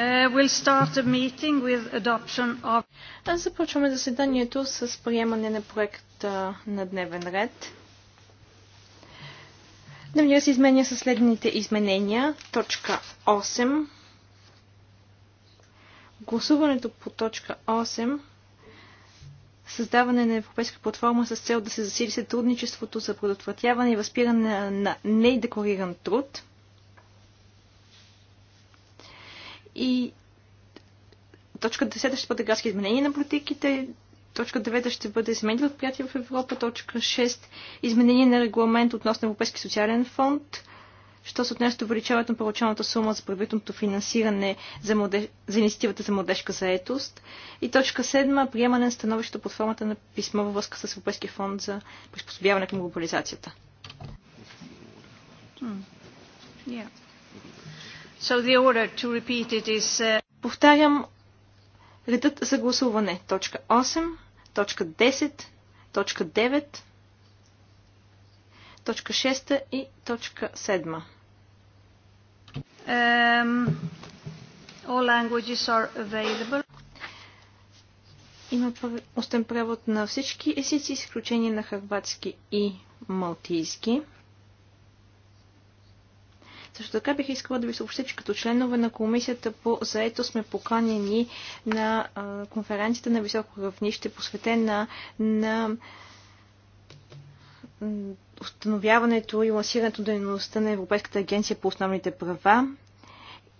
Uh, започваме заседанието с приемане на проекта на дневен ред. Дневният се изменя със следните изменения. Точка 8. Гласуването по точка 8 създаване на европейска платформа с цел да се засили сътрудничеството за предотвратяване и възпиране на недеклариран труд – И точка 10 ще бъде градски изменения на политиките, Точка 9 ще бъде от приятели в Европа. Точка 6. Изменение на регламент относно Европейски социален фонд. Що се отнесе до увеличаването на първоначалната сума за правителното финансиране за, младеж... за инициативата за младежка заетост. И точка 7. Приемане на становището под формата на писмо във връзка с Европейския фонд за приспособяване към глобализацията. Hmm. Yeah. So the order to repeat it is... Uh... Повтарям редът за гласуване. Точка 8, точка 10, точка 9, точка 6 и точка 7. Um, all languages are available. Има устен превод на всички езици, изключение на хрватски и малтийски. Също така бих искала да ви съобщя, че като членове на комисията по заето сме поканени на конференцията на високо равнище, посветена на установяването и лансирането дейността на Европейската агенция по основните права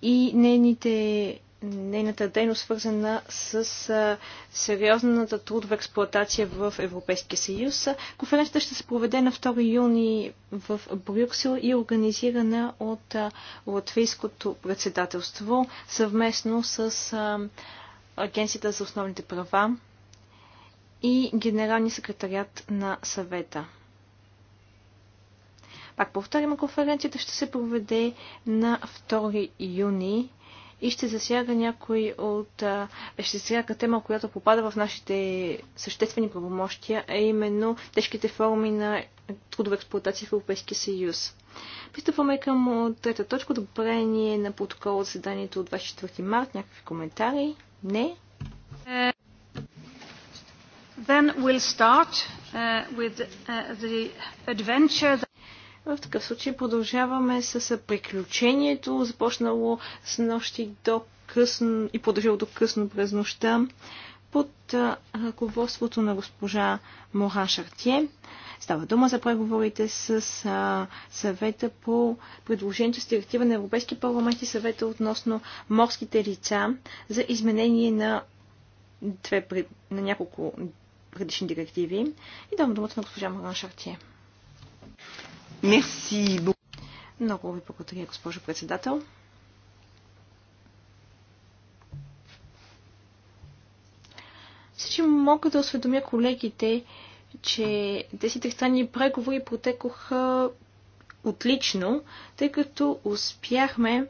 и нейните нейната дейност, свързана с сериозната трудова експлоатация в Европейския съюз. Конференцията ще се проведе на 2 юни в Брюксел и е организирана от Латвийското председателство съвместно с Агенцията за основните права и Генералния секретарят на съвета. Пак повторим, конференцията ще се проведе на 2 юни и ще засяга някой от... ще засяга тема, която попада в нашите съществени правомощия, а именно тежките форми на трудова експлуатация в Европейския съюз. Пристъпваме към трета точка, одобрение на протокол от заседанието от 24 март. Някакви коментари? Не? Then we'll start uh, with uh, the adventure that в такъв случай продължаваме с приключението, започнало с нощи до късно и продължило до късно през нощта под ръководството на госпожа Мора Шартие. Става дума за преговорите с а, съвета по предложението с директива на Европейски парламент и съвета относно морските лица за изменение на, две, на няколко предишни директиви. И давам думата на госпожа Мора Шартие. Мерси. Много ви благодаря, госпожо председател. Всички мога да осведомя колегите, че тези тристранни преговори протекоха отлично, тъй като успяхме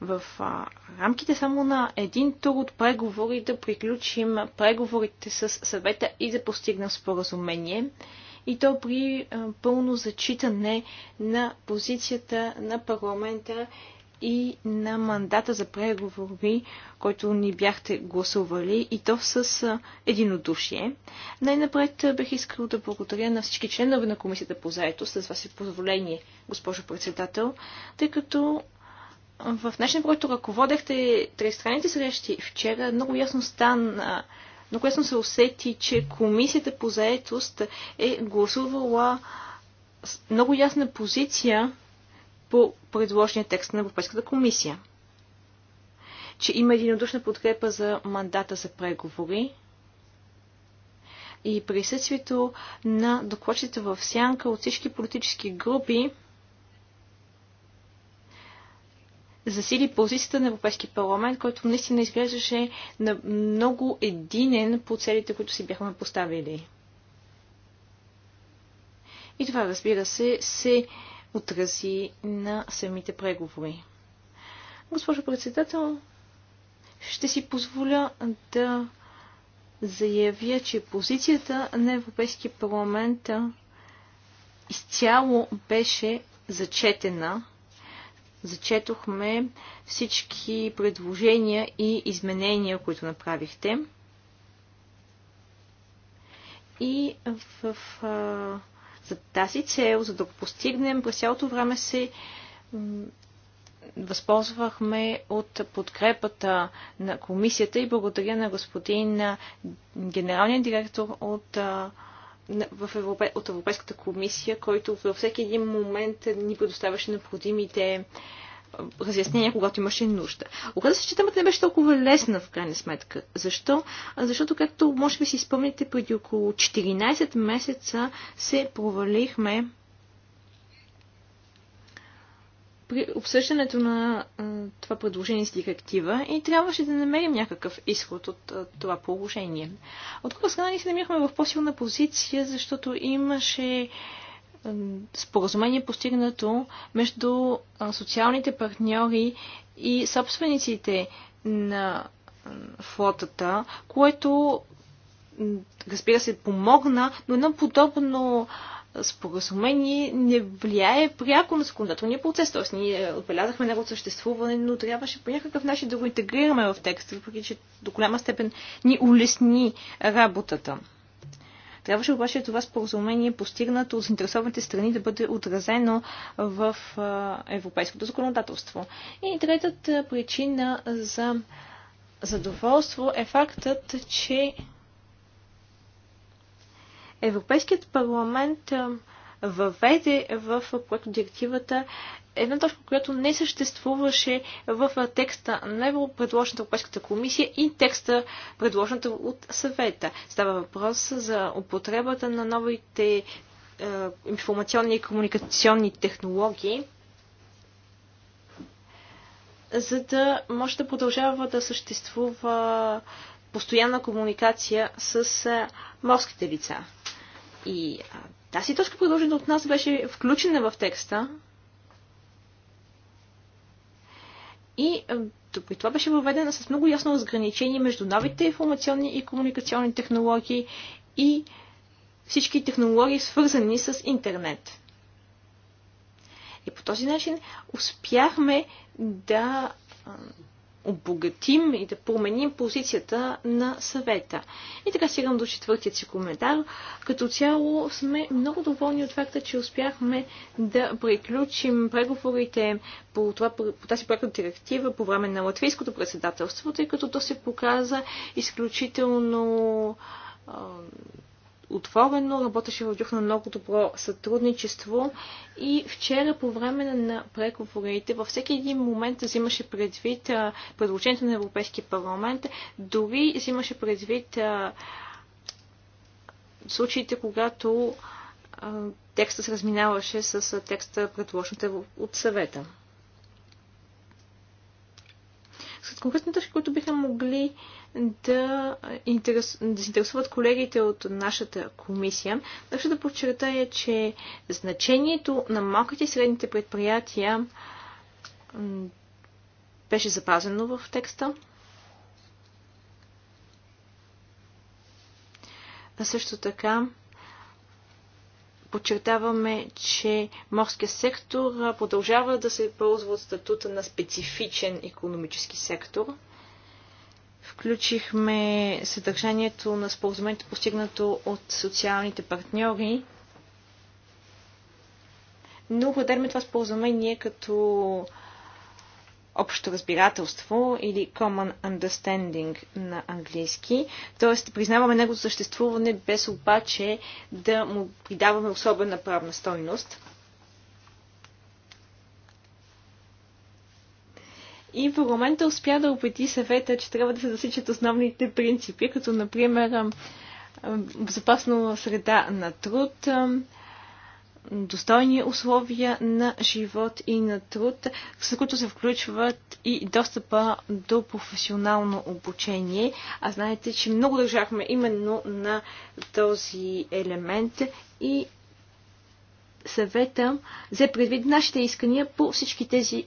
в а, рамките само на един тур от преговори да приключим преговорите с съвета и да постигнем споразумение и то при пълно зачитане на позицията на парламента и на мандата за преговори, който ни бяхте гласували и то с единодушие. Най-напред бих искал да благодаря на всички членове на Комисията по заето, с ваше позволение, госпожо председател, тъй като в начинът, който ръководехте тристранните срещи вчера, много ясно стана но което се усети, че комисията по заетост е гласувала много ясна позиция по предложения текст на Европейската комисия. Че има единодушна подкрепа за мандата за преговори и присъствието на докладчите в сянка от всички политически групи засили позицията на Европейски парламент, който наистина изглеждаше на много единен по целите, които си бяхме поставили. И това, разбира се, се отрази на самите преговори. Госпожо председател, ще си позволя да заявя, че позицията на Европейския парламент изцяло беше зачетена зачетохме всички предложения и изменения, които направихте. И в, в, за тази цел, за да го постигнем, през цялото време се възползвахме от подкрепата на комисията и благодаря на господин генералния директор от в Европе, от Европейската комисия, който във всеки един момент ни предоставяше необходимите разяснения, когато имаше нужда. Оказва се, че темата не беше толкова лесна в крайна сметка. Защо? Защото, както може би си спомните, преди около 14 месеца се провалихме при обсъждането на това предложение с директива и трябваше да намерим някакъв изход от това положение. От друга страна, ние се намирахме в по-силна позиция, защото имаше споразумение постигнато между социалните партньори и собствениците на флотата, което разбира се помогна, но едно подобно споразумение не влияе пряко на законодателния процес. Т.е. ние отбелязахме неговото съществуване, но трябваше по някакъв начин да го интегрираме в текста, въпреки че до голяма степен ни улесни работата. Трябваше обаче това споразумение, постигнато от заинтересованите страни, да бъде отразено в европейското законодателство. И третата причина за задоволство е фактът, че Европейският парламент въведе в проекто директивата една точка, която не съществуваше в текста на предложената Европейската комисия и текста предложената от съвета. Става въпрос за употребата на новите информационни и комуникационни технологии, за да може да продължава да съществува постоянна комуникация с морските лица. И а, тази точка, предложена от нас, беше включена в текста. И при това беше въведена с много ясно разграничение между новите информационни и комуникационни технологии и всички технологии, свързани с интернет. И по този начин успяхме да обогатим и да променим позицията на съвета. И така стигам до четвъртият си коментар. Като цяло сме много доволни от факта, че успяхме да приключим преговорите по, това, по тази проектна директива по време на латвийското председателство, тъй като то се показа изключително отворено, работеше в дух на много добро сътрудничество и вчера по време на преговорите във всеки един момент взимаше предвид предложението на Европейския парламент, дори взимаше предвид случаите, когато текста се разминаваше с текста предложен от съвета. С конкретни точки, които биха могли да, интерес, да се интересуват колегите от нашата комисия, държа да подчертая, че значението на малките и средните предприятия беше запазено в текста. А също така Подчертаваме, че морския сектор продължава да се ползва от статута на специфичен економически сектор. Включихме съдържанието на споразумението, постигнато от социалните партньори, но определяме това споразумение като общо разбирателство или common understanding на английски. Тоест, признаваме негото съществуване без обаче да му придаваме особена правна стойност. И парламента успя да убеди съвета, че трябва да се засичат основните принципи, като например безопасна среда на труд, достойни условия на живот и на труд, с които се включват и достъпа до професионално обучение. А знаете, че много държахме именно на този елемент и съвета за предвид нашите искания по всички тези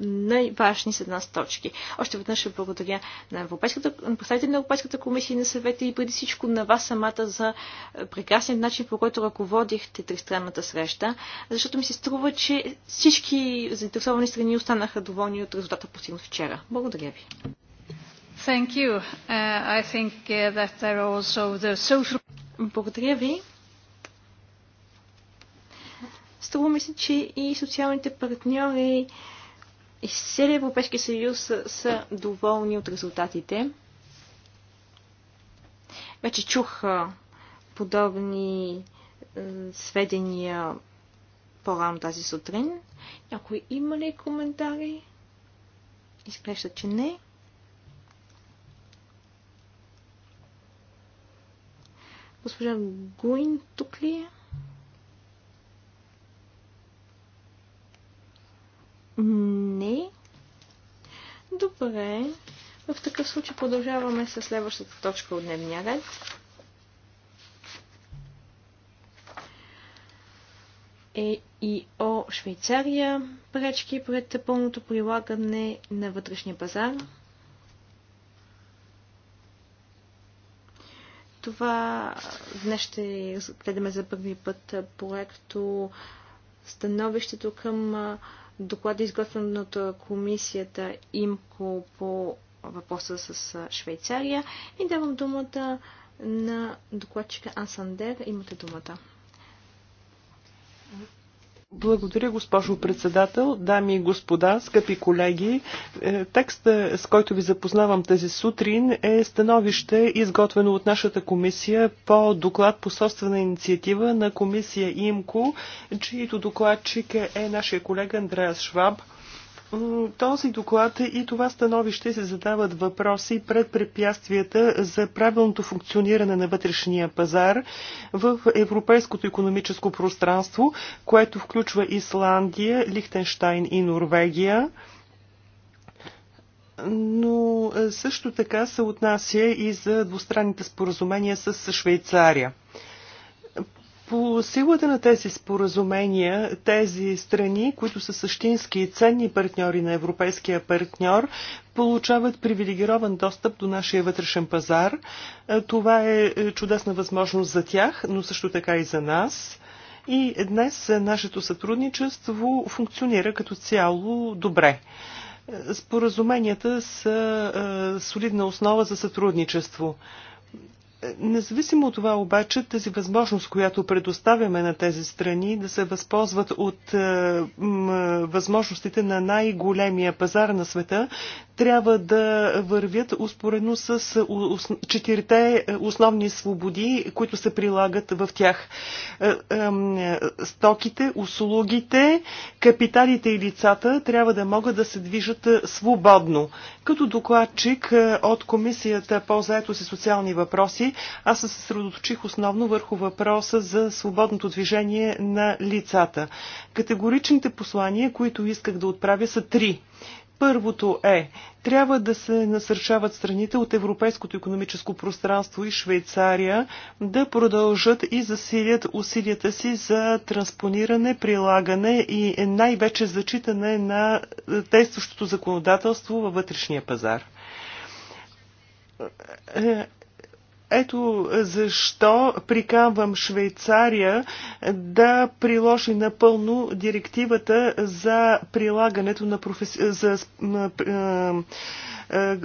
най-важни за нас точки. Още веднъж ще благодаря на, представители на Европейската комисия и на съвета и преди всичко на вас самата за е, прекрасен начин, по който ръководихте тристранната среща, защото ми се струва, че всички заинтересовани страни останаха доволни от резултата постигнат вчера. Благодаря ви. Thank you. Uh, I think uh, that there are also the social... Благодаря ви. Струва ми се, че и социалните партньори и целият Европейски съюз са, са доволни от резултатите. Вече чух подобни сведения по-рано тази сутрин. Някой има ли коментари? Изглежда, че не. Госпожа Гуин тук ли е? Не. Добре. В такъв случай продължаваме с следващата точка от дневния ред. Е о Швейцария пречки пред пълното прилагане на вътрешния пазар. Това днес ще гледаме за първи път проекто становището към доклада, изготвен от комисията ИМКО по въпроса с Швейцария. И давам думата на докладчика Ансандер. Имате думата. Благодаря, госпожо председател, дами и господа, скъпи колеги. Е, текста, с който ви запознавам тази сутрин, е становище, изготвено от нашата комисия по доклад по собствена инициатива на комисия ИМКО, чието докладчик е нашия колега Андреас Шваб този доклад и това становище се задават въпроси пред препятствията за правилното функциониране на вътрешния пазар в европейското економическо пространство, което включва Исландия, Лихтенштайн и Норвегия но е, също така се отнася и за двустранните споразумения с Швейцария. По силата на тези споразумения, тези страни, които са същински и ценни партньори на европейския партньор, получават привилегирован достъп до нашия вътрешен пазар. Е, това е, е чудесна възможност за тях, но също така и за нас. И днес е, нашето сътрудничество функционира като цяло добре. Споразуменията са солидна основа за сътрудничество. Независимо от това обаче, тази възможност, която предоставяме на тези страни да се възползват от е, възможностите на най-големия пазар на света, трябва да вървят успоредно с четирите основни свободи, които се прилагат в тях. Е, стоките, услугите, капиталите и лицата трябва да могат да се движат свободно. Като докладчик е, от Комисията по заето си социални въпроси, аз се съсредоточих основно върху въпроса за свободното движение на лицата. Категоричните послания, които исках да отправя, са три. Първото е, трябва да се насърчават страните от Европейското економическо пространство и Швейцария да продължат и засилят усилията си за транспониране, прилагане и най-вече зачитане на е, действащото законодателство във вътрешния пазар е, ето защо приканвам Швейцария да приложи напълно директивата за прилагането на професи... за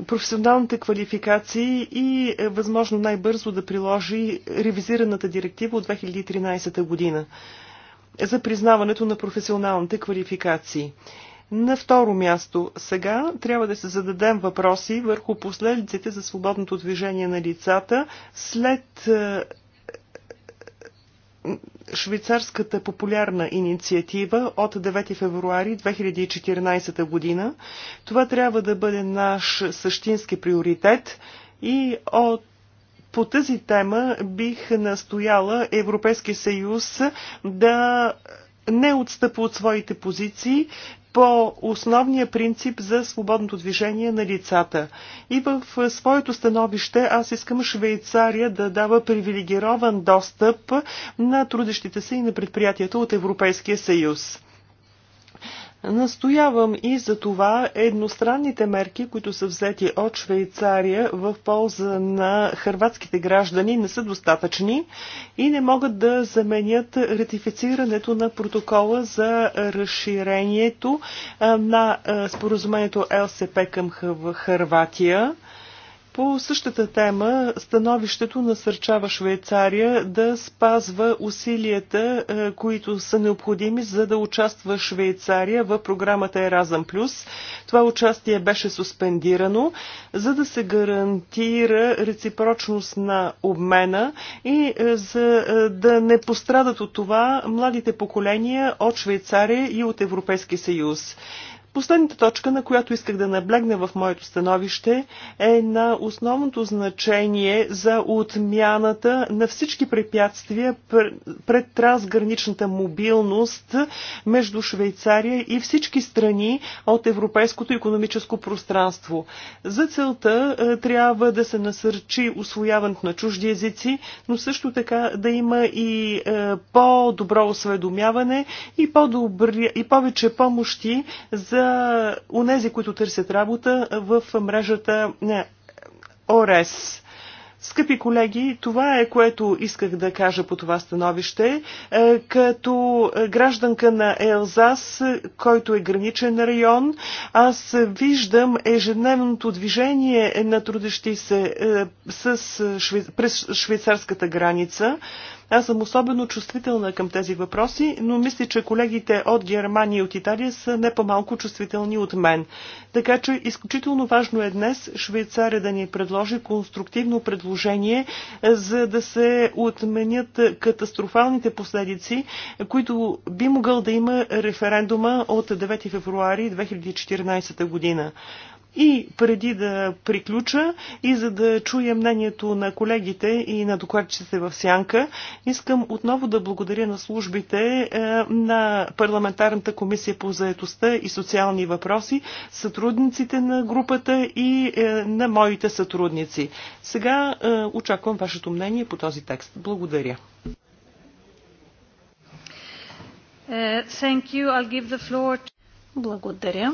професионалните квалификации и е, възможно най-бързо да приложи ревизираната директива от 2013 година за признаването на професионалните квалификации. На второ място, сега трябва да се зададем въпроси върху последиците за свободното движение на лицата след е, швейцарската популярна инициатива от 9 февруари 2014 година. Това трябва да бъде наш същински приоритет и от по тази тема бих настояла Европейския съюз да не отстъпа от своите позиции, по основния принцип за свободното движение на лицата. И в своето становище аз искам Швейцария да дава привилегирован достъп на трудещите се и на предприятията от Европейския съюз. Настоявам и за това едностранните мерки, които са взети от Швейцария в полза на хърватските граждани, не са достатъчни и не могат да заменят ратифицирането на протокола за разширението на споразумението ЛСП към Хърватия. По същата тема становището насърчава Швейцария да спазва усилията, е, които са необходими за да участва Швейцария в програмата Еразъм Плюс. Това участие беше суспендирано, за да се гарантира реципрочност на обмена и е, за е, да не пострадат от това младите поколения от Швейцария и от Европейския съюз. Последната точка, на която исках да наблегна в моето становище, е на основното значение за отмяната на всички препятствия пред трансграничната мобилност между Швейцария и всички страни от европейското економическо пространство. За целта е, трябва да се насърчи освояването на чужди езици, но също така да има и е, по-добро осведомяване и, по и повече помощи за Онези, които търсят работа в мрежата на ОРЕС. Скъпи колеги, това е което исках да кажа по това становище. Е, като гражданка на Елзас, който е граничен район, аз виждам ежедневното движение на трудещи се е, през швейцарската граница. Аз съм особено чувствителна към тези въпроси, но мисля, че колегите от Германия и от Италия са не по-малко чувствителни от мен. Така че изключително важно е днес Швейцария да ни предложи конструктивно предложение, за да се отменят катастрофалните последици, които би могъл да има референдума от 9 февруари 2014 година. И преди да приключа и за да чуя мнението на колегите и на докладчите в Сянка, искам отново да благодаря на службите е, на Парламентарната комисия по заедостта и социални въпроси, сътрудниците на групата и е, на моите сътрудници. Сега е, очаквам вашето мнение по този текст. Благодаря. Благодаря.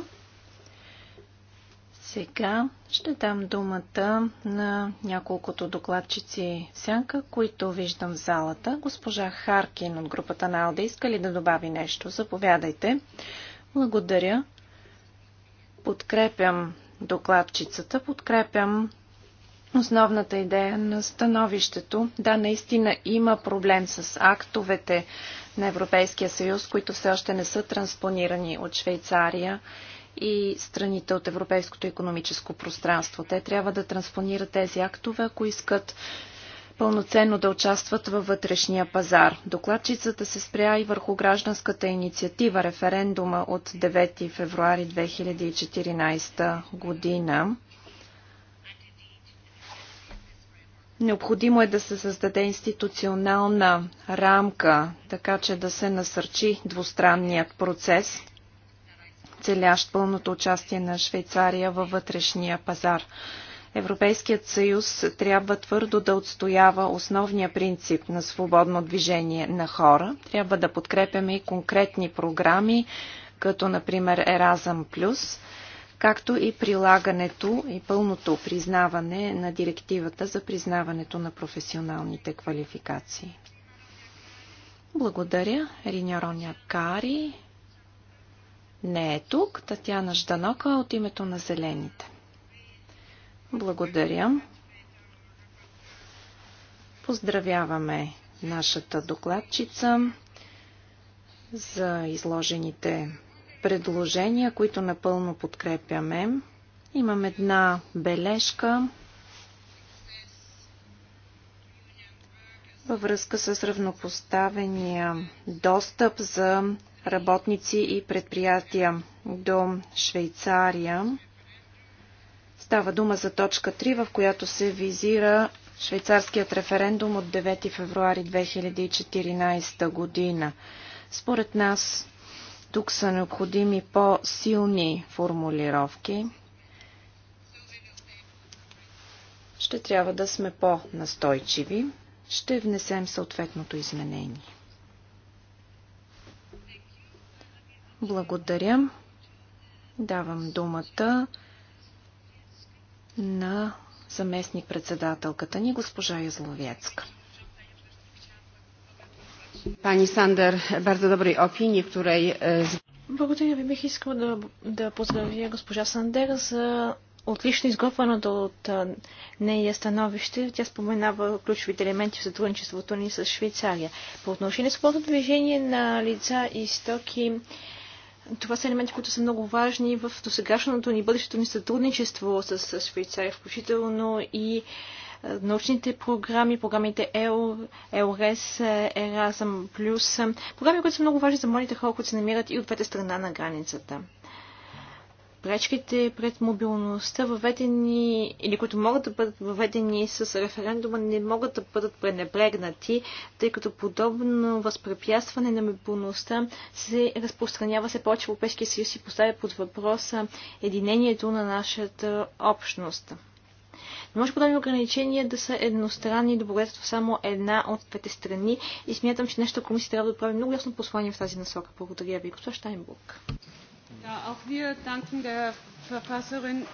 Сега ще дам думата на няколкото докладчици сянка, които виждам в залата. Госпожа Харкин от групата на Алда иска ли да добави нещо? Заповядайте. Благодаря. Подкрепям докладчицата, подкрепям основната идея на становището. Да, наистина има проблем с актовете на Европейския съюз, които все още не са транспонирани от Швейцария и страните от Европейското економическо пространство. Те трябва да транспонират тези актове, ако искат пълноценно да участват във вътрешния пазар. Докладчицата се спря и върху гражданската инициатива референдума от 9 февруари 2014 година. Необходимо е да се създаде институционална рамка, така че да се насърчи двустранният процес целящ пълното участие на Швейцария във вътрешния пазар. Европейският съюз трябва твърдо да отстоява основния принцип на свободно движение на хора. Трябва да подкрепяме и конкретни програми, като например Еразъм Плюс, както и прилагането и пълното признаване на директивата за признаването на професионалните квалификации. Благодаря, Роня Кари не е тук. Татьяна Жданока от името на Зелените. Благодаря. Поздравяваме нашата докладчица за изложените предложения, които напълно подкрепяме. Имам една бележка във връзка с равнопоставения достъп за работници и предприятия до Швейцария. Става дума за точка 3, в която се визира швейцарският референдум от 9 февруари 2014 година. Според нас тук са необходими по-силни формулировки. Ще трябва да сме по-настойчиви. Ще внесем съответното изменение. Благодаря. Давам думата на заместник-председателката ни, госпожа Язловецка. Пани Сандър, bardzo dobrej opinii, której... Благодаря ви. Бих искал да, да поздравя госпожа Сандер за отлично изготвеното от нея становище. Тя споменава ключовите елементи в сътрудничеството ни с Швейцария. По отношение на свободното движение на лица и стоки, това са елементи, които са много важни в досегашното ни бъдещето ни сътрудничество с Швейцария, включително и е, научните програми, програмите ЕОРЕС, Еразъм Плюс, е, програми, които са много важни за младите хора, които се намират и от двете страна на границата пречките пред мобилността, въведени или които могат да бъдат въведени с референдума, не могат да бъдат пренебрегнати, тъй като подобно възпрепятстване на мобилността се разпространява се повече в Европейския съюз и поставя под въпроса единението на нашата общност. Не може подобни ограничения да са едностранни и добродетелство само една от двете страни и смятам, че нещо комисия трябва да прави много ясно послание в тази насока. Благодаря ви, господин Штайнбург. Ja, auch wir danken der Verfasserin.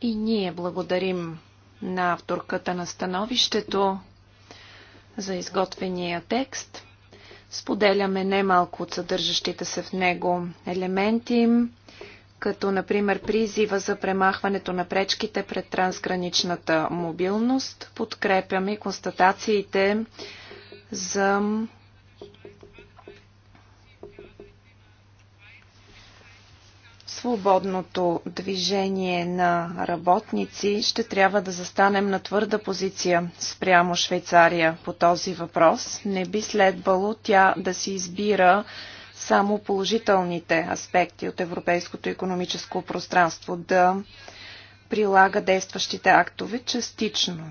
И ние благодарим на авторката на становището за изготвения текст. Споделяме немалко от съдържащите се в него елементи, като например призива за премахването на пречките пред трансграничната мобилност. Подкрепяме констатациите за свободното движение на работници, ще трябва да застанем на твърда позиция спрямо Швейцария по този въпрос. Не би следвало тя да си избира само положителните аспекти от европейското економическо пространство, да прилага действащите актове частично.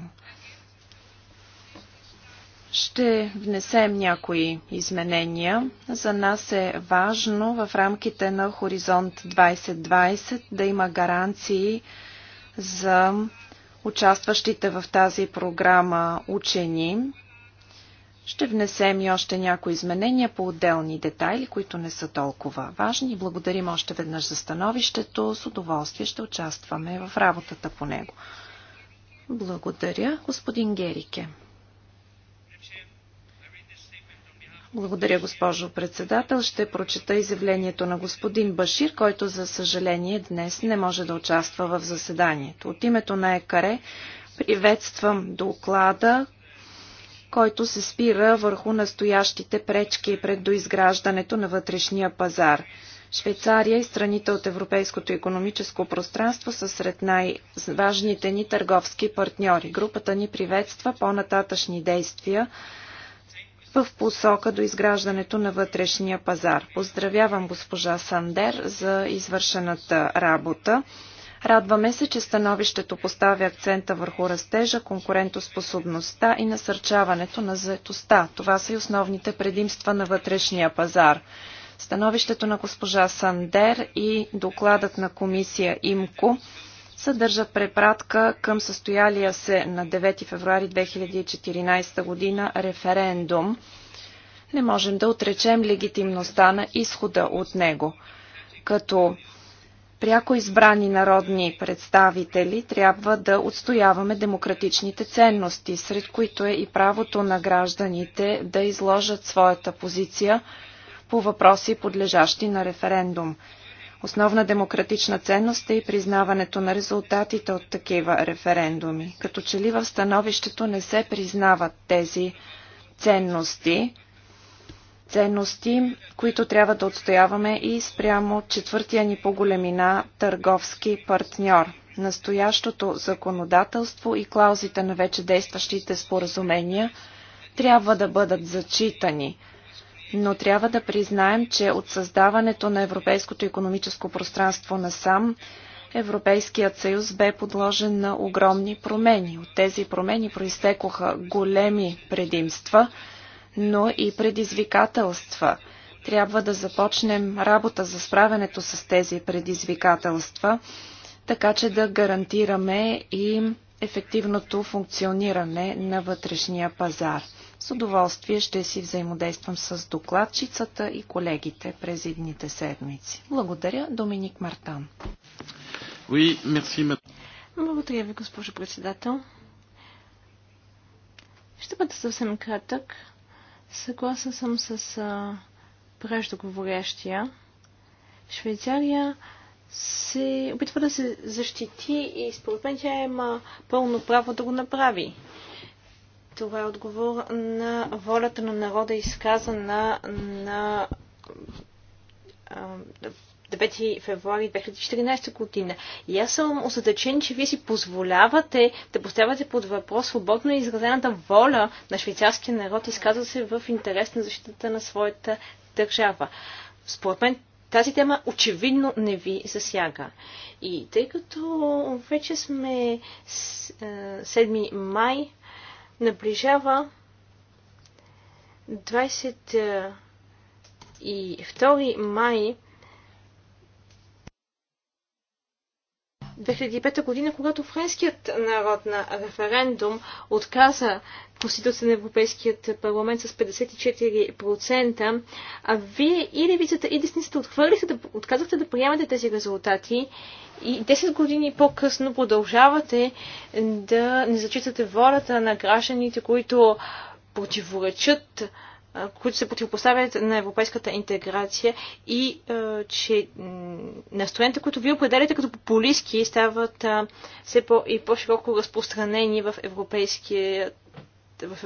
Ще внесем някои изменения. За нас е важно в рамките на Хоризонт 2020 да има гаранции за участващите в тази програма учени. Ще внесем и още някои изменения по отделни детайли, които не са толкова важни. Благодарим още веднъж за становището. С удоволствие ще участваме в работата по него. Благодаря, господин Герике. Благодаря, госпожо председател. Ще прочета изявлението на господин Башир, който за съжаление днес не може да участва в заседанието. От името на ЕКАРЕ приветствам доклада, който се спира върху настоящите пречки пред доизграждането на вътрешния пазар. Швейцария и страните от Европейското економическо пространство са сред най-важните ни търговски партньори. Групата ни приветства по-нататъчни действия в посока до изграждането на вътрешния пазар. Поздравявам госпожа Сандер за извършената работа. Радваме се, че становището поставя акцента върху растежа, конкурентоспособността и насърчаването на заетостта. Това са и основните предимства на вътрешния пазар. Становището на госпожа Сандер и докладът на комисия ИМКО съдържат препратка към състоялия се на 9 февруари 2014 година референдум. Не можем да отречем легитимността на изхода от него. Като пряко избрани народни представители трябва да отстояваме демократичните ценности, сред които е и правото на гражданите да изложат своята позиция по въпроси, подлежащи на референдум. Основна демократична ценност е и признаването на резултатите от такива референдуми. Като че ли в становището не се признават тези ценности, ценности, които трябва да отстояваме и спрямо четвъртия ни по големина търговски партньор. Настоящото законодателство и клаузите на вече действащите споразумения трябва да бъдат зачитани – но трябва да признаем, че от създаването на Европейското економическо пространство насам, Европейският съюз бе подложен на огромни промени. От тези промени проистекоха големи предимства, но и предизвикателства. Трябва да започнем работа за справянето с тези предизвикателства, така че да гарантираме и ефективното функциониране на вътрешния пазар. С удоволствие ще си взаимодействам с докладчицата и колегите през едните седмици. Благодаря, Доминик Мартан. Oui, merci, Благодаря ви, госпожо председател. Ще бъда съвсем кратък. Съгласен съм с а, преждоговорящия. Швейцария се опитва да се защити и според мен тя има пълно право да го направи. Това е отговор на волята на народа, изказана на 9 февруари 2014 година. И аз съм осъдачен, че вие си позволявате да поставяте под въпрос свободно изразената воля на швейцарския народ, изказва се в интерес на защитата на своята държава. Според мен тази тема очевидно не ви засяга. И тъй като вече сме 7 е, май, наближава 22 май 2005 година, когато френският народ на референдум отказа Конституция на Европейският парламент с 54%, а вие и левицата, и десницата отхвърлихте, да, отказахте да приемате тези резултати и 10 години по-късно продължавате да не зачитате волята на гражданите, които противоречат които се противопоставят на европейската интеграция и че настроените, които вие определяте като популистки, стават все по- и по-широко разпространени в европейския в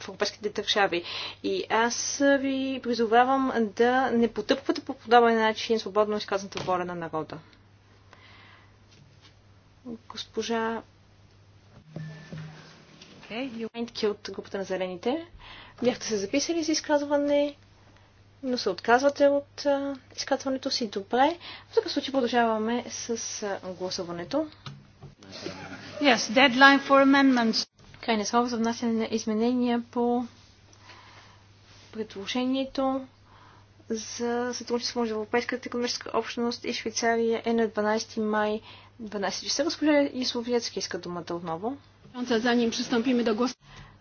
европейските държави. И аз ви призовавам да не потъпвате по подобен начин свободно изказаната воля на народа. Госпожа Юентки от групата на зелените. Бяхте се записали за изказване, но се отказвате от изказването си. Добре. В такъв случай продължаваме с гласуването. Yes, deadline for amendments. Крайна слава за внасяне на изменения по предложението за сътрудничество между Европейската економическа общност и Швейцария е на 12 май 12 часа. Госпожа Исловецки иска думата отново. Госпожа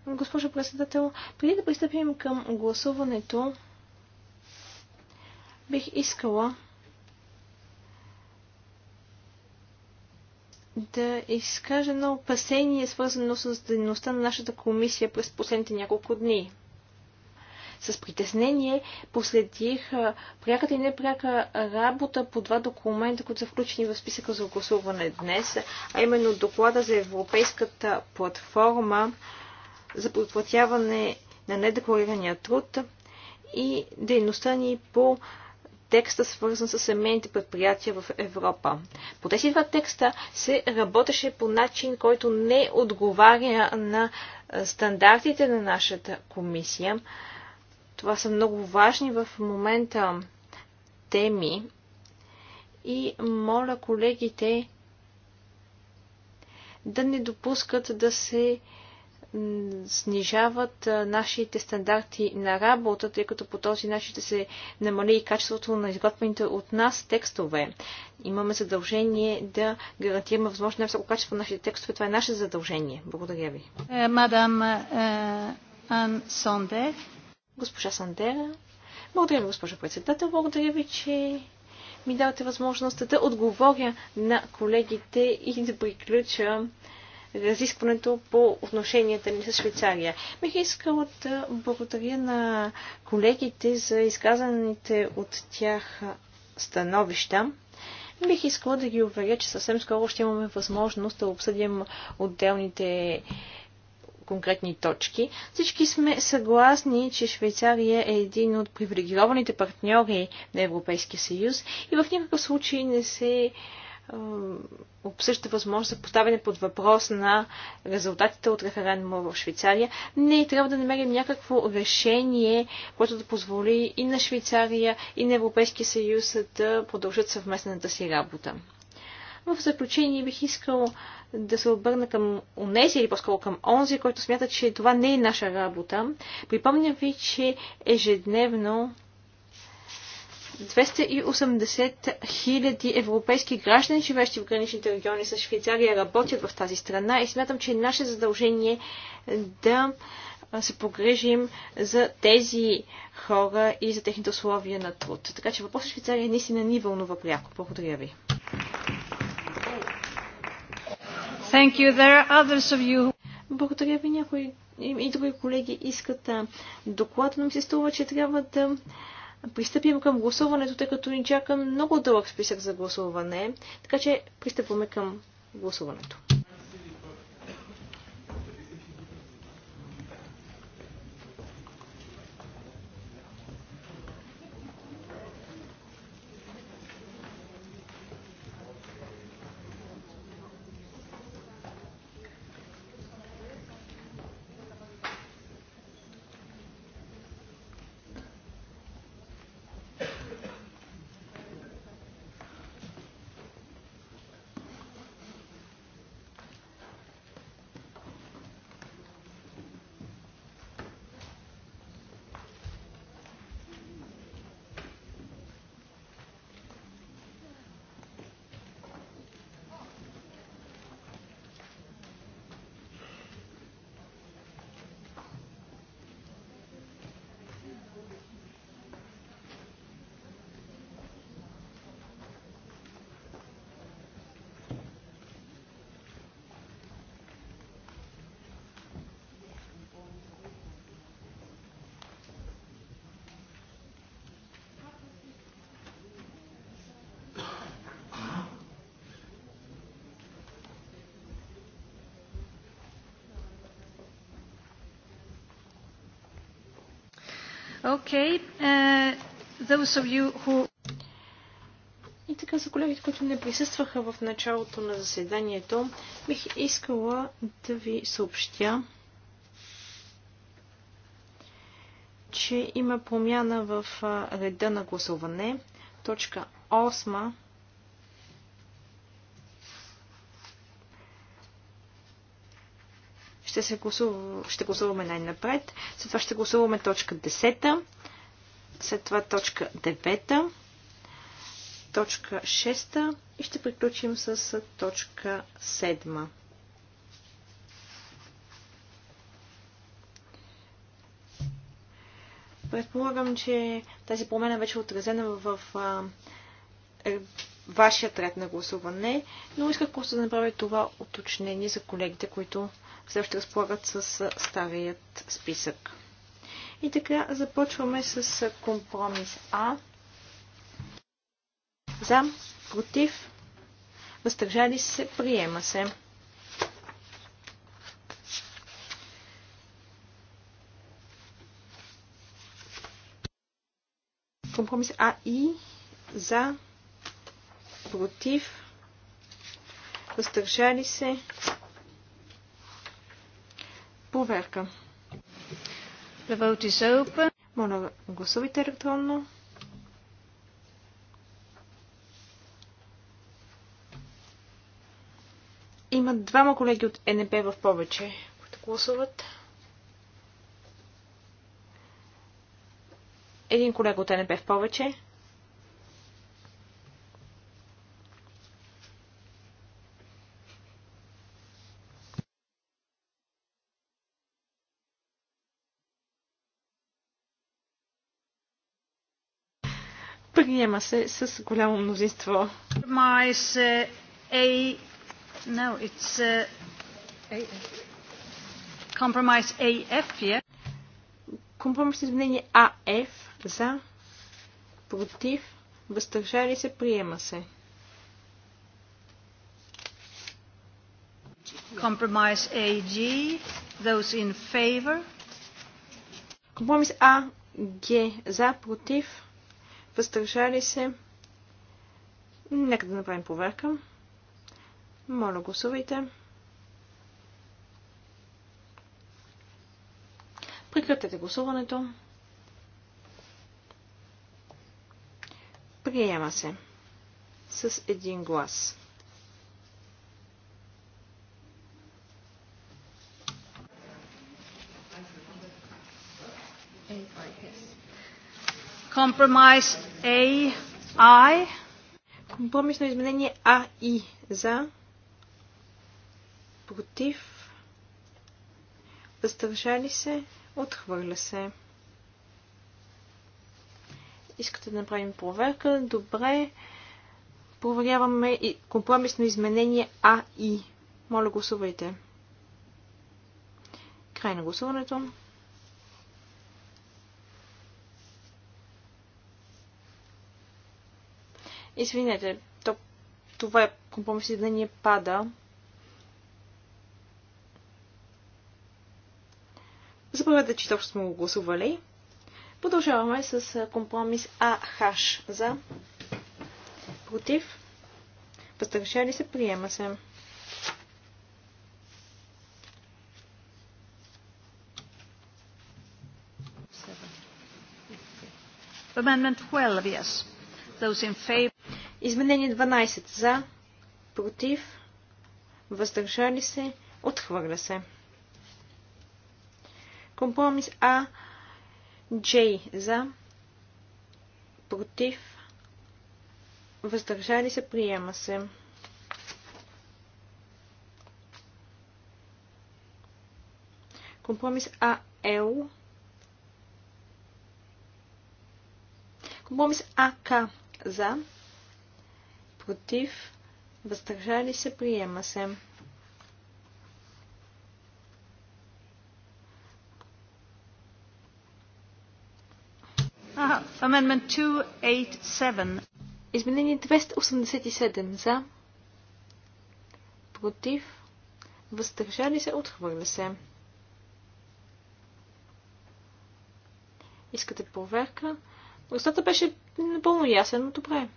Госпожо председател, преди да пристъпим към гласуването, бих искала да изкажа едно опасение, свързано с дейността на нашата комисия през последните няколко дни. С притеснение последих пряката и непряка работа по два документа, които са включени в списъка за гласуване днес, а именно доклада за Европейската платформа за предплатяване на недекларирания труд и дейността ни по текста, свързан с семейните предприятия в Европа. По тези два текста се работеше по начин, който не отговаря на стандартите на нашата комисия. Това са много важни в момента теми и моля колегите да не допускат да се снижават нашите стандарти на работа, тъй като по този начин ще се намали и качеството на изготвените от нас текстове. Имаме задължение да гарантираме възможно най-високо качество на нашите текстове. Това е наше задължение. Благодаря ви. Е, мадам е, Ан Сондер. Госпожа Сандера. Благодаря ви, госпожа председател. Благодаря ви, че ми давате възможността да отговоря на колегите и да приключа разискването по отношенията ни с Швейцария. Бих искала да благодаря на колегите за изказаните от тях становища. Бих искала да ги уверя, че съвсем скоро ще имаме възможност да обсъдим отделните конкретни точки. Всички сме съгласни, че Швейцария е един от привилегированите партньори на Европейския съюз и в никакъв случай не се обсъжда възможност за поставяне под въпрос на резултатите от референдума в Швейцария. Не, трябва да намерим някакво решение, което да позволи и на Швейцария, и на Европейския съюз да продължат съвместната си работа. В заключение бих искал да се обърна към онези или по-скоро към онзи, който смята, че това не е наша работа. Припомня ви, че ежедневно 280 хиляди европейски граждани, живещи в граничните региони с Швейцария, работят в тази страна и смятам, че е наше задължение да се погрежим за тези хора и за техните условия на труд. Така че въпросът Швейцария наистина ни вълнува пряко. Благодаря ви. Thank you. There are others of you. Благодаря ви. Някои и други колеги искат доклад, но ми се струва, че трябва да пристъпим към гласуването, тъй като ни чака много дълъг списък за гласуване, така че пристъпваме към гласуването. Okay. Uh, those of you who... И така за колегите, които не присъстваха в началото на заседанието, бих искала да ви съобщя, че има промяна в реда на гласуване. Точка 8 ще, се гласува, ще гласуваме най-напред. След това ще гласуваме точка 10 след това точка 9, точка 6 и ще приключим с точка 7. Предполагам, че тази промена вече е отразена в а, е, вашия ред на гласуване, но исках просто да направя това уточнение за колегите, които все още разполагат с старият списък. И така започваме с компромис А. За, против, въздържали се, приема се. компромис А и за, против, въздържали се, проверка. The vote is open. Моля, гласувайте електронно. Има двама колеги от НП в повече, които гласуват. Един колега от НП в повече. Приема се с голямо мнозинство. Е, е, е, компромис it's изменение АФ за, против, въздържали се, приема се. Compromise AG, those in favor. Компромис А, Г, за, против, въздържали се. Нека да направим проверка. Моля, гласувайте. Прекратете гласуването. Приема се с един глас. Compromise A, I. Компромисно изменение А и за. Против. ли се. Отхвърля се. Искате да направим проверка? Добре. Проверяваме и компромисно изменение А и. Моля, гласувайте. Край на гласуването. Извинете, то, това е компромис да изменение пада. Забравете, че точно сме го гласували. Продължаваме с компромис АХ за против. Въздържали се, приема се. Amendment 12, yes. Those in favor. Изменение 12 за, против, въздържали се, отхвърля се. Компромис А, J за, против, въздържали се, приема се. Компромис А АЛ. Компромис АК за, против, въздържали се, приема се. Aha, amendment 287. Изменение 287 за, против, въздържали се, отхвърля се. Искате проверка? Остата беше напълно ясен, но добре.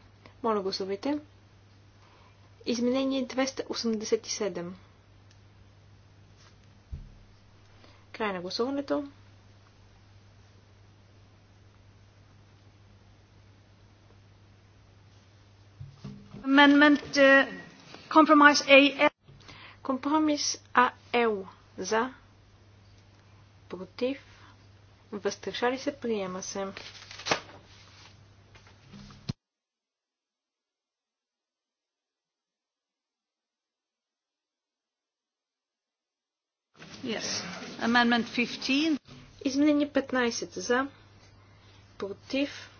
Моля гласувайте. Изменение 287. Край на гласуването. Amendment uh, Compromise AL. Компромис АЛ за против въздържали се приема се. Yes. Amendment 15. Изменение 15 за, против,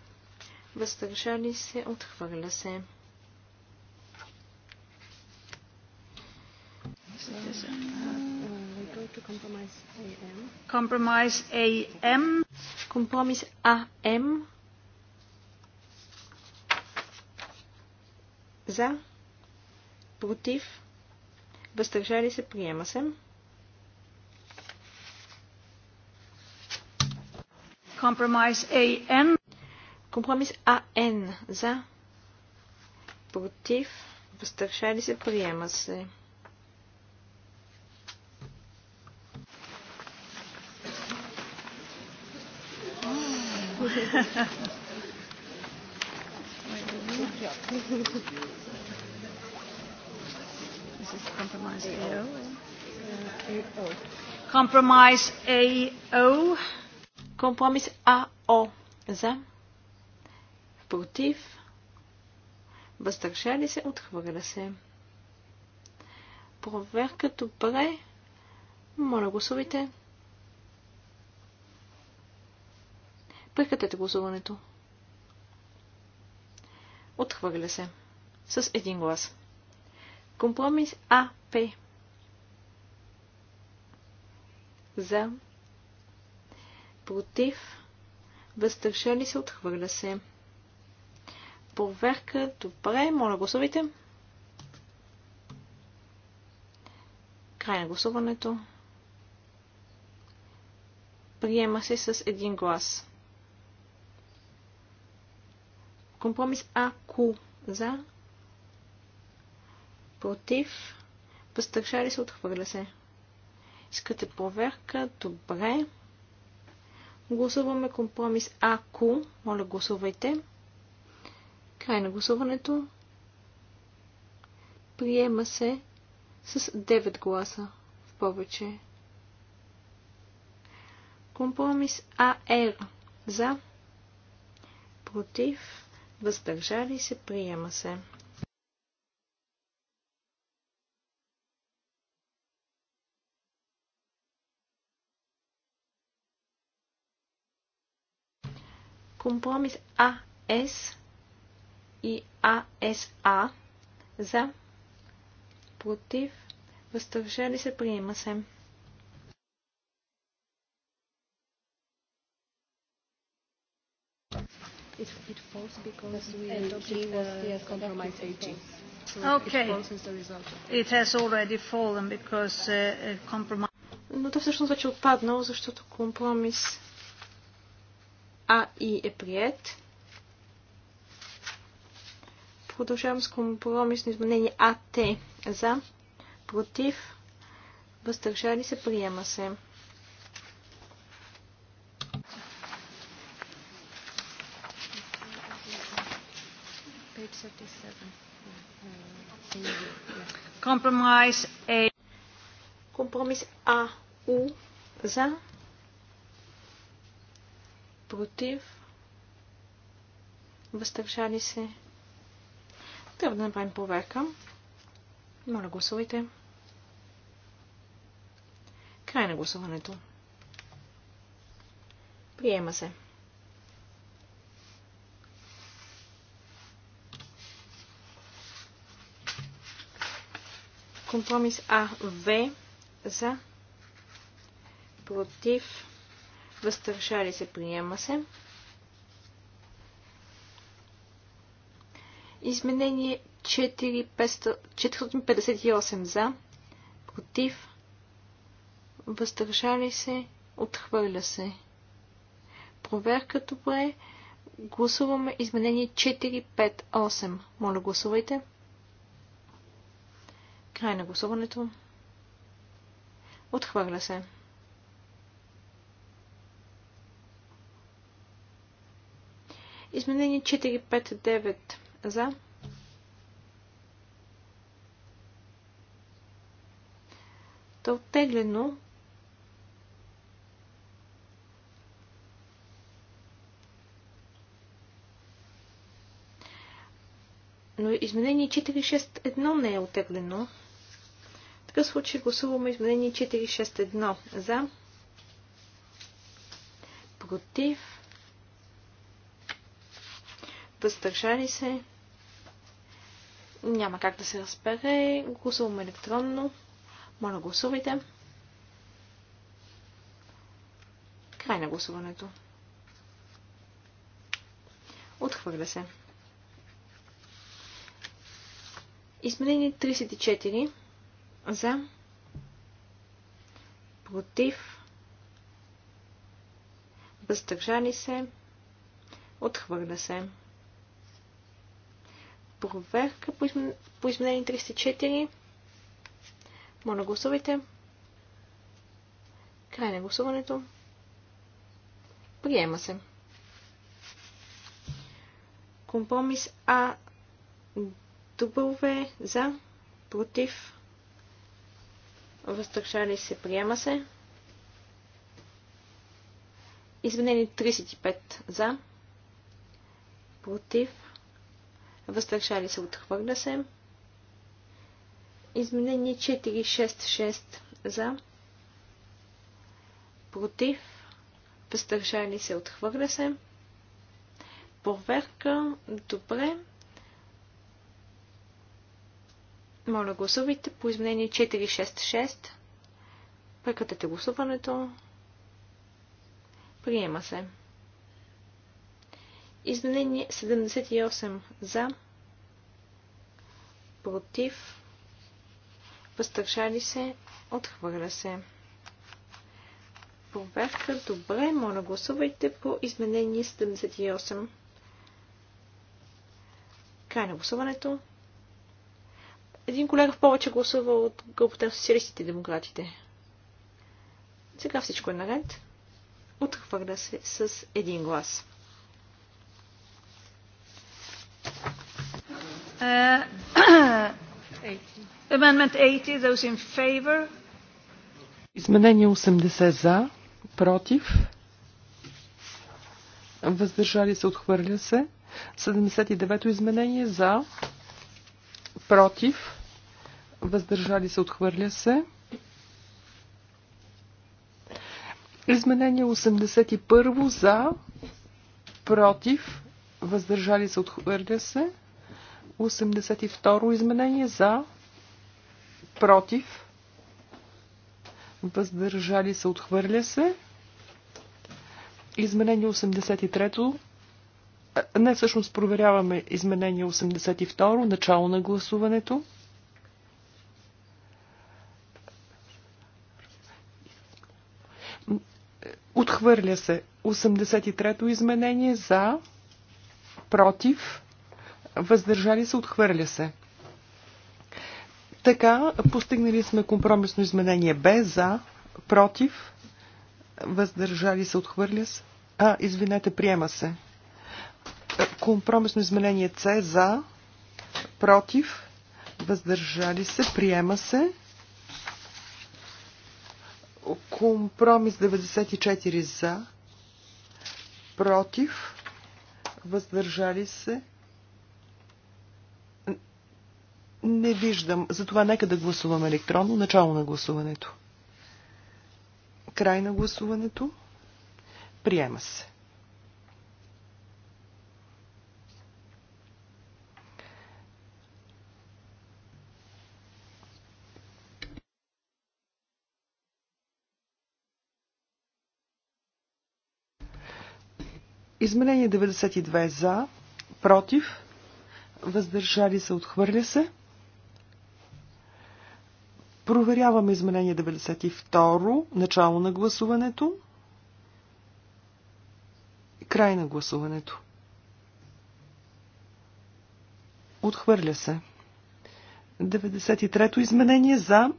въздържали се, отхвърля се. Компромис АМ. Компромис АМ. За, против, въздържали се, приема се. Compromise AN. Компромис АН за. Против. Въздържали се. Приема се. This is compromise AO. Compromise AO. Компромис АО за, против, въздържали се, отхвърля се. Проверка добре. Моля, гласувайте. Прекратете гласуването. Отхвърля се. С един глас. Компромис АП. За против, ли се, отхвърля се. Проверка, добре, моля гласувайте. Край на гласуването. Приема се с един глас. Компромис АКУ за, против, въздържали се, отхвърля се. Искате проверка, добре. Гласуваме компромис АКО. Моля, гласувайте. Край на гласуването. Приема се с 9 гласа в повече. Компромис АР. За. Против. Въздържали се. Приема се. Компромис АС и АСА за, против, въздържали се, приема се. It, it falls because we adopted the compromise AG. So okay. It falls as the It has already fallen because uh, compromise. Но то всъщност вече отпаднало, защото компромис а и е прият. Продължавам с компромисно изменение АТ за, против, въздържали се, приема се. Компромис А. У, АУ за, против, въздържали се. Трябва да направим проверка. Моля, гласувайте. Край на гласуването. Приема се. Компромис А, В за против Възстрашали се, приема се. Изменение 458 за, против, Възстрашали се, отхвърля се. Проверка добре. Гласуваме изменение 458. Моля, гласувайте. Край на гласуването. Отхвърля се. Изменение 459 за. То оттеглено. Но изменение 461 не е оттеглено. В такъв случай гласуваме изменение 461 за. Против въздържали се. Няма как да се разбере. Гласуваме електронно. Моля, гласувайте. Край на гласуването. Отхвърля се. Изменени 34 за против въздържали се отхвърля се проверка по, изм... по изменение 304. Моля, гласувайте. Край на гласуването. Приема се. Компромис А. Дубове за, против, въздържали се, приема се. Изменени 35 за, против, въздържали се, отхвърля се. Изменение 466 за, против, въздържали се, отхвърля се. Проверка, добре. Моля, гласувайте по изменение 466. Прекратете гласуването. Приема се. Изменение 78 за, против, въздържали се, отхвърля се. Проверка. Добре, моля гласувайте по изменение 78. Край на гласуването. Един колега в повече гласува от групата на социалистите и демократите. Сега всичко е наред. Отхвърля се с един глас. Uh, изменение 80 за, против, въздържали се, отхвърля се. 79-то изменение за, против, въздържали се, отхвърля се. Изменение 81 за, против, въздържали се, отхвърля се. 82 изменение за, против, въздържали се, отхвърля се. Изменение 83 не, всъщност проверяваме изменение 82, начало на гласуването. Отхвърля се 83-то изменение за, против, въздържали се, отхвърля се. Така, постигнали сме компромисно изменение Б за, против, въздържали се, отхвърля се. А, извинете, приема се. Компромисно изменение С за, против, въздържали се, приема се. Компромис 94 за, против, въздържали се, не виждам. Затова нека да гласувам електронно. Начало на гласуването. Край на гласуването. Приема се. Изменение 92 за, против, въздържали се, отхвърля се. Проверяваме изменение 92, начало на гласуването, край на гласуването. Отхвърля се. 93-то изменение за,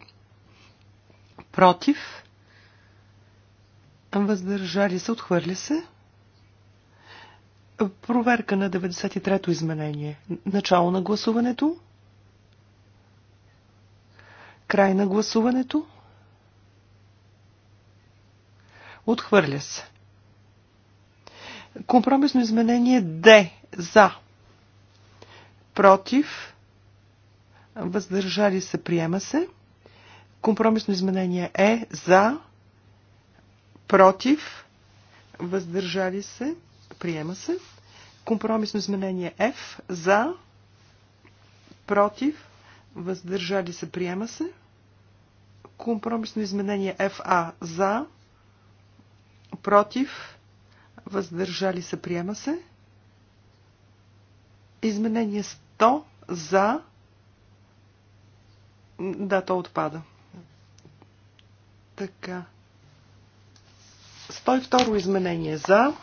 против, въздържали се, отхвърля се. Проверка на 93-то изменение. Начало на гласуването. Край на гласуването. Отхвърля се. Компромисно изменение Д. За. Против. Въздържали се. Приема се. Компромисно изменение Е. За. Против. Въздържали се. Приема се. Компромисно изменение Ф. За. Против въздържали се, приема се. Компромисно изменение ФА за, против, въздържали се, приема се. Изменение 100 за, да, то отпада. Така. 102 изменение за,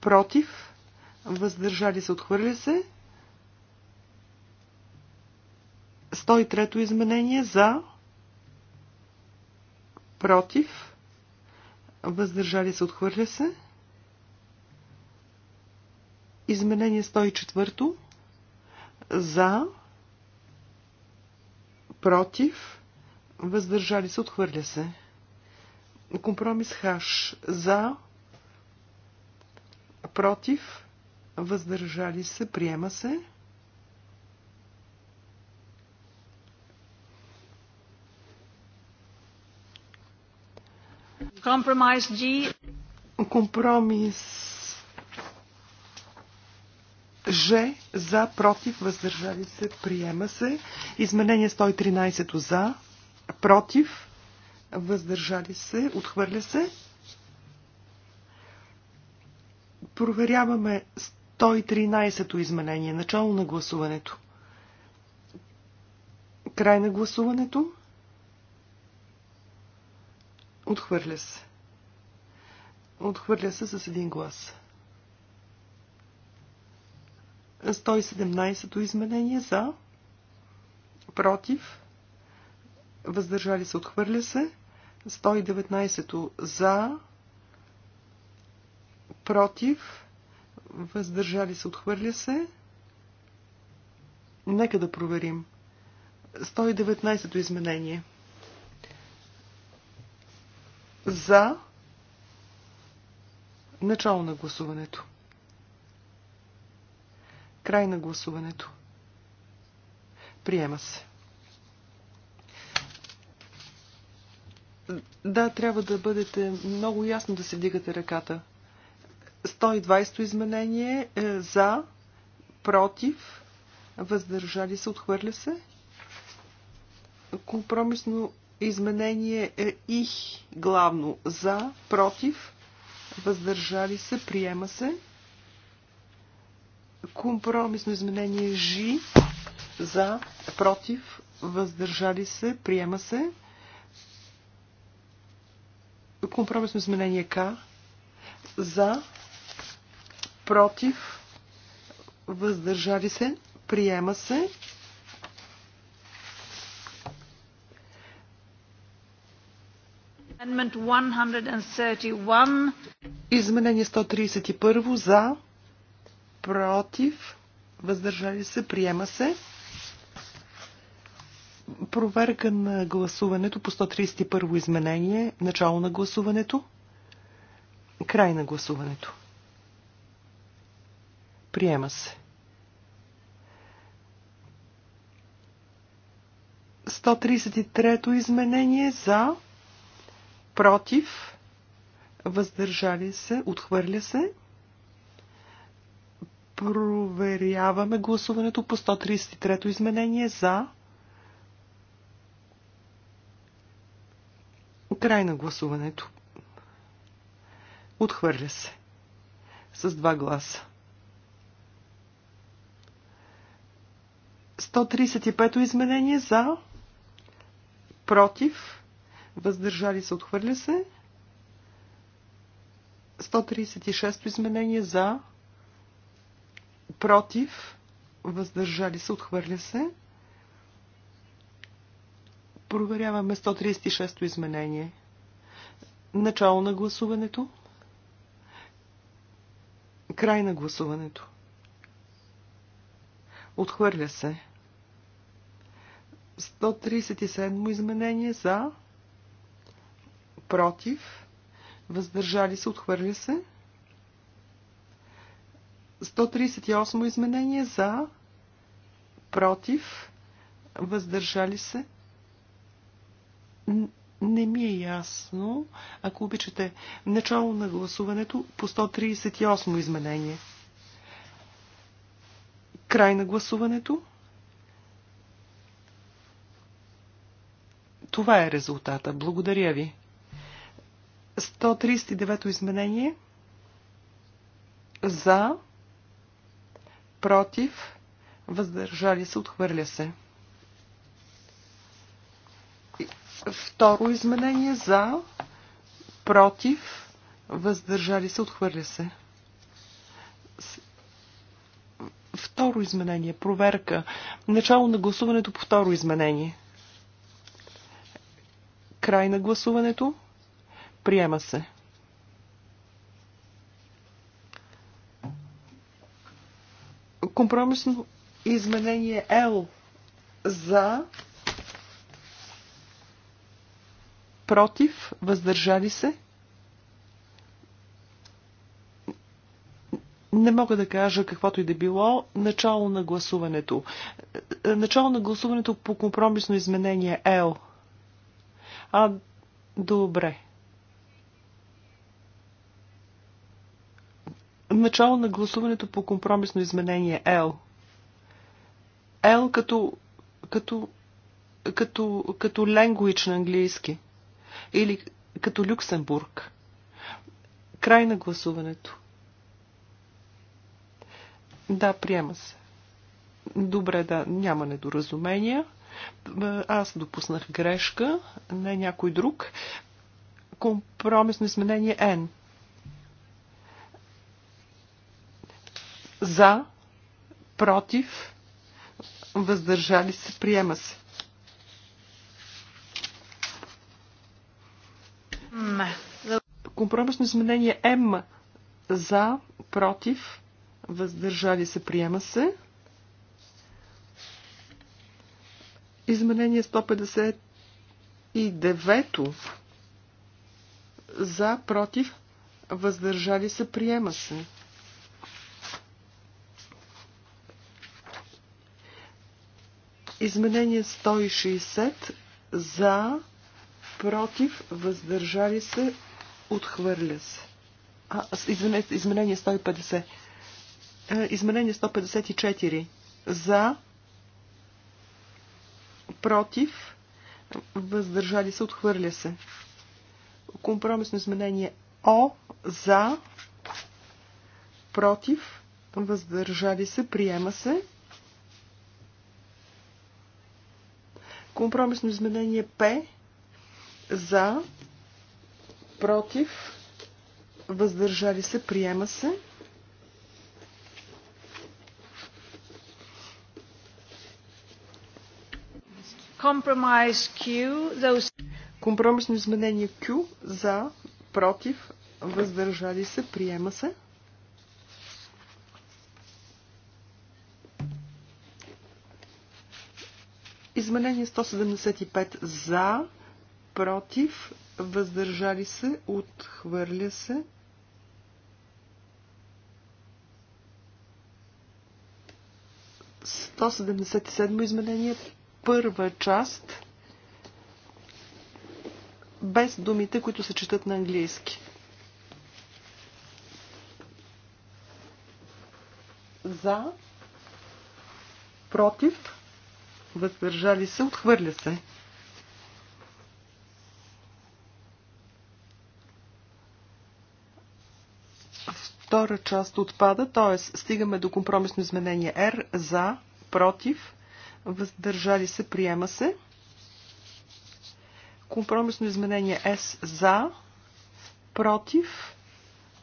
против, въздържали се, отхвърли се. 103-то изменение за, против, въздържали се, отхвърля се. Изменение 104 за, против, въздържали се, отхвърля се. Компромис хаш за, против, въздържали се, приема се. Compromise G. Компромис Ж за, против, въздържали се, приема се. Изменение 113 за, против, въздържали се, отхвърля се. Проверяваме 113-то изменение, начало на гласуването. Край на гласуването. Отхвърля се. Отхвърля се с един глас. 117-то изменение за, против, въздържали се, отхвърля се. 119-то за, против, въздържали се, отхвърля се. Нека да проверим. 119-то изменение за начало на гласуването. Край на гласуването. Приема се. Да, трябва да бъдете много ясно да се вдигате ръката. 120 изменение е, за, против, въздържали се, отхвърля се. Компромисно Изменение е и главно за, против, въздържали се, приема се. Компромисно изменение Ж за, против, въздържали се, приема се. Компромисно изменение К за, против, въздържали се, приема се. Изменение 131 за, против, въздържали се, приема се. Проверка на гласуването по 131 изменение, начало на гласуването, край на гласуването. Приема се. 133 изменение за против, въздържали се, отхвърля се. Проверяваме гласуването по 133-то изменение за. Край на гласуването. Отхвърля се. С два гласа. 135-то изменение за. Против въздържали се, отхвърля се. 136 изменение за, против, въздържали се, отхвърля се. Проверяваме 136 изменение. Начало на гласуването. Край на гласуването. Отхвърля се. 137 изменение за, против, въздържали се, отхвърля се. 138 изменение за, против, въздържали се. Не ми е ясно. Ако обичате, начало на гласуването по 138 изменение. Край на гласуването. Това е резултата. Благодаря ви. 139 изменение. За. Против. Въздържали се. Отхвърля се. Второ изменение. За. Против. Въздържали се. Отхвърля се. Второ изменение. Проверка. Начало на гласуването по второ изменение. Край на гласуването. Приема се. Компромисно изменение L за против, въздържали се. Не мога да кажа каквото и да било. Начало на гласуването. Начало на гласуването по компромисно изменение L. А, добре. Начало на гласуването по компромисно изменение L. L като, като, като, като language на английски. Или като Люксембург. Край на гласуването. Да, приема се. Добре, да, няма недоразумения. Аз допуснах грешка, не някой друг. Компромисно изменение N. За, против, въздържали се, приема се. Компромисно изменение М. За, против, въздържали се, приема се. Изменение 159. За, против, въздържали се, приема се. Изменение 160 за, против, въздържали се, отхвърля се. А, изменение, е, изменение 150. Изменение 154. За, против, въздържали се, отхвърля се. Компромисно изменение О, за, против, въздържали се, приема се. Компромисно изменение П за, против, въздържали се, приема се. Компромисно изменение Q за, против, въздържали се, приема се. Изменение 175 за, против, въздържали се, отхвърля се. Сто седемдесет изменение, първа част, без думите, които се четат на английски. За, против, въздържали се, отхвърля се. Втора част отпада, т.е. стигаме до компромисно изменение R за, против, въздържали се, приема се. Компромисно изменение S за, против,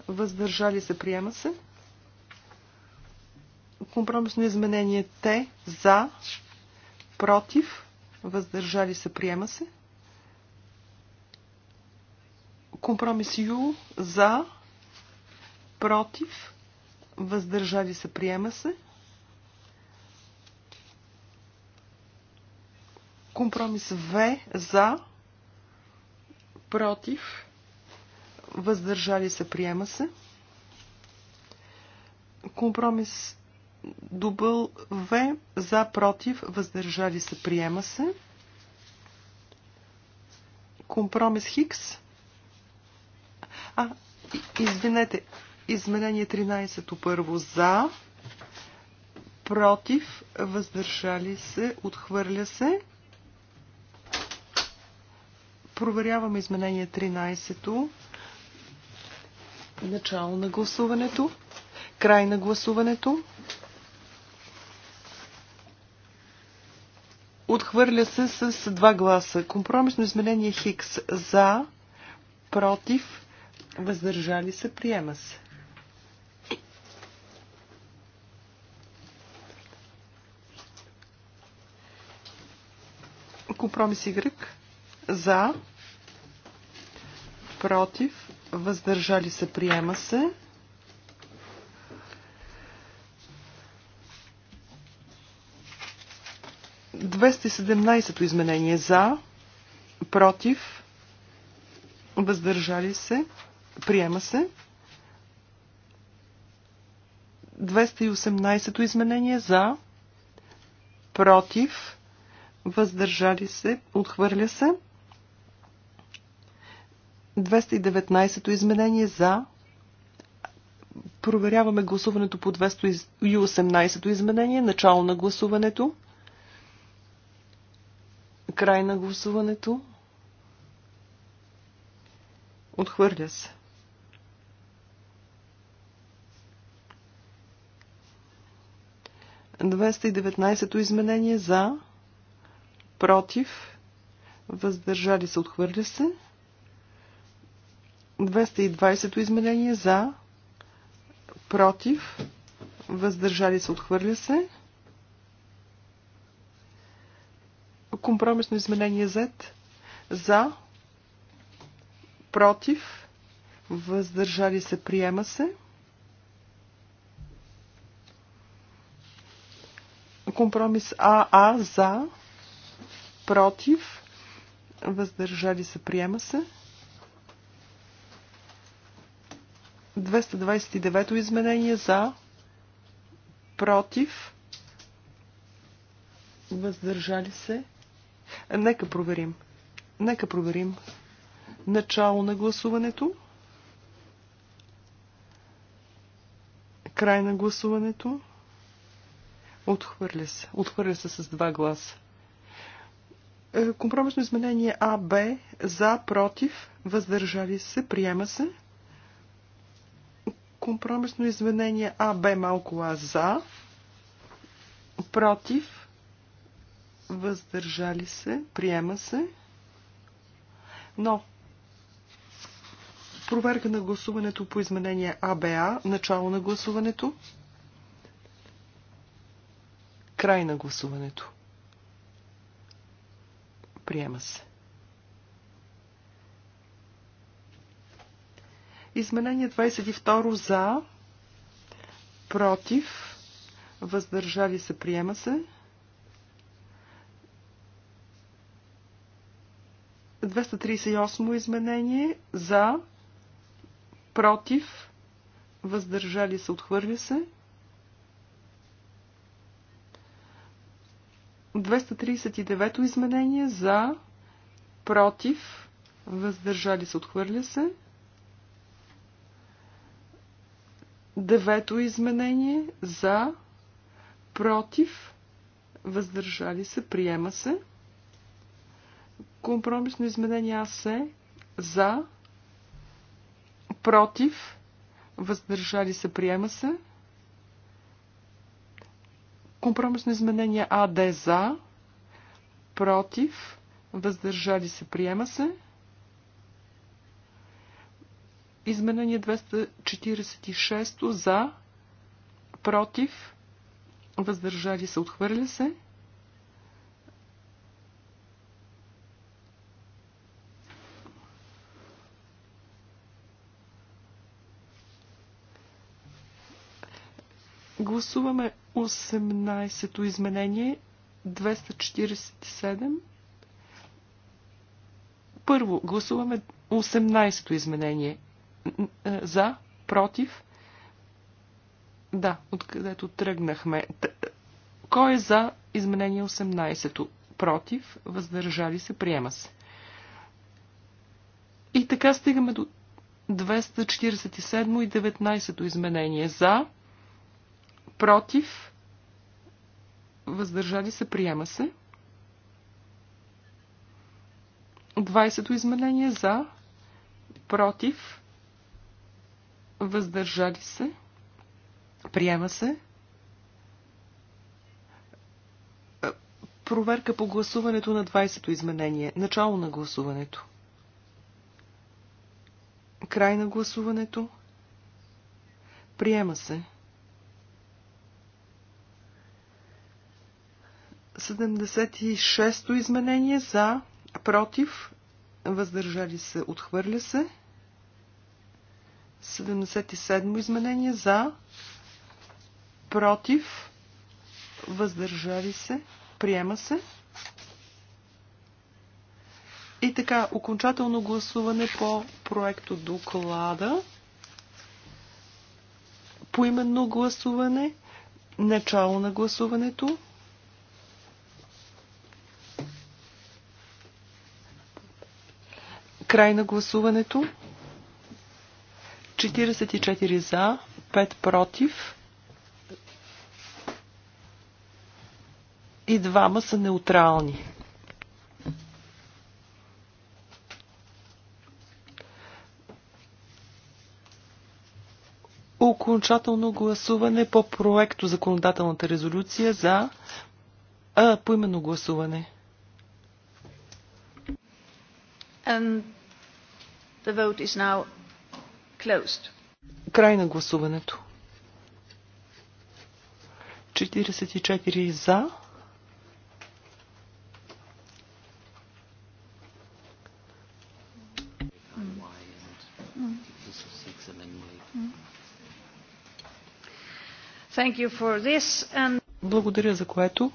въздържали се, приема се. Компромисно изменение Т за, против, въздържали се, приема се. Компромис Ю за, против, въздържали се, приема се. Компромис В за, против, въздържали се, приема се. Компромис добъл В за против въздържали се приема се. Компромис Хикс. А, извинете, изменение 13 то първо за против въздържали се отхвърля се. Проверяваме изменение 13-то. Начало на гласуването. Край на гласуването. Отхвърля се с два гласа. Компромисно изменение Хикс за, против, въздържали се, приема се. Компромис Y за, против, въздържали се, приема се. 217-то изменение за, против, въздържали се, приема се. 218-то изменение за, против, въздържали се, отхвърля се. 219-то изменение за. Проверяваме гласуването по 218-то изменение, начало на гласуването. Край на гласуването. Отхвърля се. Двеста изменение за, против, въздържали се, отхвърля се. 220 изменение за, против, въздържали се, отхвърля се. Компромисно изменение Z. За. Против. Въздържали се. Приема се. Компромис АА. За. Против. Въздържали се. Приема се. 229 то изменение за, против, въздържали се, Нека проверим. Нека проверим. Начало на гласуването. Край на гласуването. Отхвърля се. Отхвърля се с два гласа. Е, компромисно изменение А, Б, за, против, въздържали се, приема се. Компромисно изменение А, Б, малко А, за, против, въздържали се, приема се, но проверка на гласуването по изменение АБА, начало на гласуването, край на гласуването. Приема се. Изменение 22 за, против, въздържали се, приема се. 238 изменение за, против, въздържали се, отхвърля се. 239 то изменение за, против, въздържали се, отхвърля се. Девето изменение за, против, въздържали се, приема се. Компромисно изменение се за, против, въздържали се, приема се. Компромисно изменение АД за, против, въздържали се, приема се. Изменение 246 за, против, въздържали се, отхвърля се. Гласуваме 18-то изменение 247. Първо, гласуваме 18-то изменение. Е, за, против. Да, откъдето тръгнахме. Е, кой е за изменение 18-то? Против, въздържали се, приема се. И така стигаме до 247 и 19 изменение. За, против, въздържали се, приема се. 20-то изменение за, против, въздържали се, приема се. Проверка по гласуването на 20-то изменение. Начало на гласуването. Край на гласуването. Приема се. 76-то изменение за, против, въздържали се, отхвърля се. 77 изменение за, против, въздържали се, приема се. И така, окончателно гласуване по проекто доклада. Поименно гласуване, начало на гласуването. Край на гласуването. 44 за, 5 против и двама са неутрални. Окончателно гласуване по проекто законодателната резолюция за а, поименно гласуване. Um, The vote is now closed. Край на гласуването. 44 за. Thank you for this and... Благодаря за което.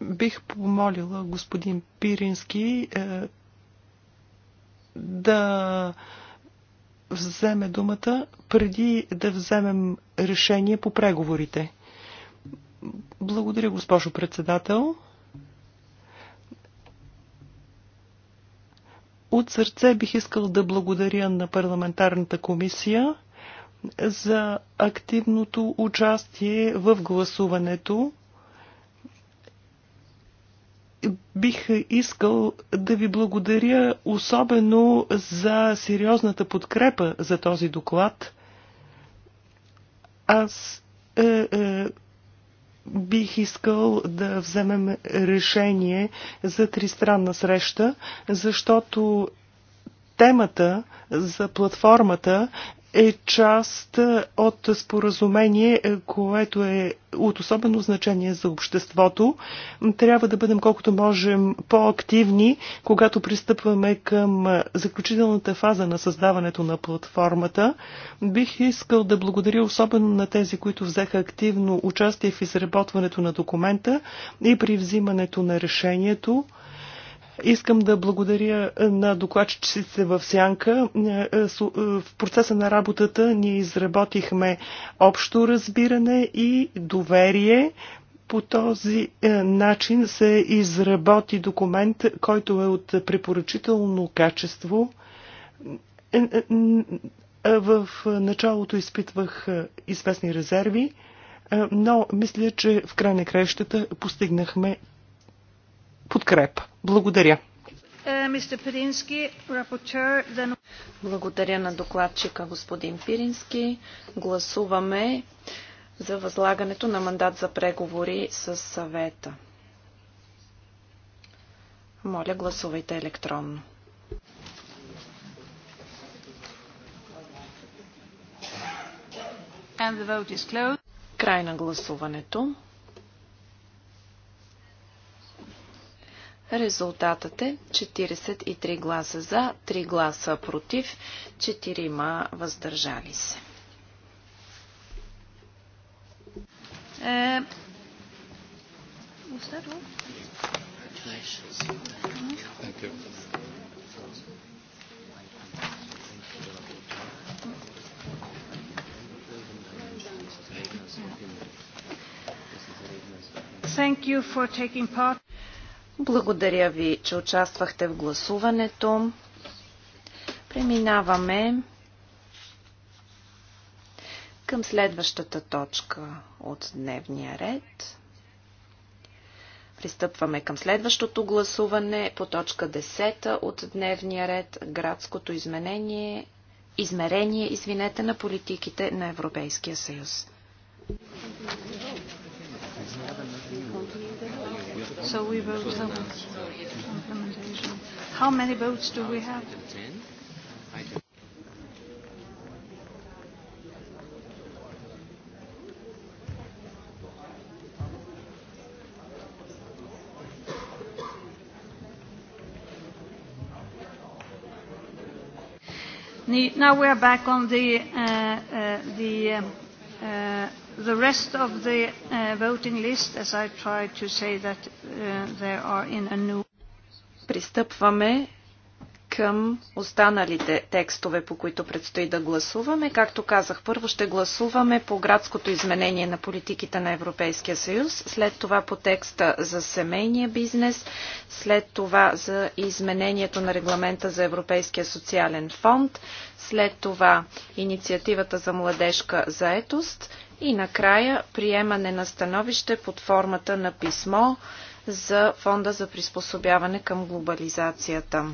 Бих помолила господин Пирински е, да вземе думата преди да вземем решение по преговорите. Благодаря, госпожо председател. От сърце бих искал да благодаря на парламентарната комисия за активното участие в гласуването бих искал да ви благодаря особено за сериозната подкрепа за този доклад. Аз е, е, бих искал да вземем решение за тристранна среща, защото темата за платформата е част е, от споразумение, е, което е от особено значение за обществото. Трябва да бъдем колкото можем по-активни, когато пристъпваме към е, заключителната фаза на създаването на платформата. Бих искал да благодаря особено на тези, които взеха активно участие в изработването на документа и при взимането на решението. Искам да благодаря на докладчиците в Сянка. Е, е, е, в процеса на работата ние изработихме общо разбиране и доверие. По този начин се изработи документ, който е от препоръчително качество. В началото изпитвах известни резерви, но мисля, че в край на краищата постигнахме подкрепа. Благодаря. Е, Благодаря на докладчика господин Пирински. Гласуваме за възлагането на мандат за преговори с съвета. Моля, гласувайте електронно. Край на гласуването. Резултатът е 43 гласа за, 3 гласа против, 4 ма въздържали се. Е... Thank you for taking part. Благодаря ви, че участвахте в гласуването. Преминаваме към следващата точка от дневния ред. Пристъпваме към следващото гласуване по точка 10 от дневния ред градското изменение, измерение извинете, на политиките на Европейския съюз. so we vote on implementation. How many votes do we have? Now we are back on the uh, uh, uh, the The rest of the uh, voting list, as I tried to say that uh, there are in a new... Пристъпваме към останалите текстове, по които предстои да гласуваме. Както казах, първо ще гласуваме по градското изменение на политиките на Европейския съюз, след това по текста за семейния бизнес, след това за изменението на регламента за Европейския социален фонд, след това инициативата за младежка заетост – и накрая приемане на становище под формата на писмо за Фонда за приспособяване към глобализацията.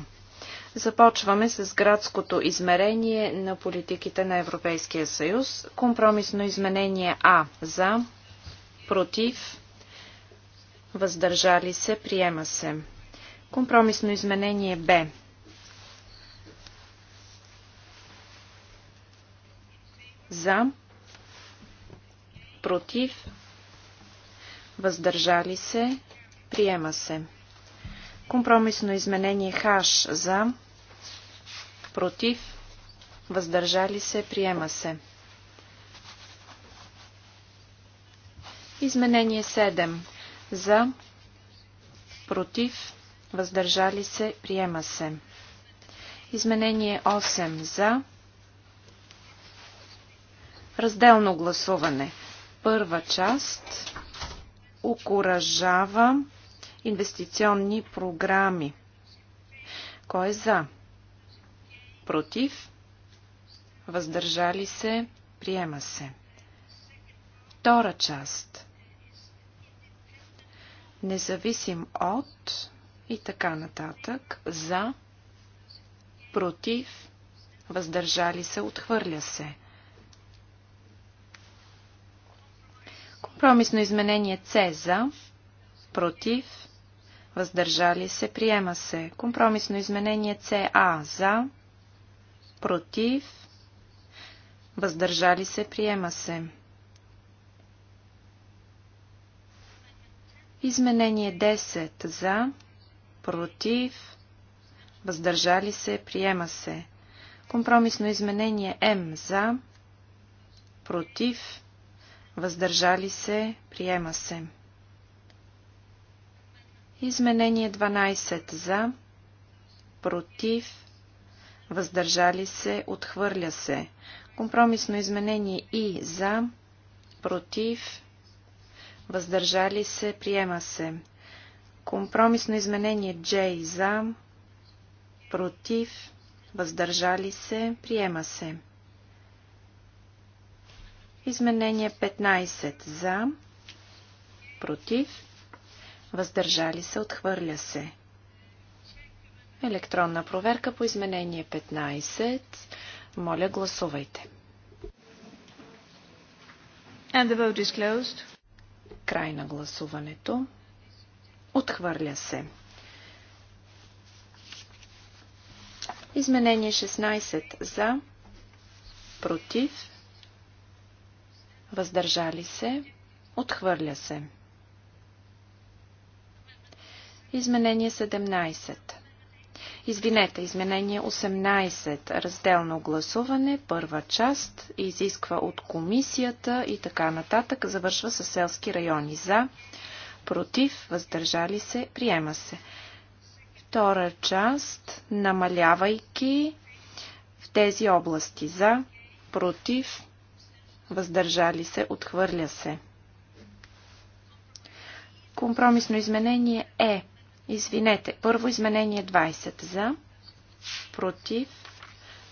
Започваме с градското измерение на политиките на Европейския съюз. Компромисно изменение А за, против, въздържали се, приема се. Компромисно изменение Б. За, против, въздържали се, приема се. Компромисно изменение хаш за, против, въздържали се, приема се. Изменение 7 за, против, въздържали се, приема се. Изменение 8 за, разделно гласуване. Първа част окоръжава инвестиционни програми. Кой е за? Против? Въздържали се? Приема се. Втора част. Независим от и така нататък. За? Против? Въздържали се? Отхвърля се. Промисно изменение С за, против, въздържали се, приема се. Компромисно изменение СА за, против, въздържали се, приема се. Изменение 10 за, против, въздържали се, приема се. Компромисно изменение М за, против, въздържали се, приема се. Изменение 12 за, против, въздържали се, отхвърля се. Компромисно изменение и за, против, въздържали се, приема се. Компромисно изменение J за, против, въздържали се, приема се. Изменение 15 за, против, въздържали се, отхвърля се. Електронна проверка по изменение 15. Моля, гласувайте. And the vote is closed. Край на гласуването. Отхвърля се. Изменение 16 за, против, въздържали се, отхвърля се. Изменение 17. Извинете, изменение 18. Разделно гласуване, първа част, изисква от комисията и така нататък, завършва със селски райони. За, против, въздържали се, приема се. Втора част, намалявайки в тези области. За, против, въздържали се, отхвърля се. Компромисно изменение е. Извинете, първо изменение 20 за, против,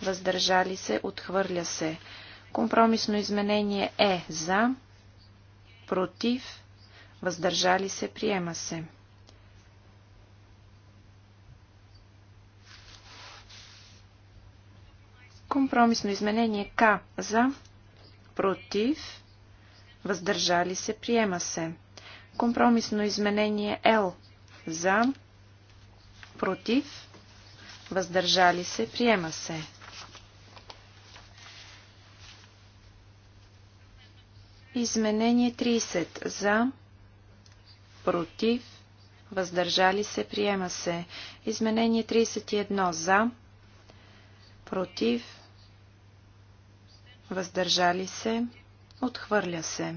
въздържали се, отхвърля се. Компромисно изменение е за, против, въздържали се, приема се. Компромисно изменение К за, против, въздържали се, приема се. Компромисно изменение L за, против, въздържали се, приема се. Изменение 30 за, против, въздържали се, приема се. Изменение 31 за, против, въздържали се, отхвърля се.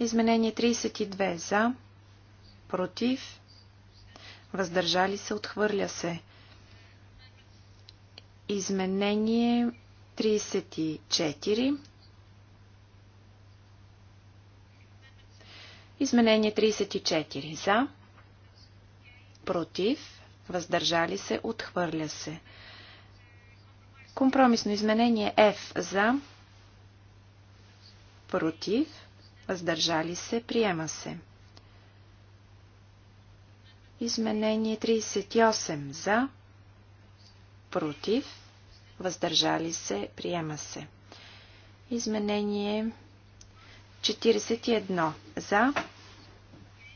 Изменение 32 за, против, въздържали се, отхвърля се. Изменение 34 Изменение 34 за, против, въздържали се, отхвърля се. Компромисно изменение F за, против, въздържали се, приема се. Изменение 38 за, против, въздържали се, приема се. Изменение 41 за,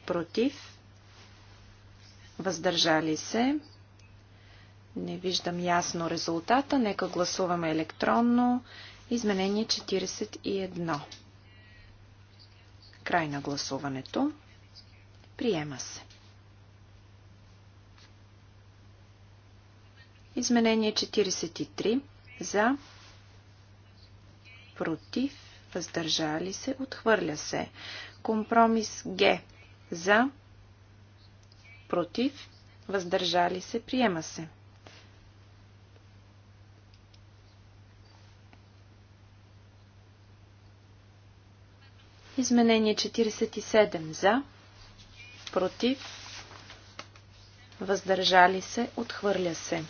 против, въздържали се, не виждам ясно резултата. Нека гласуваме електронно. Изменение 41. Край на гласуването. Приема се. Изменение 43. За. Против. Въздържали се. Отхвърля се. Компромис Г. За. Против. Въздържали се. Приема се. Изменение 47 за, против, въздържали се, отхвърля се.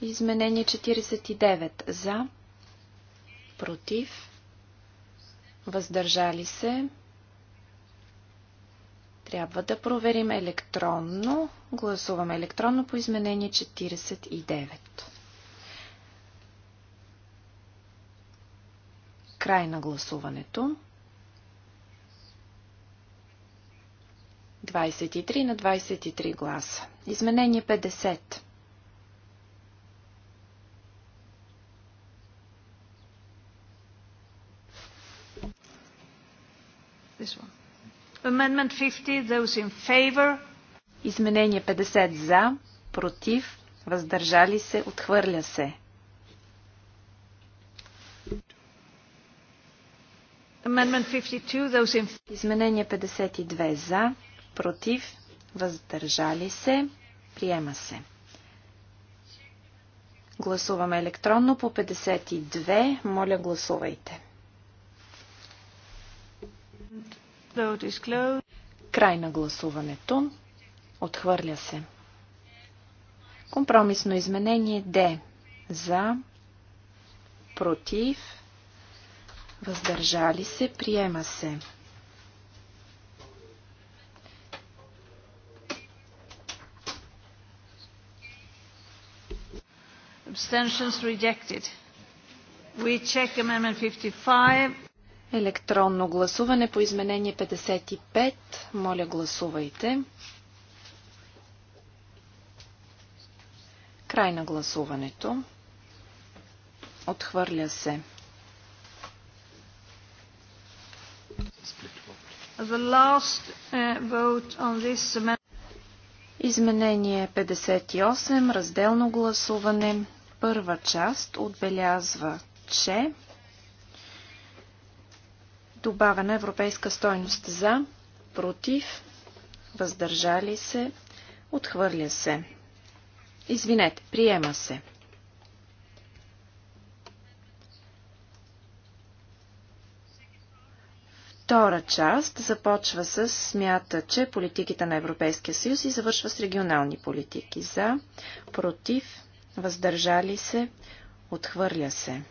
Изменение 49 за, против, въздържали се. Трябва да проверим електронно. Гласуваме електронно по изменение 49. Край на гласуването. 23 на 23 гласа. Изменение 50. This one. Amendment 50, those in favor. Изменение 50 за, против, въздържали се, отхвърля се. Изменение 52 за, против, въздържали се, приема се. Гласуваме електронно по 52. Моля, гласувайте. Край на гласуването. Отхвърля се. Компромисно изменение Д. За. Против въздържали се, приема се. Abstentions rejected. We check amendment 55. Електронно гласуване по изменение 55. Моля, гласувайте. Край на гласуването. Отхвърля се. The last uh, vote on this Изменение 58, разделно гласуване. Първа част отбелязва, че добавена европейска стойност за, против, въздържали се, отхвърля се. Извинете, приема се. втора част започва с смята, че политиките на Европейския съюз и завършва с регионални политики. За, против, въздържали се, отхвърля се.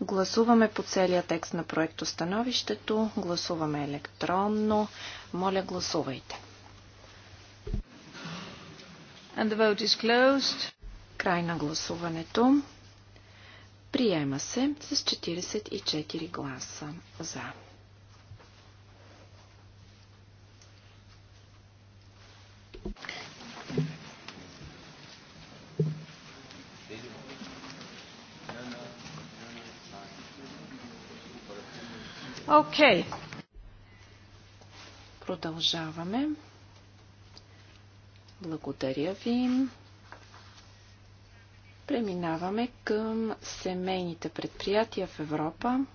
Гласуваме по целия текст на становището. Гласуваме електронно. Моля, гласувайте. And the vote is closed. Край на гласуването. Приема се с 44 гласа за. Окей. Okay. Продължаваме. Благодаря ви. Преминаваме към семейните предприятия в Европа.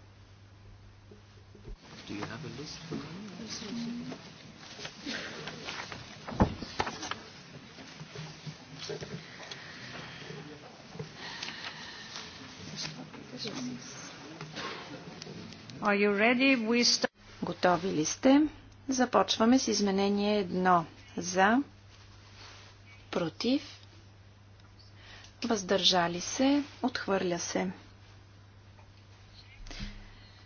Готови ли сте? Започваме с изменение 1. За, против, въздържали се, отхвърля се.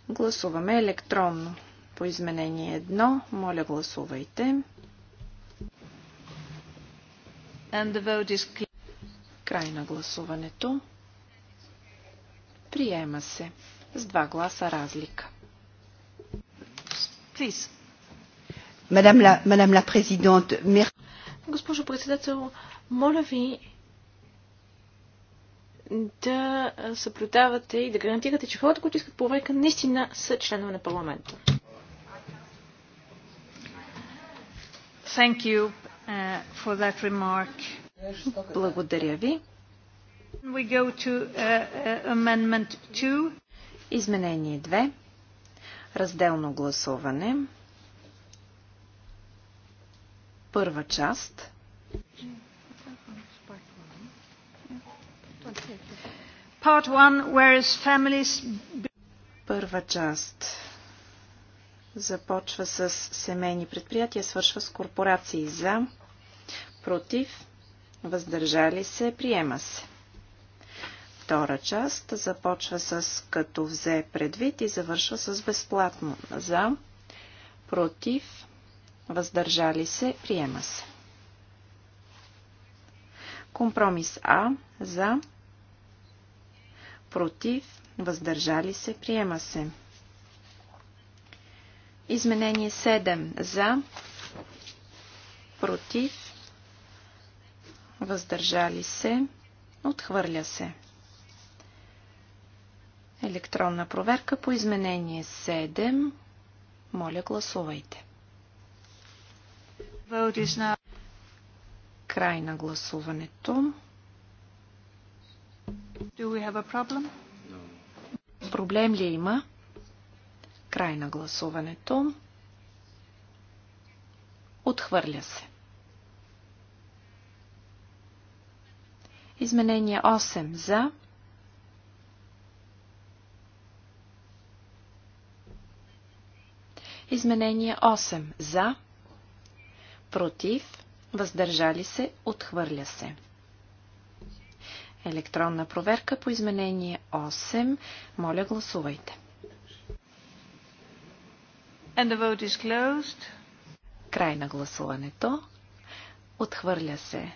Гласуваме електронно. По изменение 1, моля гласувайте. Край на гласуването. Приема се с два гласа разлика. Госпожо председател, моля ви, да съблюдавате и да гарантирате, че хората, които искат проверка, наистина са членове на парламента. Thank you uh, for that remark. Благодаря ви. We go to uh, uh, amendment 2. Изменение 2. Разделно гласуване. Първа част. Part one, families... Първа част започва с семейни предприятия, свършва с корпорации за, против, въздържали се, приема се. Втора част започва с като взе предвид и завършва с безплатно за, против, въздържали се, приема се. Компромис А за, против, въздържали се, приема се. Изменение 7 за, против, въздържали се, отхвърля се. Електронна проверка по изменение 7. Моля, гласувайте. Край на гласуването. No. Проблем ли има? Край на гласуването. Отхвърля се. Изменение 8 за. Изменение 8 за. Против. Въздържали се. Отхвърля се. Електронна проверка по изменение 8. Моля, гласувайте. And the vote is closed. Край на гласуването. Отхвърля се.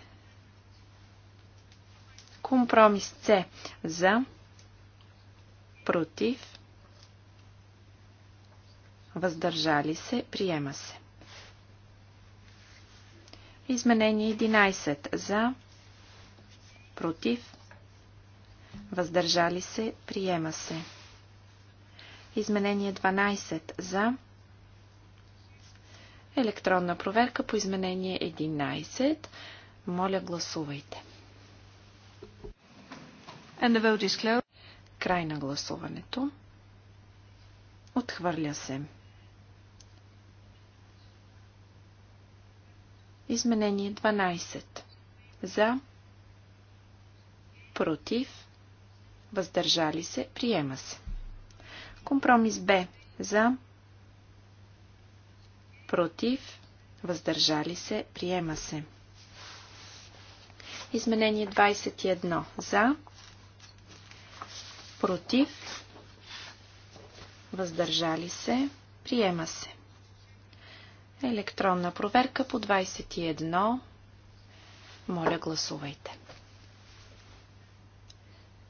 Компромис С. За. Против. Въздържали се. Приема се. Изменение 11. За. Против въздържали се, приема се. Изменение 12 за. Електронна проверка по изменение 11. Моля, гласувайте. And the vote is closed. Край на гласуването. Отхвърля се. Изменение 12. За. Против въздържали се, приема се. Компромис Б за, против, въздържали се, приема се. Изменение 21 за, против, въздържали се, приема се. Електронна проверка по 21. Моля, гласувайте.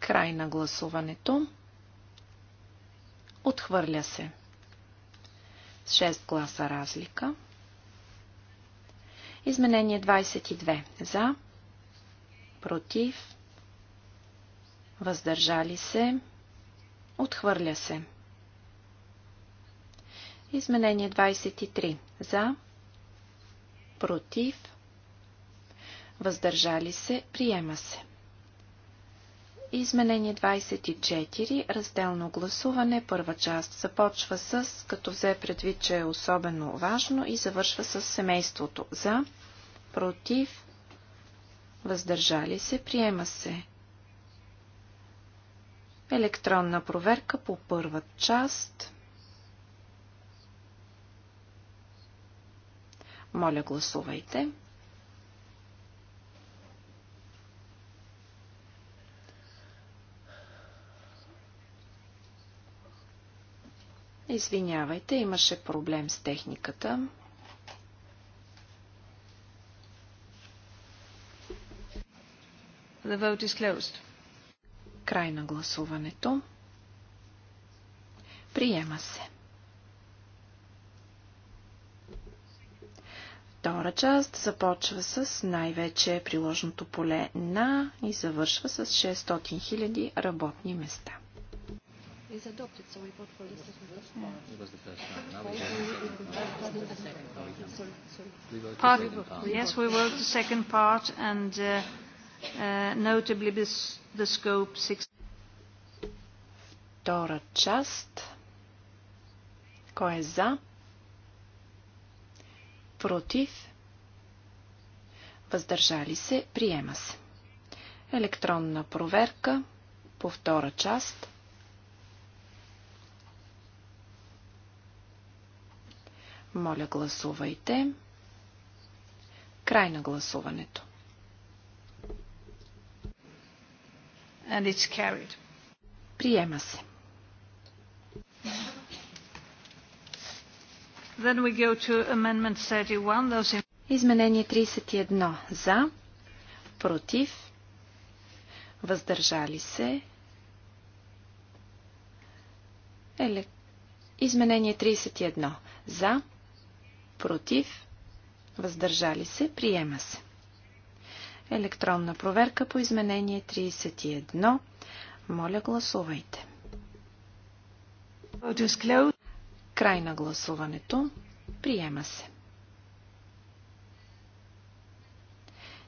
Край на гласуването. Отхвърля се. С 6 гласа разлика. Изменение 22. За. Против. Въздържали се. Отхвърля се. Изменение 23. За. Против. Въздържали се. Приема се. Изменение 24, разделно гласуване, първа част започва с, като взе предвид, че е особено важно и завършва с семейството. За, против, въздържали се, приема се. Електронна проверка по първа част. Моля, гласувайте. Извинявайте, имаше проблем с техниката. The vote is closed. Край на гласуването. Приема се. Втора част започва с най-вече приложното поле на и завършва с 600 000 работни места is adopted, so we vote for the second one. Yeah. It was the first one. Now we vote the second part. Yes, we vote the second part, and uh, uh, notably this, the scope six. Dora Chast. Кой е за? Против? Въздържали се? Приема се. Електронна проверка по втора част. Моля, гласувайте. Край на гласуването. And it's carried. Приема се. Then we go to amendment 31. Those in... Изменение 31. За. Против. Въздържали се. Еле... Изменение 31. За против, въздържали се, приема се. Електронна проверка по изменение 31. Моля, гласувайте. Край на гласуването. Приема се.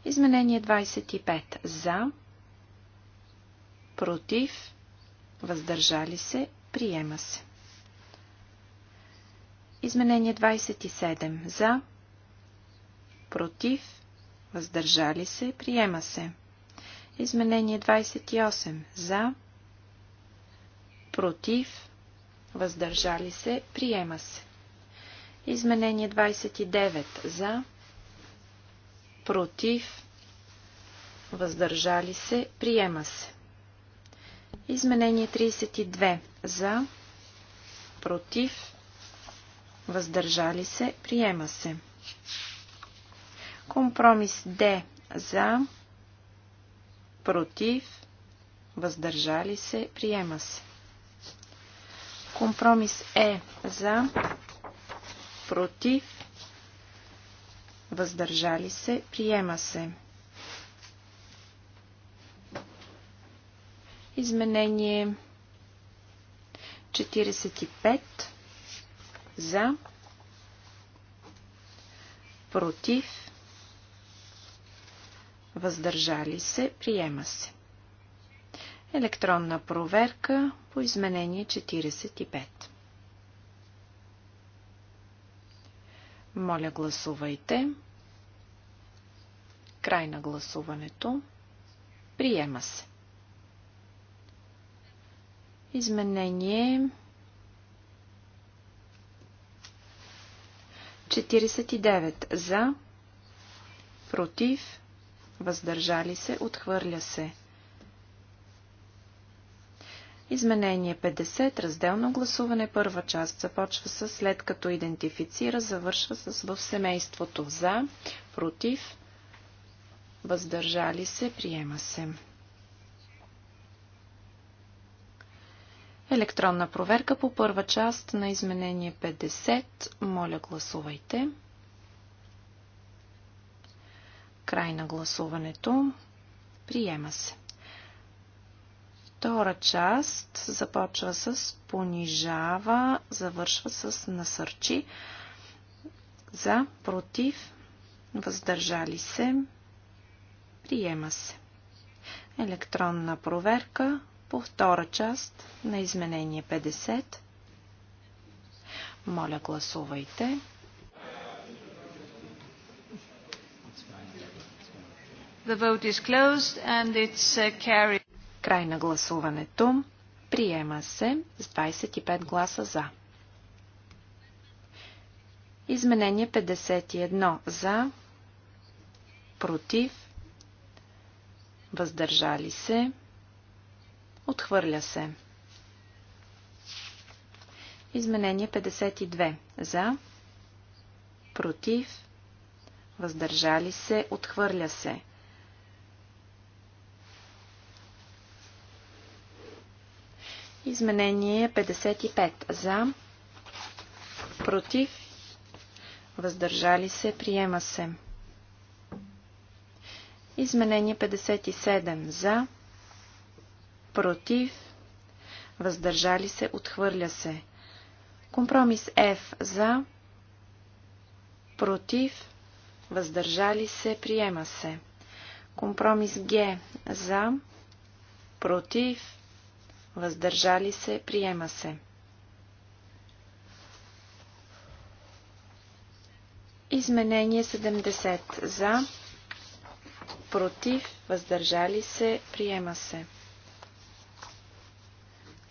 Изменение 25. За. Против. Въздържали се. Приема се. Изменение 27. За. Против. Въздържали се. Приема се. Изменение 28. За. Против. Въздържали се. Приема се. Изменение 29. За. Против. Въздържали се. Приема се. Изменение 32. За. Против въздържали се, приема се. Компромис Д за, против, въздържали се, приема се. Компромис Е за, против, въздържали се, приема се. Изменение 45 за, против, въздържали се, приема се. Електронна проверка по изменение 45. Моля, гласувайте. Край на гласуването. Приема се. Изменение 49 за, против, въздържали се, отхвърля се. Изменение 50, разделно гласуване, първа част започва с след като идентифицира, завършва с в семейството за, против, въздържали се, приема се. Електронна проверка по първа част на изменение 50. Моля, гласувайте. Край на гласуването. Приема се. Втора част започва с понижава, завършва с насърчи. За, против, въздържали се, приема се. Електронна проверка по втора част на изменение 50. Моля, гласувайте. The vote is closed and it's uh, carried. Край на гласуването. Приема се с 25 гласа за. Изменение 51 за, против, въздържали се, Отхвърля се. Изменение 52. За. Против. Въздържали се. Отхвърля се. Изменение 55. За. Против. Въздържали се. Приема се. Изменение 57. За. Против против, въздържали се, отхвърля се. Компромис F за, против, въздържали се, приема се. Компромис Г за, против, въздържали се, приема се. Изменение 70 за, против, въздържали се, приема се.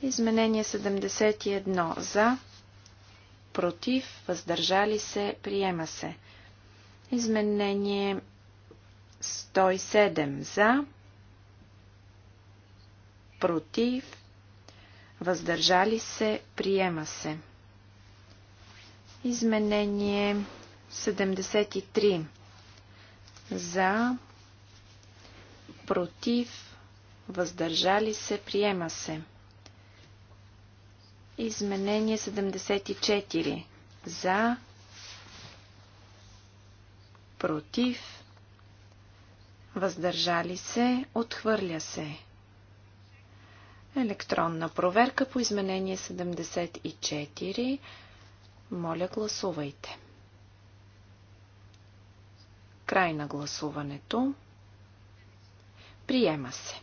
Изменение 71 за, против, въздържали се, приема се. Изменение 107 за, против, въздържали се, приема се. Изменение 73 за, против, въздържали се, приема се. Изменение 74. За. Против. Въздържали се. Отхвърля се. Електронна проверка по изменение 74. Моля, гласувайте. Край на гласуването. Приема се.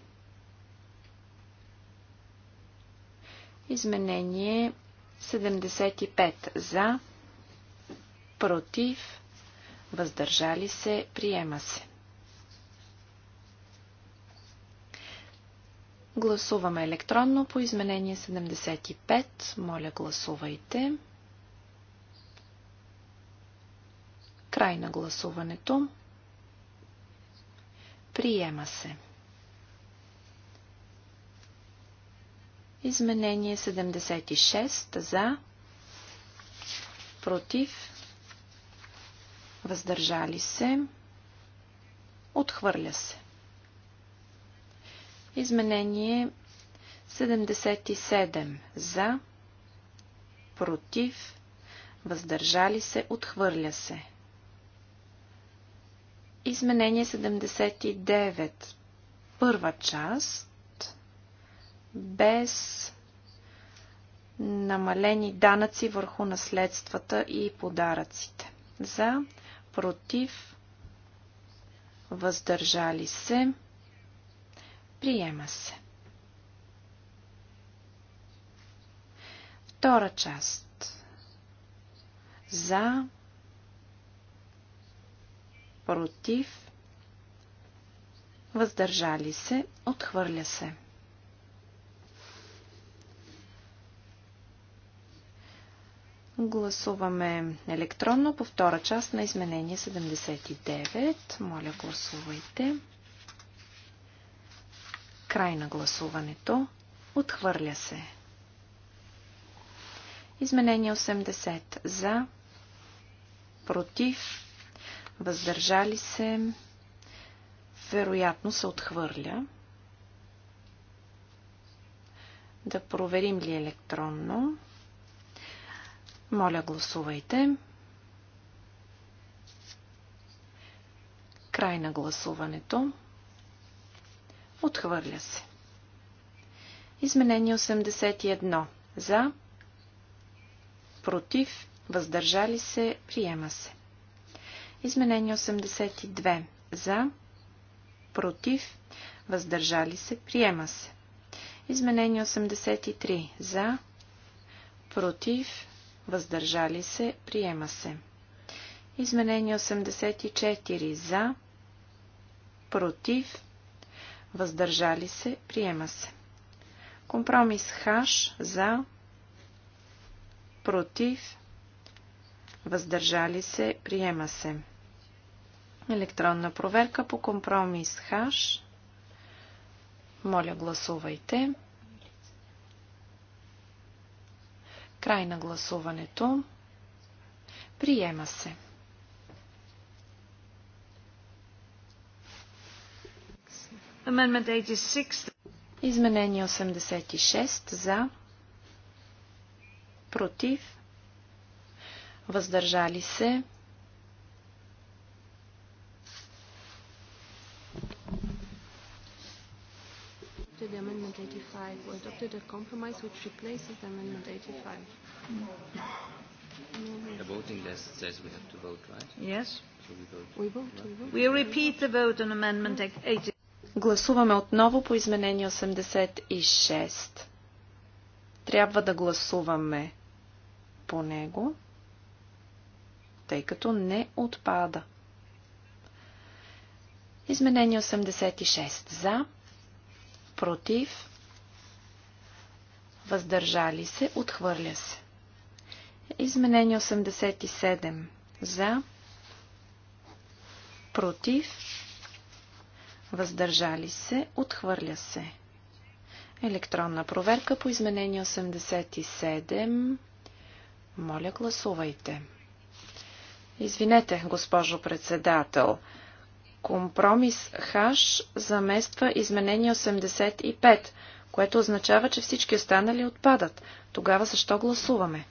Изменение 75 за, против, въздържали се, приема се. Гласуваме електронно по изменение 75. Моля, гласувайте. Край на гласуването. Приема се. Изменение 76 за, против, въздържали се, отхвърля се. Изменение 77 за, против, въздържали се, отхвърля се. Изменение 79. Първа част без намалени данъци върху наследствата и подаръците. За, против, въздържали се, приема се. Втора част. За, против, въздържали се, отхвърля се. Гласуваме електронно по втора част на изменение 79. Моля, гласувайте. Край на гласуването. Отхвърля се. Изменение 80. За. Против. Въздържали се. Вероятно се отхвърля. Да проверим ли електронно. Моля, гласувайте. Край на гласуването. Отхвърля се. Изменение 81. За. Против. Въздържали се. Приема се. Изменение 82. За. Против. Въздържали се. Приема се. Изменение 83. За. Против въздържали се, приема се. Изменение 84 за, против, въздържали се, приема се. Компромис хаш за, против, въздържали се, приема се. Електронна проверка по компромис хаш. Моля, гласувайте. Край на гласуването. Приема се. Изменение 86 за против въздържали се adopted Amendment 85. We adopted a compromise which replaces Amendment 85. The voting list says we have to vote, right? Yes. So we vote. We vote. We, vote. we repeat the vote on Amendment 85. Гласуваме отново по изменение 86. Трябва да гласуваме по него, тъй като не отпада. Изменение 86 за, против, въздържали се, отхвърля се. Изменение 87 за, против, въздържали се, отхвърля се. Електронна проверка по изменение 87. Моля, гласувайте. Извинете, госпожо председател. Компромис Хаш замества изменение 85, което означава, че всички останали отпадат. Тогава защо гласуваме?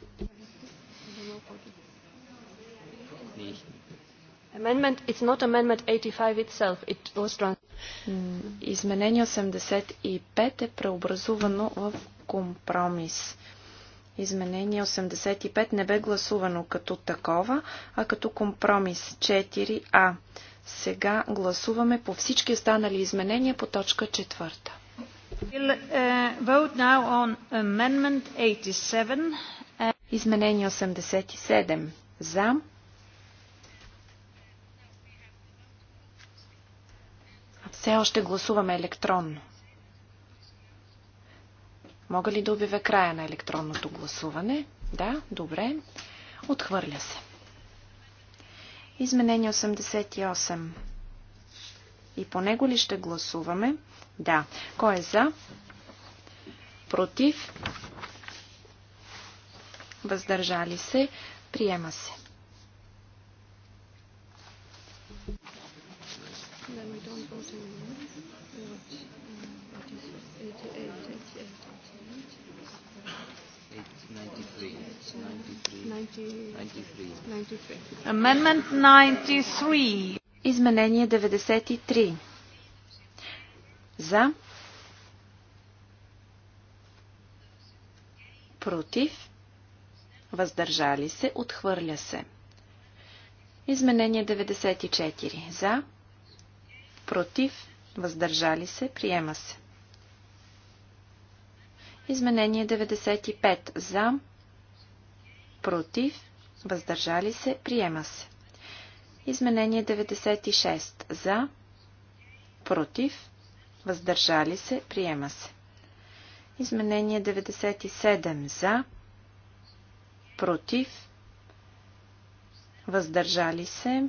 Изменение 85 е преобразувано в компромис. Изменение 85 не бе гласувано като такова, а като компромис 4А. Сега гласуваме по всички останали изменения по точка четвърта. Uh, Изменение 87. За. Все още гласуваме електронно. Мога ли да обявя края на електронното гласуване? Да, добре. Отхвърля се. Изменение 88. И по него ли ще гласуваме? Да. Кой е за? Против? Въздържали се? Приема се. Then Amendment 93. Изменение 93. За. Против. Въздържали се. Отхвърля се. Изменение 94. За. Против. Въздържали се. Приема се. Изменение 95. За. Против против, въздържали се, приема се. Изменение 96 за, против, въздържали се, приема се. Изменение 97 за, против, въздържали се.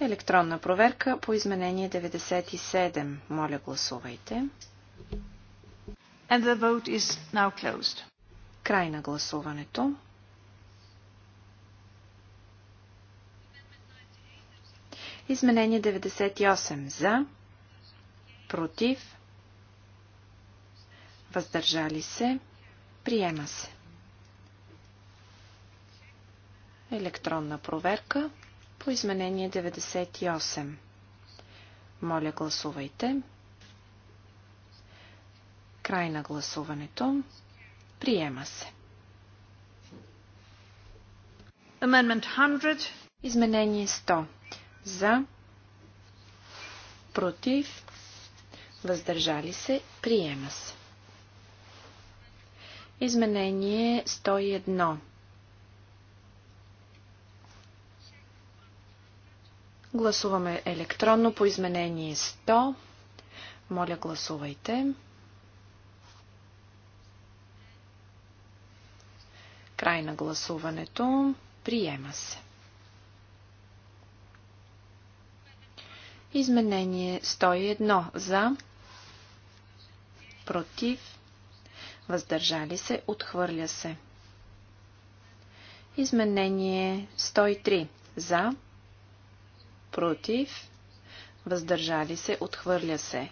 Електронна проверка по изменение 97. Моля гласувайте. And the vote is now closed. Край на гласуването. Изменение 98 за, против, въздържали се, приема се. Електронна проверка по изменение 98. Моля гласувайте. Край на гласуването. Приема се. Amendment 100. Изменение 100. За. Против. Въздържали се. Приема се. Изменение 101. Гласуваме електронно по изменение 100. Моля, гласувайте. Край на гласуването. Приема се. Изменение 101 за, против, въздържали се, отхвърля се. Изменение 103 за, против, въздържали се, отхвърля се.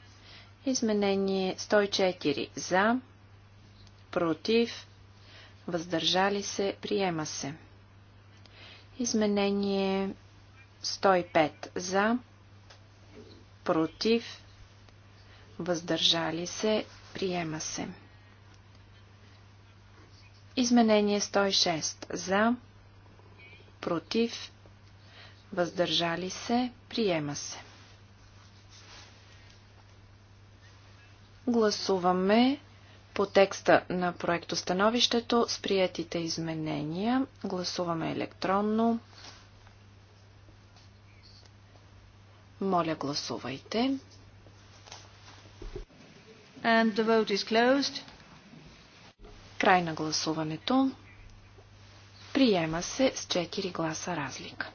Изменение 104 за, против, въздържали се, приема се. Изменение 105 за, против, въздържали се, приема се. Изменение 106 за, против, въздържали се, приема се. Гласуваме по текста на проектостановището с приятите изменения. Гласуваме електронно. Моля, гласувайте. And the vote is closed. Край на гласуването. Приема се с 4 гласа разлика.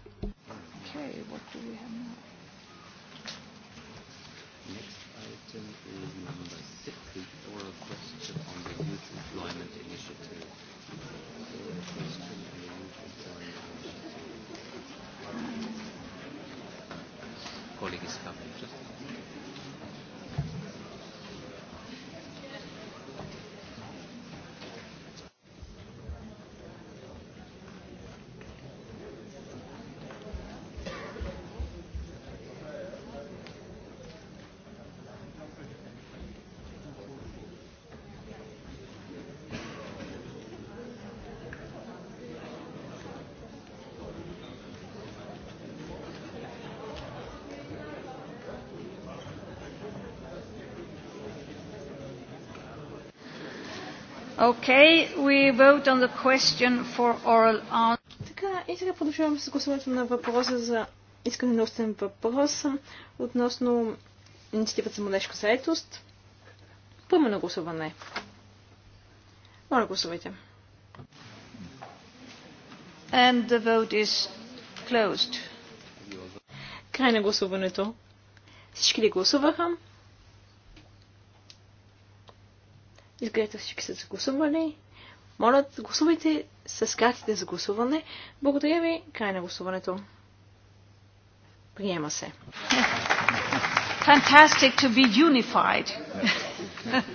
Okay, we vote on the question for oral Така, и сега продължаваме с гласуването на въпроса за искане на устен въпрос относно инициативата за младежка заетост. на гласуване. Моля, гласувайте. And the vote is closed. Край на гласуването. Всички ли гласуваха? Изглежда всички са гласували. Моля, гласувайте с картите за гласуване. Благодаря ви. Край на гласуването. Приема се. Fantastic to be unified.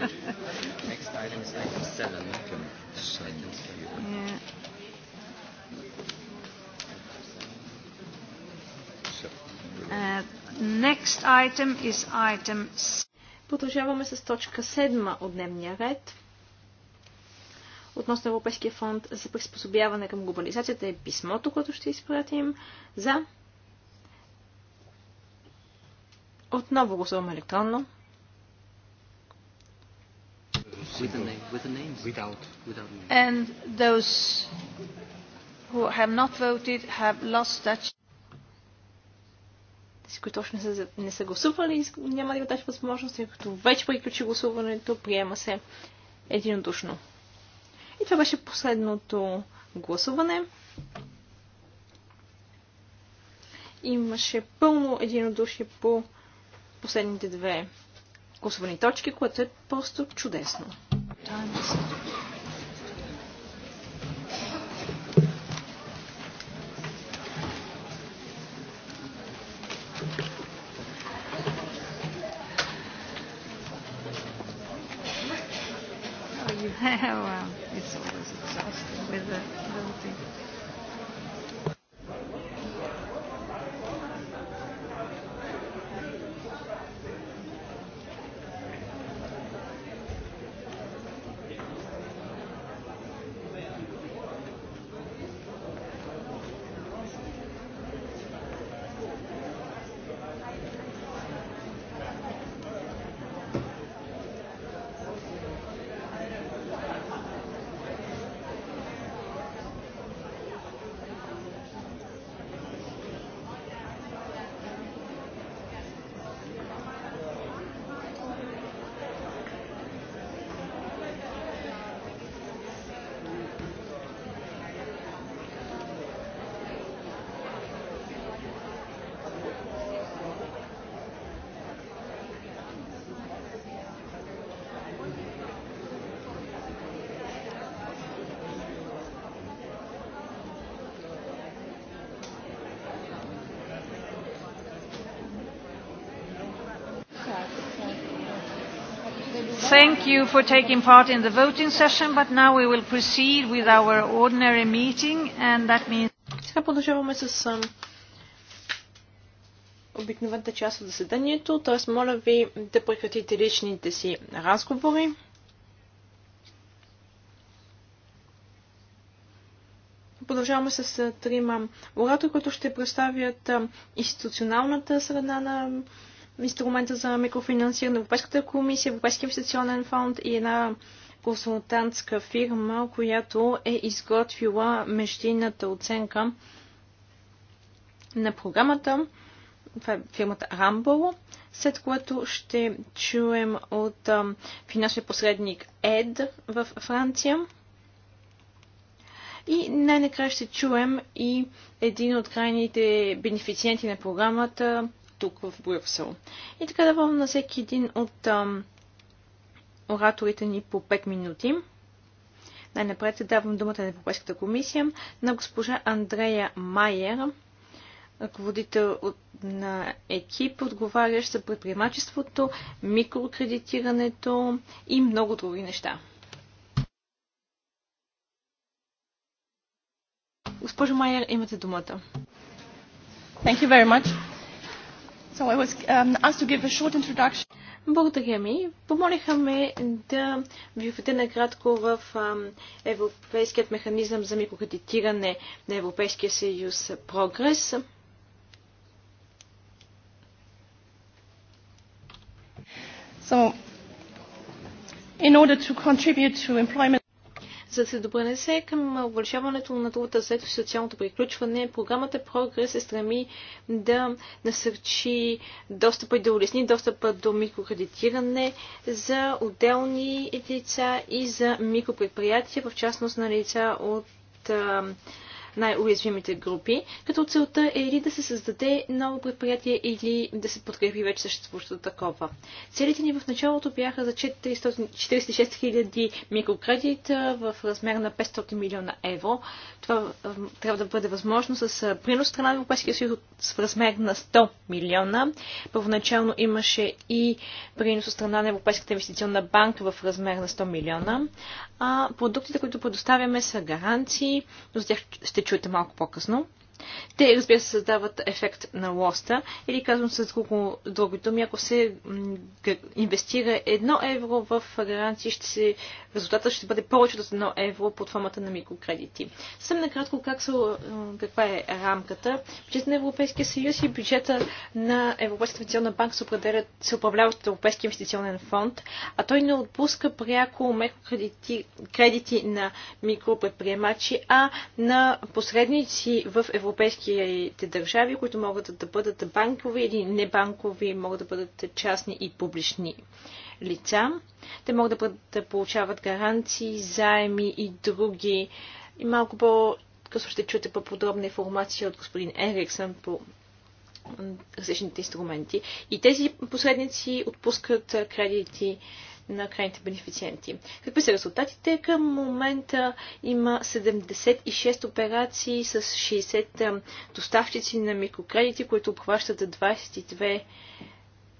Next item is item 7. Yeah. Uh, next item is item 7. Продължаваме с точка 7 от дневния ред. Относно Европейския фонд за приспособяване към глобализацията е писмото, което ще изпратим за. Отново гласуваме електронно. And those who have not voted have lost that тези, които още не са, не са гласували, няма да има тази възможност, тъй като вече приключи гласуването, приема се единодушно. И това беше последното гласуване. Имаше пълно единодушие по последните две гласувани точки, което е просто чудесно. wow, it's always exhausting with the voting. thank you for taking part in the voting session, but now we will proceed with our ordinary meeting, and that means... Сега продължаваме с обикновената част от заседанието, т.е. моля ви да прекратите личните си разговори. Продължаваме с трима оратори, които ще представят институционалната среда на инструмента за микрофинансиране на Европейската комисия, Европейския инвестиционен фонд и една консултантска фирма, която е изготвила междинната оценка на програмата. Това е фирмата Rumble, след което ще чуем от финансовия посредник Ед в Франция. И най-накрая ще чуем и един от крайните бенефициенти на програмата, тук в Брюксел. И така давам на всеки един от ам, ораторите ни по 5 минути. Най-напред давам думата на Европейската комисия на госпожа Андрея Майер, ръководител от, на екип, отговарящ за предприемачеството, микрокредитирането и много други неща. Госпожо Майер, имате думата. Thank you very much. Um, Благодаря ми. Помолиха ме да ви введа накратко в Европейският механизъм за микрокредитиране на Европейския съюз Прогрес. So, in order to contribute to employment за да се допренесе към увеличаването на трудата след и социалното приключване, програмата Прогрес се стреми да насърчи достъпа и да улесни достъпа до микрокредитиране за отделни лица и за микропредприятия, в частност на лица от най-уязвимите групи, като целта е или да се създаде ново предприятие или да се подкрепи вече съществуващото такова. Целите ни в началото бяха за 446 46 000 микрокредита в размер на 500 милиона евро. Това трябва да бъде възможно с принос страна на Европейския съюз в размер на 100 милиона. Първоначално имаше и принос от страна на Европейската инвестиционна банка в размер на 100 милиона. А продуктите, които предоставяме са гаранции, но за тях ще чуете малко по-късно. Те, разбира се, създават ефект на лоста. Или казвам с друго, други думи, ако се инвестира едно евро в гаранции, ще се, резултатът ще бъде повече от едно евро под формата на микрокредити. Съвсем накратко как са, каква е рамката. Бюджет на Европейския съюз и бюджета на Европейската инвестиционна банка се, определят, се управляват от Европейския инвестиционен фонд, а той не отпуска пряко микрокредити кредити на микропредприемачи, а на посредници в Европейския европейските държави, които могат да бъдат банкови или небанкови, могат да бъдат частни и публични лица. Те могат да, бъдат, да получават гаранции, заеми и други. И малко по-късно ще чуете по-подробна информация от господин Ериксън по различните инструменти. И тези посредници отпускат кредити на крайните бенефициенти. Какви са резултатите? Към момента има 76 операции с 60 доставчици на микрокредити, които обхващат 22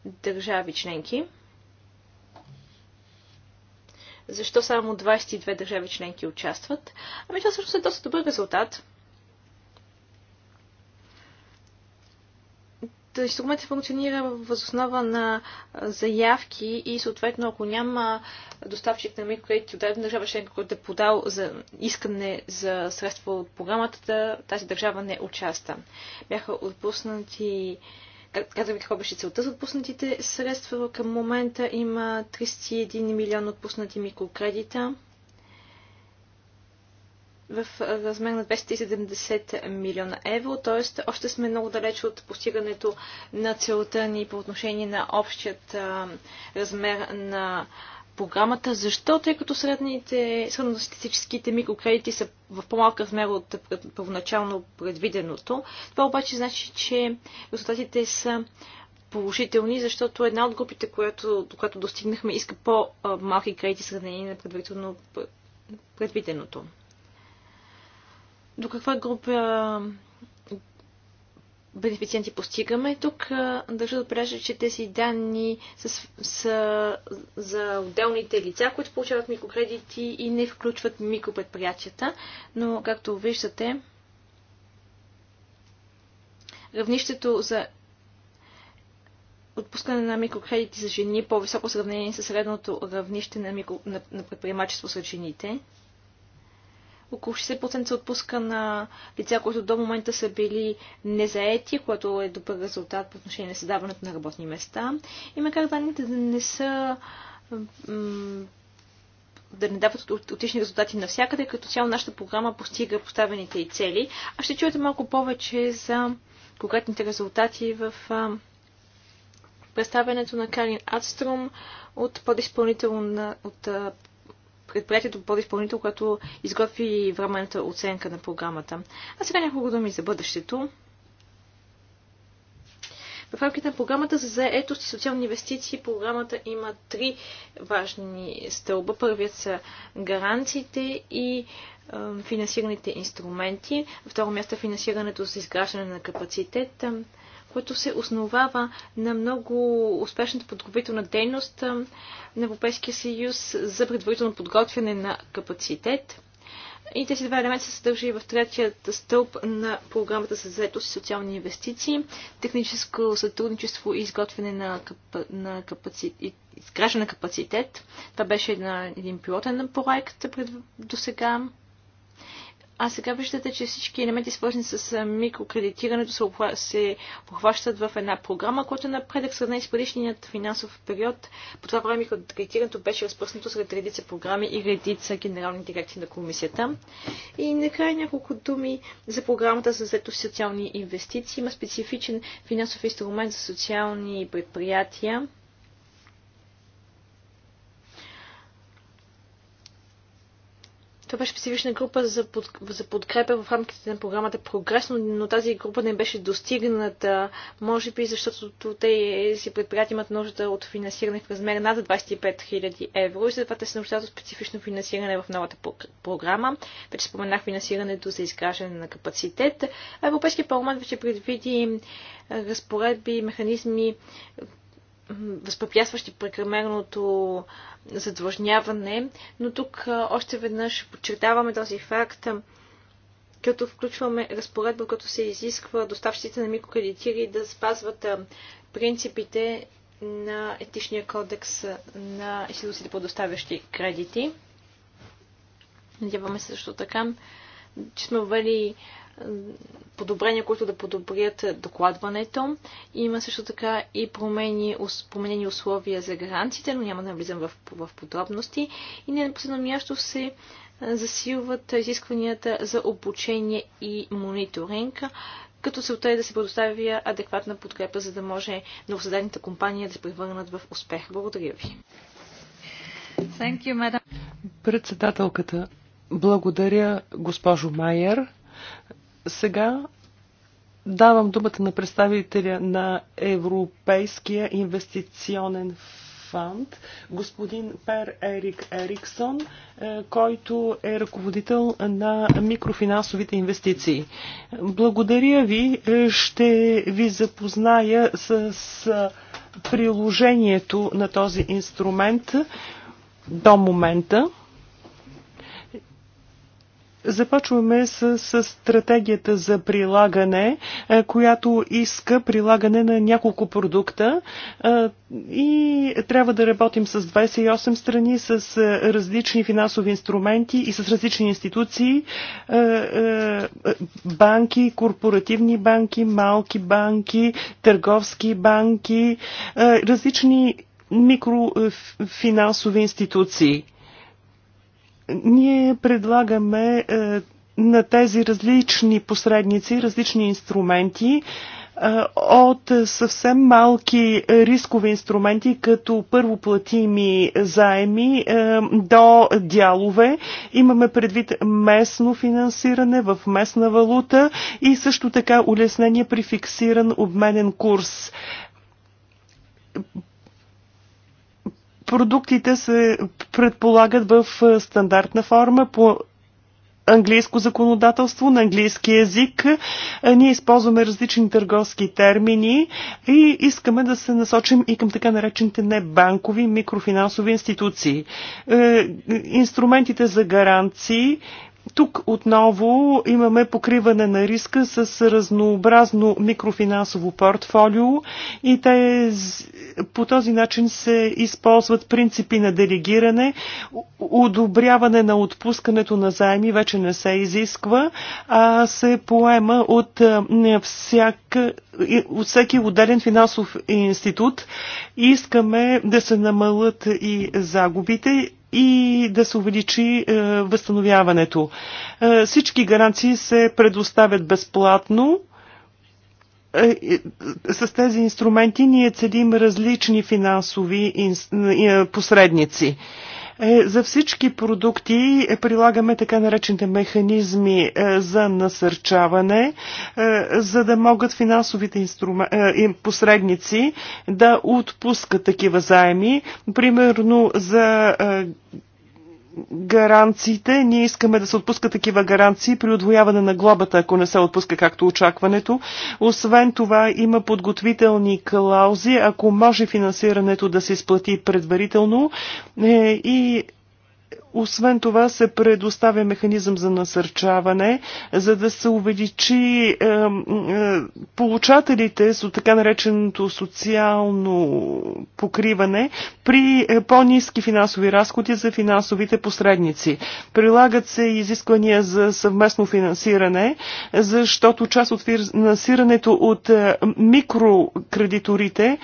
държави членки. Защо само 22 държави членки участват? Ами това всъщност е доста добър резултат инструмент се функционира въз основа на заявки и съответно ако няма доставчик на микрокредити от една държава член, който е подал за искане за средства от програмата, тази държава не участва. Бяха отпуснати Казах ви беше целта за отпуснатите средства. Към момента има 31 милиона отпуснати микрокредита в размер на 270 милиона евро, т.е. още сме много далеч от постигането на целта ни по отношение на общият а, размер на програмата. Защо? Тъй като средните, средностатистическите микрокредити са в по-малък размер от първоначално предвиденото. Това обаче значи, че резултатите са положителни, защото една от групите, която, до която достигнахме, иска по-малки кредити, сравнение на предварително предвиденото до каква група бенефициенти постигаме. Тук държа да отбележа, че тези данни са, са за отделните лица, които получават микрокредити и не включват микропредприятията. Но, както виждате, равнището за отпускане на микрокредити за жени е по-високо сравнение с средното равнище на, микро... на предприемачество с жените около 60% се отпуска на лица, които до момента са били незаети, което е добър резултат по отношение на създаването на работни места. И макар данните да не са да не дават отлични резултати навсякъде, като цяло нашата програма постига поставените и цели. А ще чуете малко повече за конкретните резултати в представянето на Карин Адстром от подизпълнител на, от предприятието по изпълнител, което изготви временната оценка на програмата. А сега няколко думи за бъдещето. В рамките на програмата за заетост и социални инвестиции програмата има три важни стълба. Първият са гаранциите и е, финансираните инструменти. Второ място е финансирането за изграждане на капацитет което се основава на много успешната подготвителна дейност на Европейския съюз за предварително подготвяне на капацитет. И тези два елемента се съдържа и в третият стълб на програмата за заетост и социални инвестиции, техническо сътрудничество и изготвяне на, капа, на капацитет, изграждане на капацитет. Това беше една, един пилотен проект пред, до сега. А сега виждате, че всички елементи, свързани с микрокредитирането, се похващат в една програма, която е напредък сравнен с предишният финансов период. По това време микрокредитирането беше разпръснато сред редица програми и редица генерални дирекции на комисията. И накрая няколко думи за програмата за зето социални инвестиции. Има специфичен финансов инструмент за социални предприятия Това беше специфична група за, под, за подкрепа в рамките на програмата Прогресно, но тази група не беше достигната, може би защото те си предприятия имат нужда от финансиране в размер над 25 000 евро и затова те се нуждаят от специфично финансиране в новата програма. Вече споменах финансирането за изграждане на капацитет. Европейския парламент вече предвиди разпоредби, механизми, възпрепятстващи прекамерното задлъжняване, но тук още веднъж подчертаваме този факт, като включваме разпоредба, като се изисква доставчиците на микрокредитири да спазват принципите на етичния кодекс на институциите по доставящи кредити. Надяваме се също така, че сме ввели подобрения, които да подобрят докладването. Има също така и промени, променени условия за гаранциите, но няма да влизам в, в подробности. И не на последно място се засилват изискванията за обучение и мониторинг, като целта е да се предоставя адекватна подкрепа, за да може новосъздадените компании да се превърнат в успех. Благодаря ви. Thank you, madam. Председателката, благодаря госпожо Майер. Сега давам думата на представителя на Европейския инвестиционен фонд, господин Пер Ерик Ериксон, е, който е ръководител на микрофинансовите инвестиции. Благодаря ви. Е, ще ви запозная с приложението на този инструмент до момента. Започваме с, с стратегията за прилагане, е, която иска прилагане на няколко продукта е, и трябва да работим с 28 страни, с е, различни финансови инструменти и с различни институции, банки, корпоративни банки, малки банки, търговски банки, различни микрофинансови институции. Ние предлагаме е, на тези различни посредници, различни инструменти, е, от съвсем малки рискови инструменти, като първоплатими заеми е, до дялове. Имаме предвид местно финансиране в местна валута и също така улеснение при фиксиран обменен курс Продуктите се предполагат в е, стандартна форма по английско законодателство, на английски язик. Е, ние използваме различни търговски термини и искаме да се насочим и към така наречените небанкови микрофинансови институции. Е, инструментите за гаранции тук отново имаме покриване на риска с разнообразно микрофинансово портфолио и те по този начин се използват принципи на делегиране, одобряване на отпускането на заеми вече не се изисква, а се поема от, всяк, от всеки отделен финансов институт. Искаме да се намалят и загубите и да се увеличи е, възстановяването. Е, всички гаранции се предоставят безплатно е, с тези инструменти ние цедим различни финансови посредници. Е, за всички продукти е, прилагаме така наречените механизми е, за насърчаване, за да могат финансовите инструм... посредници да отпускат такива заеми, примерно за гаранциите. Ние искаме да се отпуска такива гаранции при отвояване на глобата, ако не се отпуска както очакването. Освен това има подготвителни клаузи, ако може финансирането да се изплати предварително е, и освен това се предоставя механизъм за насърчаване, за да се увеличи е, е, получателите с така нареченото социално покриване при е, по-низки финансови разходи за финансовите посредници. Прилагат се изисквания за съвместно финансиране, защото част от финансирането от е, микрокредиторите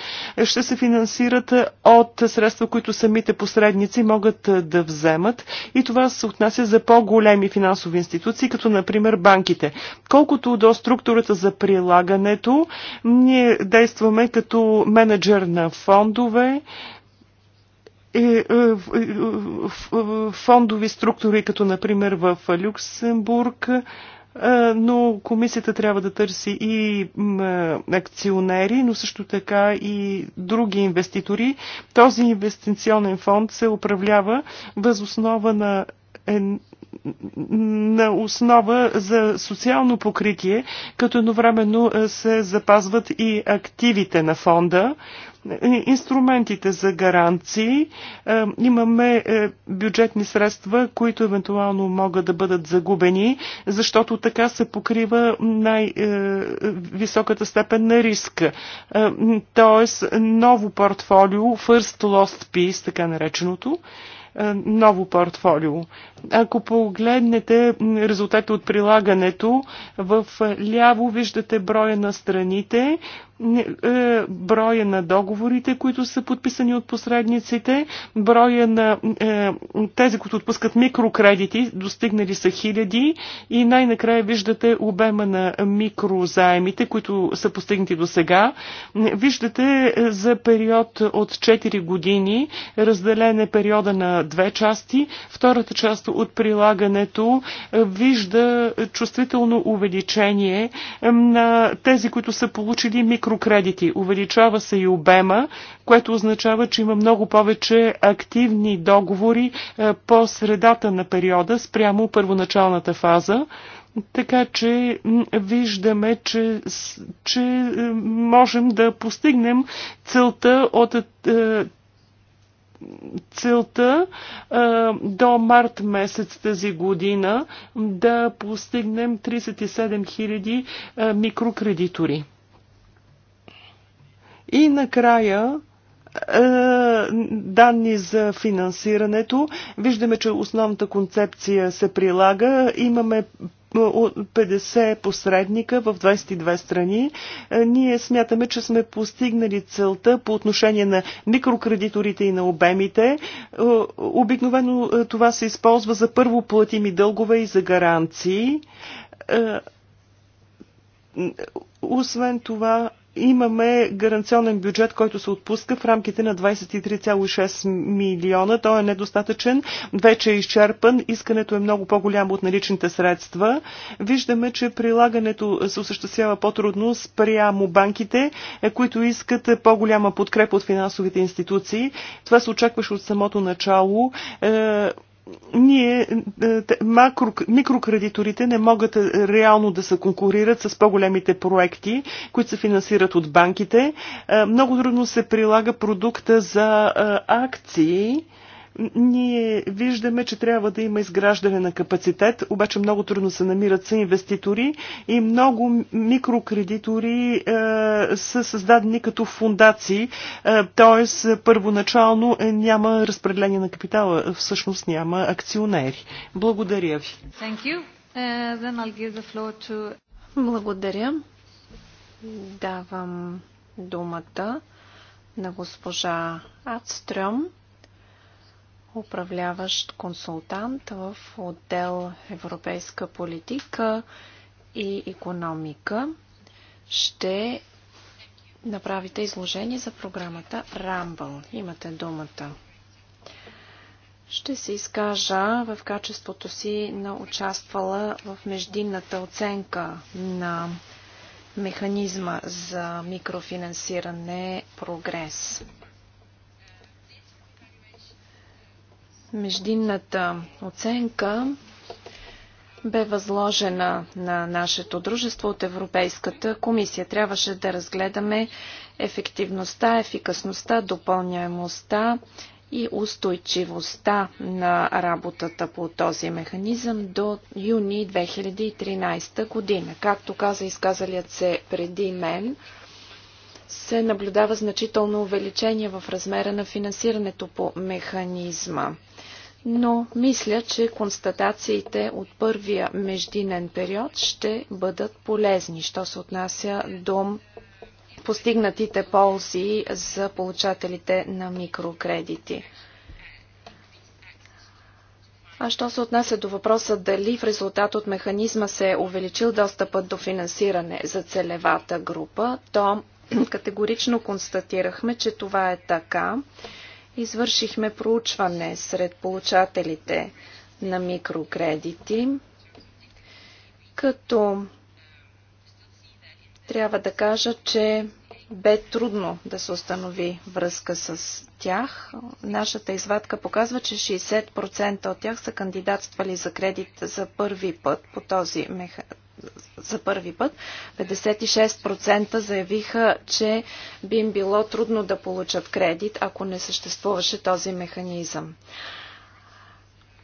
ще се финансират е, от средства, които самите посредници могат да вземат и това се отнася за по-големи финансови институции, като например банките. Колкото до структурата за прилагането, ние действаме като менеджер на фондове, е, е, е, фондови структури, като например в Люксембург, е, но комисията трябва да търси и е, акционери, но също така и други инвеститори. Този инвестиционен фонд се управлява възоснова на е, на основа за социално покритие, като едновременно се запазват и активите на фонда инструментите за гаранции. Е, имаме е, бюджетни средства, които евентуално могат да бъдат загубени, защото така се покрива най-високата е, степен на риск. Тоест, ново портфолио, First Lost Piece, така нареченото, ново портфолио. Ако погледнете резултата от прилагането, в ляво виждате броя на страните, е, броя на договорите, които са подписани от посредниците, броя на е, тези, които отпускат микрокредити, достигнали са хиляди и най-накрая виждате обема на микрозаемите, които са постигнати до сега. Виждате е, за период от 4 години, разделен е периода на две части. Втората част от прилагането вижда чувствително увеличение на тези, които са получили микрокредити микрокредити. Увеличава се и обема, което означава, че има много повече активни договори е, по средата на периода спрямо първоначалната фаза. Така че виждаме, че, че е, можем да постигнем целта от е, целта до март месец тази година да постигнем 37 000 микрокредитори. И накрая е, данни за финансирането. Виждаме, че основната концепция се прилага. Имаме 50 е, посредника в 22 страни. Е, ние смятаме, че сме постигнали целта по отношение на микрокредиторите и на обемите. Обикновено това се използва за първо платими дългове и за гаранции. Освен това, имаме гаранционен бюджет, който се отпуска в рамките на 23,6 милиона. Той е недостатъчен, вече е изчерпан, искането е много по-голямо от наличните средства. Виждаме, че прилагането се осъществява по-трудно спрямо банките, е, които искат по-голяма подкрепа от финансовите институции. Това се очакваше от самото начало е, ние, е, макро, микрокредиторите не могат е, реално да се конкурират с по-големите проекти, които се финансират от банките. Е, много трудно се прилага продукта за акции ние виждаме, че трябва да има изграждане на капацитет, обаче много трудно се намират са инвеститори и много микрокредитори е, са създадени като фундации, е, т.е. първоначално е, няма разпределение на капитала, е, всъщност няма акционери. Благодаря ви. Е, to... Благодаря. Давам думата на госпожа Адстрем управляващ консултант в отдел Европейска политика и економика. Ще направите изложение за програмата Рамбъл. Имате думата. Ще се изкажа в качеството си на участвала в междинната оценка на механизма за микрофинансиране прогрес. Междинната оценка бе възложена на нашето дружество от Европейската комисия. Трябваше да разгледаме ефективността, ефикасността, допълняемостта и устойчивостта на работата по този механизъм до юни 2013 година. Както каза изказалият се преди мен, се наблюдава значително увеличение в размера на финансирането по механизма. Но мисля, че констатациите от първия междинен период ще бъдат полезни, що се отнася до постигнатите ползи за получателите на микрокредити. А що се отнася до въпроса дали в резултат от механизма се е увеличил достъпът до финансиране за целевата група, то Категорично констатирахме, че това е така. Извършихме проучване сред получателите на микрокредити, като трябва да кажа, че бе трудно да се установи връзка с тях. Нашата извадка показва, че 60% от тях са кандидатствали за кредит за първи път по този меха... за първи път. 56% заявиха, че би им било трудно да получат кредит, ако не съществуваше този механизъм.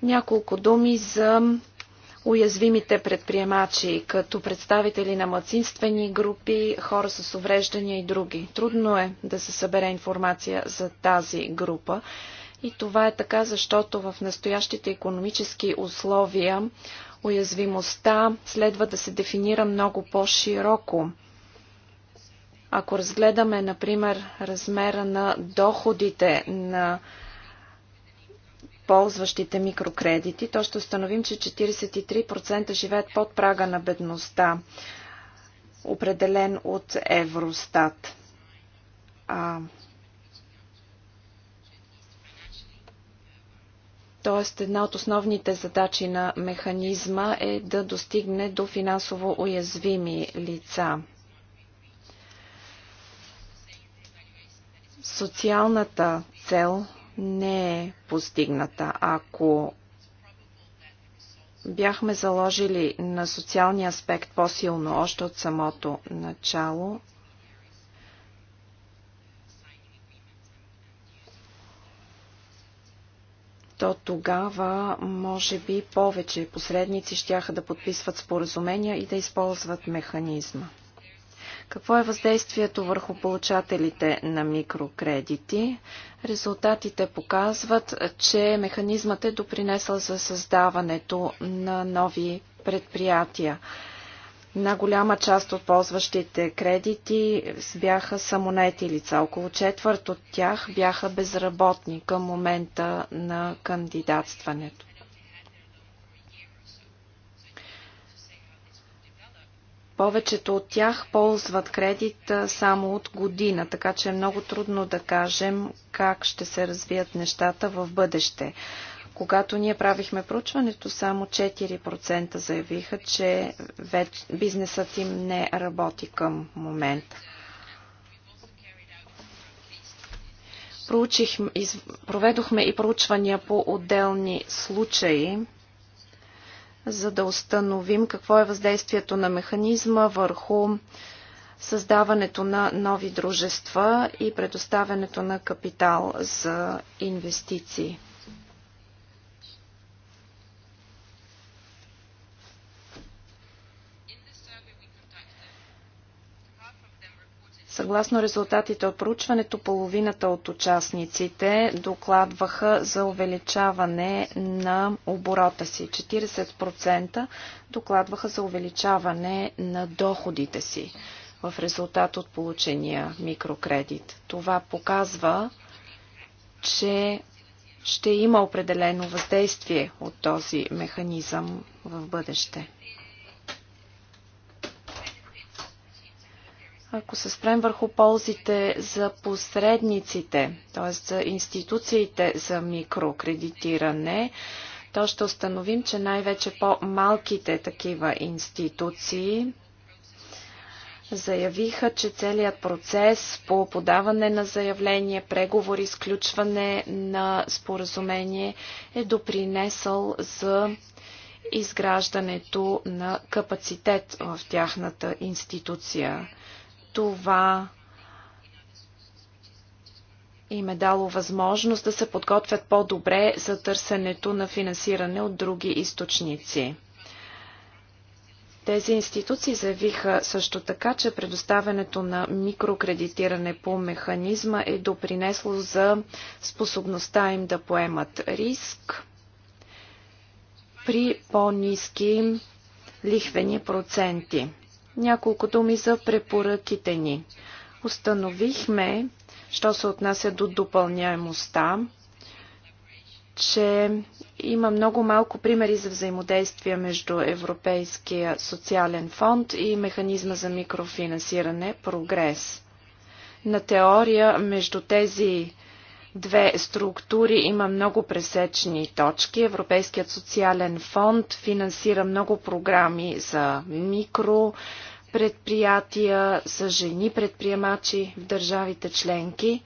Няколко думи за уязвимите предприемачи, като представители на младсинствени групи, хора с увреждания и други. Трудно е да се събере информация за тази група. И това е така, защото в настоящите економически условия уязвимостта следва да се дефинира много по-широко. Ако разгледаме, например, размера на доходите на ползващите микрокредити, то ще установим, че 43% живеят под прага на бедността, определен от Евростат. А, Тоест, една от основните задачи на механизма е да достигне до финансово уязвими лица. Социалната цел не е постигната. Ако бяхме заложили на социалния аспект по-силно още от самото начало, то тогава, може би, повече посредници щяха да подписват споразумения и да използват механизма. Какво е въздействието върху получателите на микрокредити? Резултатите показват, че механизмът е допринесъл за създаването на нови предприятия. На голяма част от ползващите кредити бяха самонети лица. Около четвърт от тях бяха безработни към момента на кандидатстването. Повечето от тях ползват кредит само от година, така че е много трудно да кажем как ще се развият нещата в бъдеще. Когато ние правихме проучването, само 4% заявиха, че бизнесът им не работи към момента. Проучих, проведохме и проучвания по отделни случаи за да установим какво е въздействието на механизма върху създаването на нови дружества и предоставянето на капитал за инвестиции. Съгласно резултатите от проучването, половината от участниците докладваха за увеличаване на оборота си. 40% докладваха за увеличаване на доходите си в резултат от получения микрокредит. Това показва, че ще има определено въздействие от този механизъм в бъдеще. Ако се спрем върху ползите за посредниците, т.е. за институциите за микрокредитиране, то ще установим, че най-вече по-малките такива институции заявиха, че целият процес по подаване на заявление, преговори, изключване на споразумение е допринесъл за изграждането на капацитет в тяхната институция. Това им е дало възможност да се подготвят по-добре за търсенето на финансиране от други източници. Тези институции заявиха също така, че предоставянето на микрокредитиране по механизма е допринесло за способността им да поемат риск при по-низки лихвени проценти. Няколко думи за препоръките ни. Установихме, що се отнася до допълняемостта, че има много малко примери за взаимодействие между Европейския социален фонд и механизма за микрофинансиране прогрес. На теория между тези две структури има много пресечни точки. Европейският социален фонд финансира много програми за микро предприятия, за жени предприемачи в държавите членки.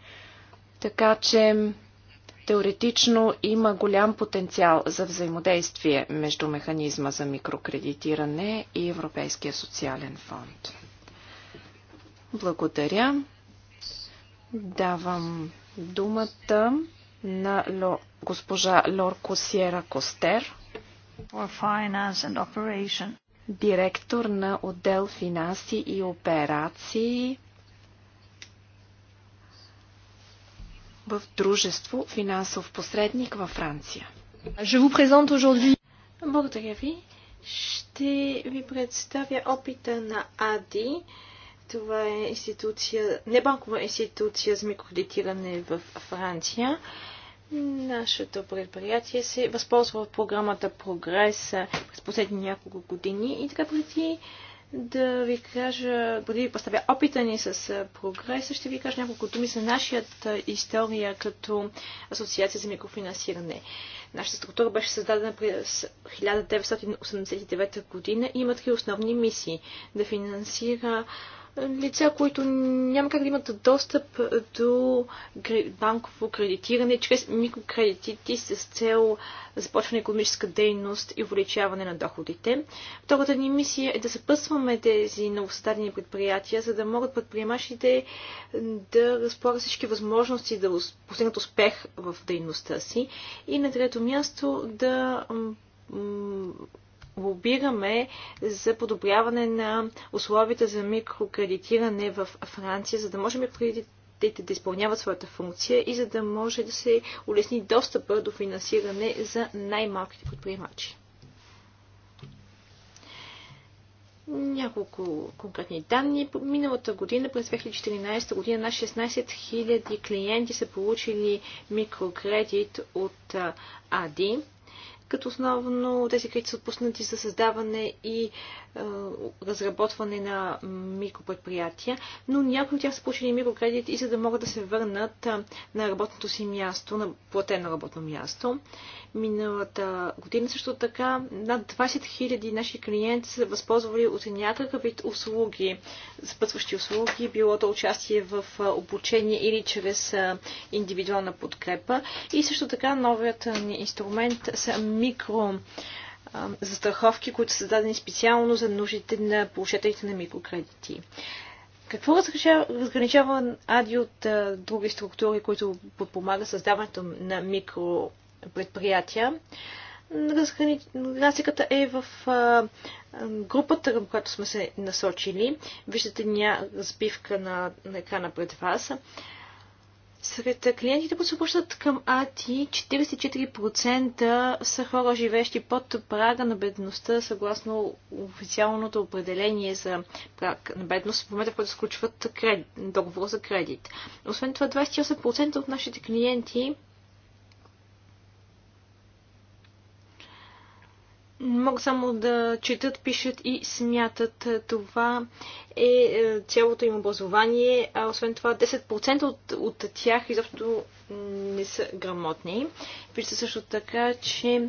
Така че теоретично има голям потенциал за взаимодействие между механизма за микрокредитиране и Европейския социален фонд. Благодаря. Давам думата на Ло, госпожа Лорко Сиера Костер, директор на отдел финанси и операции в дружество финансов посредник във Франция. Благодаря ви. Ще ви представя опита на Ади това е институция, небанкова институция за микрокредитиране в Франция. Нашето предприятие се възползва от програмата Прогрес през последни няколко години и така преди да ви кажа, преди да ви поставя опита ни с прогреса, ще ви кажа няколко думи за нашата история като Асоциация за микрофинансиране. Нашата структура беше създадена през 1989 година и има три основни мисии. Да финансира лица, които няма как да имат достъп до банково кредитиране чрез микрокредитити с цел започване на економическа дейност и увеличаване на доходите. Втората ни мисия е да съпътстваме тези новостадени предприятия, за да могат предприемачите да разполагат всички възможности да постигнат успех в дейността си. И на трето място да лобираме за подобряване на условията за микрокредитиране в Франция, за да можем микрокредитите да изпълняват своята функция и за да може да се улесни достъпа до финансиране за най-малките предприемачи. няколко конкретни данни. Миналата година, през 2014 година, на 16 000 клиенти са получили микрокредит от АДИ като основно тези кредити са отпуснати за създаване и е, разработване на микропредприятия, но някои от тях са получили микрокредит и за да могат да се върнат е, на работното си място, на платено работно място. Миналата година също така над 20 000 наши клиенти са възползвали от някакъв вид услуги, спътващи услуги, било то участие в е, обучение или чрез е, индивидуална подкрепа. И също така новият ни инструмент са микро застраховки, които са създадени специално за нуждите на получателите на микрокредити. Какво разграничава АДИ от а, други структури, които подпомага създаването на микропредприятия? Разграни... Разликата е в а, групата, към която сме се насочили. Виждате ня разбивка на, на екрана пред вас. Сред клиентите, които се обръщат към АТИ, 44% са хора, живещи под прага на бедността, съгласно официалното определение за праг на бедност, в момента, в който сключват договор за кредит. Освен това, 28% от нашите клиенти Мога само да четат, пишат и смятат. Това е, е цялото им образование, а освен това 10% от, от тях изобщо не са грамотни. Вижте също така, че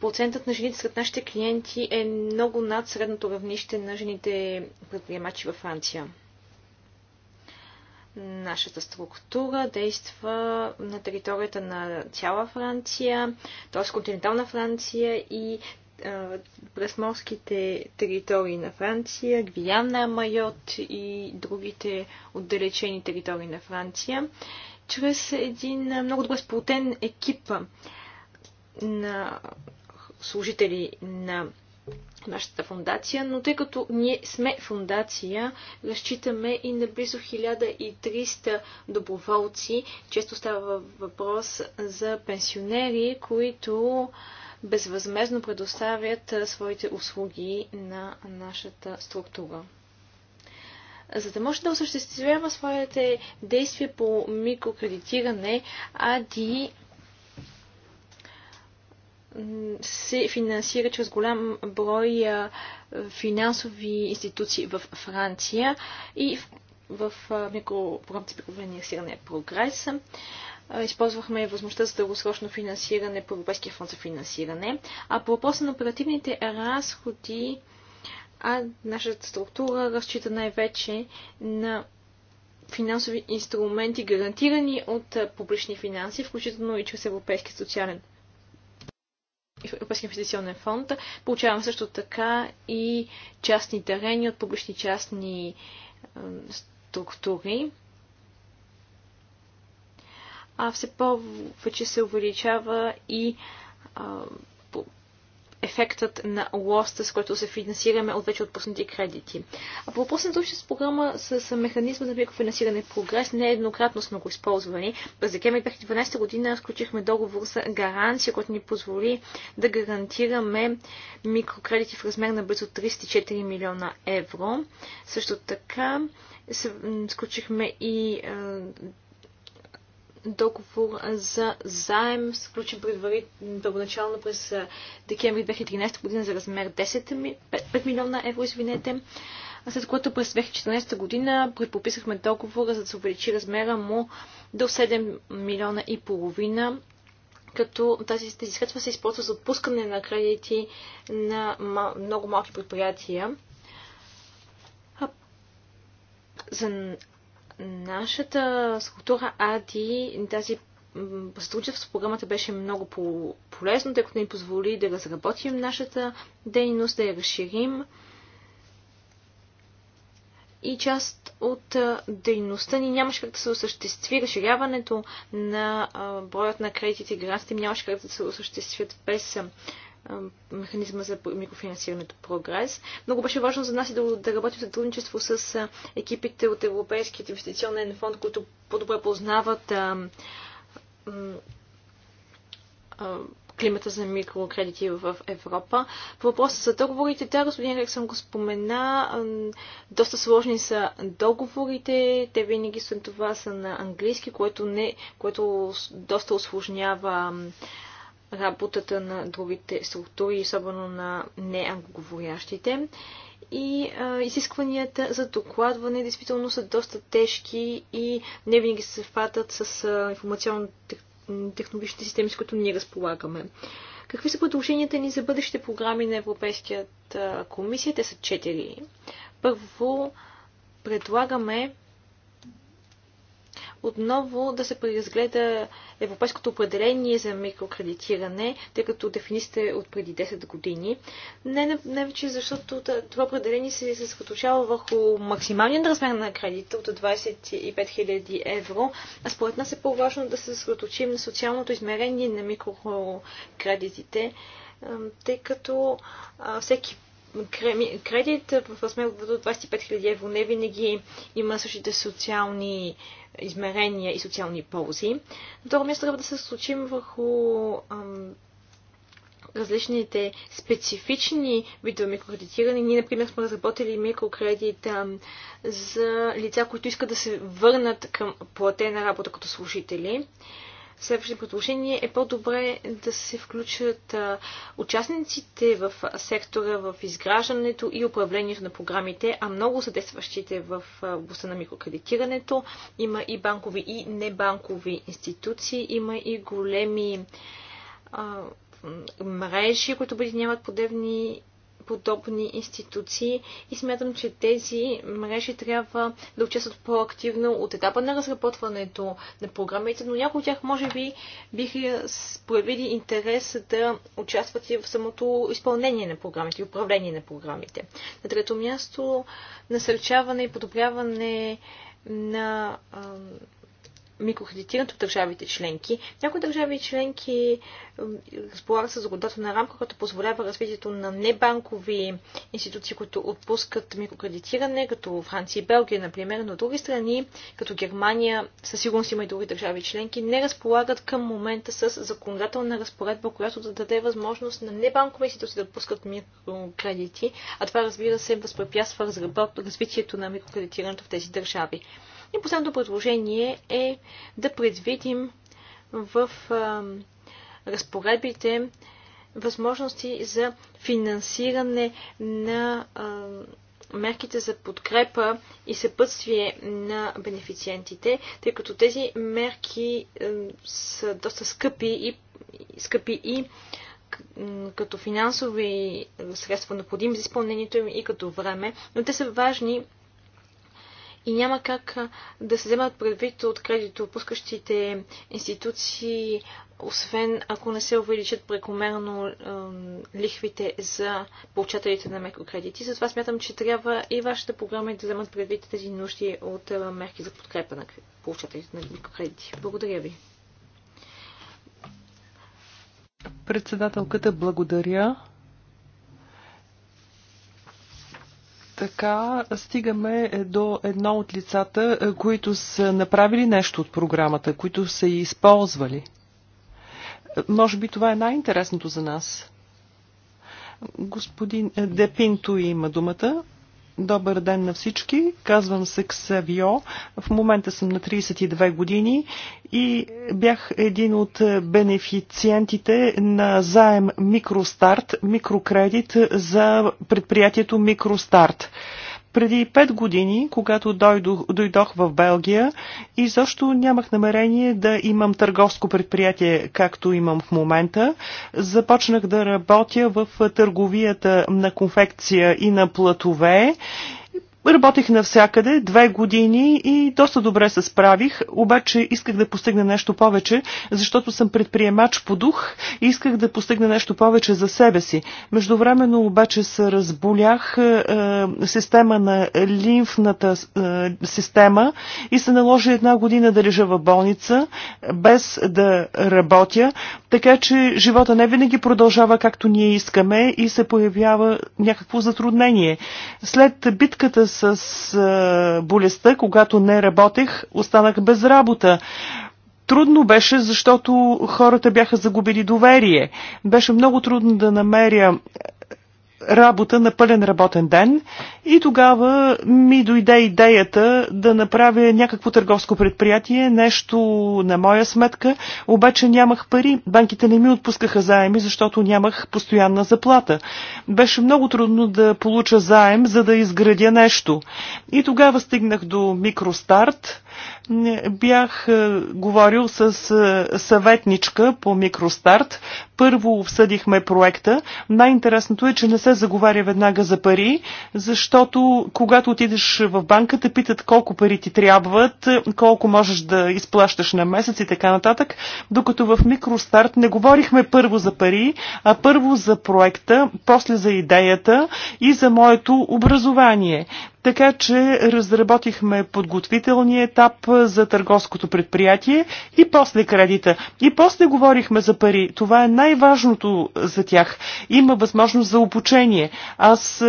процентът на жените сред нашите клиенти е много над средното равнище на жените предприемачи във Франция. Нашата структура действа на територията на цяла Франция, т.е. континентална Франция и през морските територии на Франция, Гвиана, Майот и другите отдалечени територии на Франция, чрез един много добре сплутен екип на служители на нашата фундация, но тъй като ние сме фундация, разчитаме и на близо 1300 доброволци. Често става въпрос за пенсионери, които безвъзмезно предоставят своите услуги на нашата структура. За да може да осъществява своите действия по микрокредитиране, АДИ се финансира чрез голям брой финансови институции в Франция и в микропрограмите за финансиране прогрес използвахме възможността за дългосрочно финансиране по Европейския фонд за финансиране. А по въпроса на оперативните разходи, а нашата структура разчита най-вече на финансови инструменти, гарантирани от публични финанси, включително и чрез Европейския социален Европейския инвестиционен фонд. Получаваме също така и частни дарения от публични частни структури а все повече се увеличава и а, ефектът на лоста, с който се финансираме от вече отпуснати кредити. А по въпросната с програма с механизма за микрофинансиране прогрес не е еднократно сме го използвани. През декември 2012 година сключихме договор за гаранция, който ни позволи да гарантираме микрокредити в размер на близо 34 милиона евро. Също така сключихме и договор за заем, сключен предварително първоначално през декември 2013 година за размер 10 5 милиона евро, извинете, след което през 2014 година предпописахме договора, за да се увеличи размера му до 7 милиона и половина като тази, тези средства се използва за отпускане на кредити на мал, много малки предприятия. За нашата скулптура Ади, тази сътрудничество с програмата беше много полезно, тъй като ни позволи да разработим нашата дейност, да я разширим. И част от дейността ни нямаше как да се осъществи. Разширяването на броят на кредитите и грантите нямаше как да се осъществят без механизма за микрофинансирането прогрес. Много беше важно за нас и да, да работим в сътрудничество с екипите от Европейският инвестиционен фонд, които по-добре познават а, а, климата за микрокредити в Европа. По въпроса за договорите, да, господин съм го спомена, доста сложни са договорите, те винаги след това са на английски, което, не, което доста осложнява работата на другите структури, особено на неанговорящите. И а, изискванията за докладване действително са доста тежки и не винаги се съвпадат с информационно-технологичните системи, с които ние разполагаме. Какви са предложенията ни за бъдещите програми на Европейската комисия? Те са четири. Първо, предлагаме отново да се преразгледа европейското определение за микрокредитиране, тъй като дефиниция е от преди 10 години. Не, не вече, защото това определение се съсредоточава върху максималния размер на кредита от 25 000 евро, а според нас е по-важно да се съсредоточим на социалното измерение на микрокредитите, тъй като всеки кредит е, в размер до 25 000 евро не винаги има същите социални измерения и социални ползи. На второ място трябва да се случим върху ам, различните специфични видове микрокредитиране. Ние, например, сме разработили микрокредит ам, за лица, които искат да се върнат към платена работа като служители следващото предложение е по-добре да се включат участниците в сектора в изграждането и управлението на програмите, а много са действащите в областта на микрокредитирането. Има и банкови и небанкови институции, има и големи а, мрежи, които обединяват подебни подобни институции и смятам, че тези мрежи трябва да участват по-активно от етапа на разработването на програмите, но някои от тях може би биха проявили интерес да участват и в самото изпълнение на програмите и управление на програмите. На трето място насърчаване и подобряване на микрокредитирането в държавите членки. Някои държави членки разполагат с законодателна рамка, която позволява развитието на небанкови институции, които отпускат микрокредитиране, като Франция и Белгия, например, но други страни, като Германия, със сигурност има и други държави членки, не разполагат към момента с законодателна разпоредба, която да даде възможност на небанкови институции да отпускат микрокредити, а това разбира се възпрепятства развитието на микрокредитирането в тези държави. И последното предложение е да предвидим в а, разпоредбите възможности за финансиране на а, мерките за подкрепа и съпътствие на бенефициентите, тъй като тези мерки а, са доста скъпи и, скъпи и като финансови средства необходими за изпълнението им и като време, но те са важни и няма как да се вземат предвид от кредито опускащите институции, освен ако не се увеличат прекомерно е, лихвите за получателите на мекрокредити. Затова смятам, че трябва и вашата програма е да вземат предвид тези нужди от е, мерки за подкрепа на получателите на микрокредити. Благодаря ви. Председателката, благодаря. Така стигаме до едно от лицата, които са направили нещо от програмата, които са и използвали. Може би това е най-интересното за нас. Господин Депинто има думата. Добър ден на всички. Казвам се Ксавио. В момента съм на 32 години и бях един от бенефициентите на заем Микростарт, микрокредит за предприятието Микростарт. Преди пет години, когато дойдох, дойдох в Белгия, и защо нямах намерение да имам търговско предприятие, както имам в момента. Започнах да работя в търговията на конфекция и на платове Работих навсякъде две години и доста добре се справих, обаче исках да постигна нещо повече, защото съм предприемач по дух и исках да постигна нещо повече за себе си. Междувременно обаче се разболях е, е система на лимфната е, система и се наложи една година да лежа в болница, без да работя, така че живота не винаги продължава както ние искаме и се появява някакво затруднение. След битката с е, болестта, когато не работех, останах без работа. Трудно беше, защото хората бяха загубили доверие. Беше много трудно да намеря работа на пълен работен ден и тогава ми дойде идеята да направя някакво търговско предприятие, нещо на моя сметка, обаче нямах пари. Банките не ми отпускаха заеми, защото нямах постоянна заплата. Беше много трудно да получа заем, за да изградя нещо. И тогава стигнах до микростарт Бях е, говорил с е, съветничка по Микростарт. Първо обсъдихме проекта. Най-интересното е, че не се заговаря веднага за пари, защото когато отидеш в банката, питат колко пари ти трябват, е, колко можеш да изплащаш на месец и така нататък. Докато в Микростарт не говорихме първо за пари, а първо за проекта, после за идеята и за моето образование. Така че разработихме подготвителния етап за търговското предприятие и после кредита. И после говорихме за пари. Това е най-важното за тях. Има възможност за обучение. Аз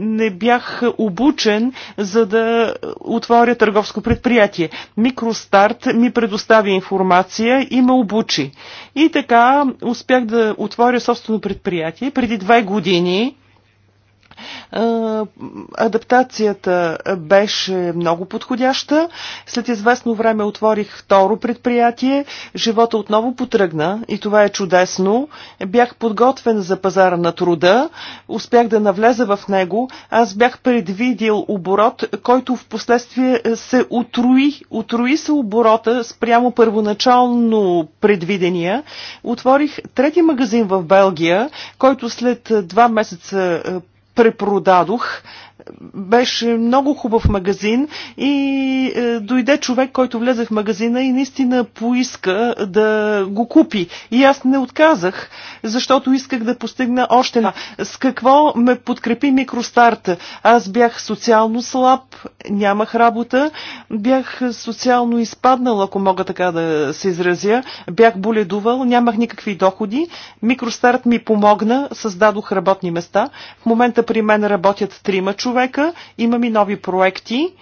не бях обучен, за да отворя търговско предприятие. Микростарт ми предостави информация и ме обучи. И така успях да отворя собствено предприятие преди 2 години Адаптацията беше много подходяща. След известно време отворих второ предприятие. Живота отново потръгна и това е чудесно. Бях подготвен за пазара на труда. Успях да навлеза в него. Аз бях предвидил оборот, който в последствие се отруи. Отруи се оборота спрямо първоначално предвидения. Отворих трети магазин в Белгия, който след два месеца препродадох беше много хубав магазин и е, дойде човек, който влезе в магазина и наистина поиска да го купи. И аз не отказах, защото исках да постигна още една. С какво ме подкрепи микростарта? Аз бях социално слаб, нямах работа, бях социално изпаднал, ако мога така да се изразя, бях боледувал, нямах никакви доходи. Микростарт ми помогна, създадох работни места. В момента при мен работят трима човека човека, и нови проекти.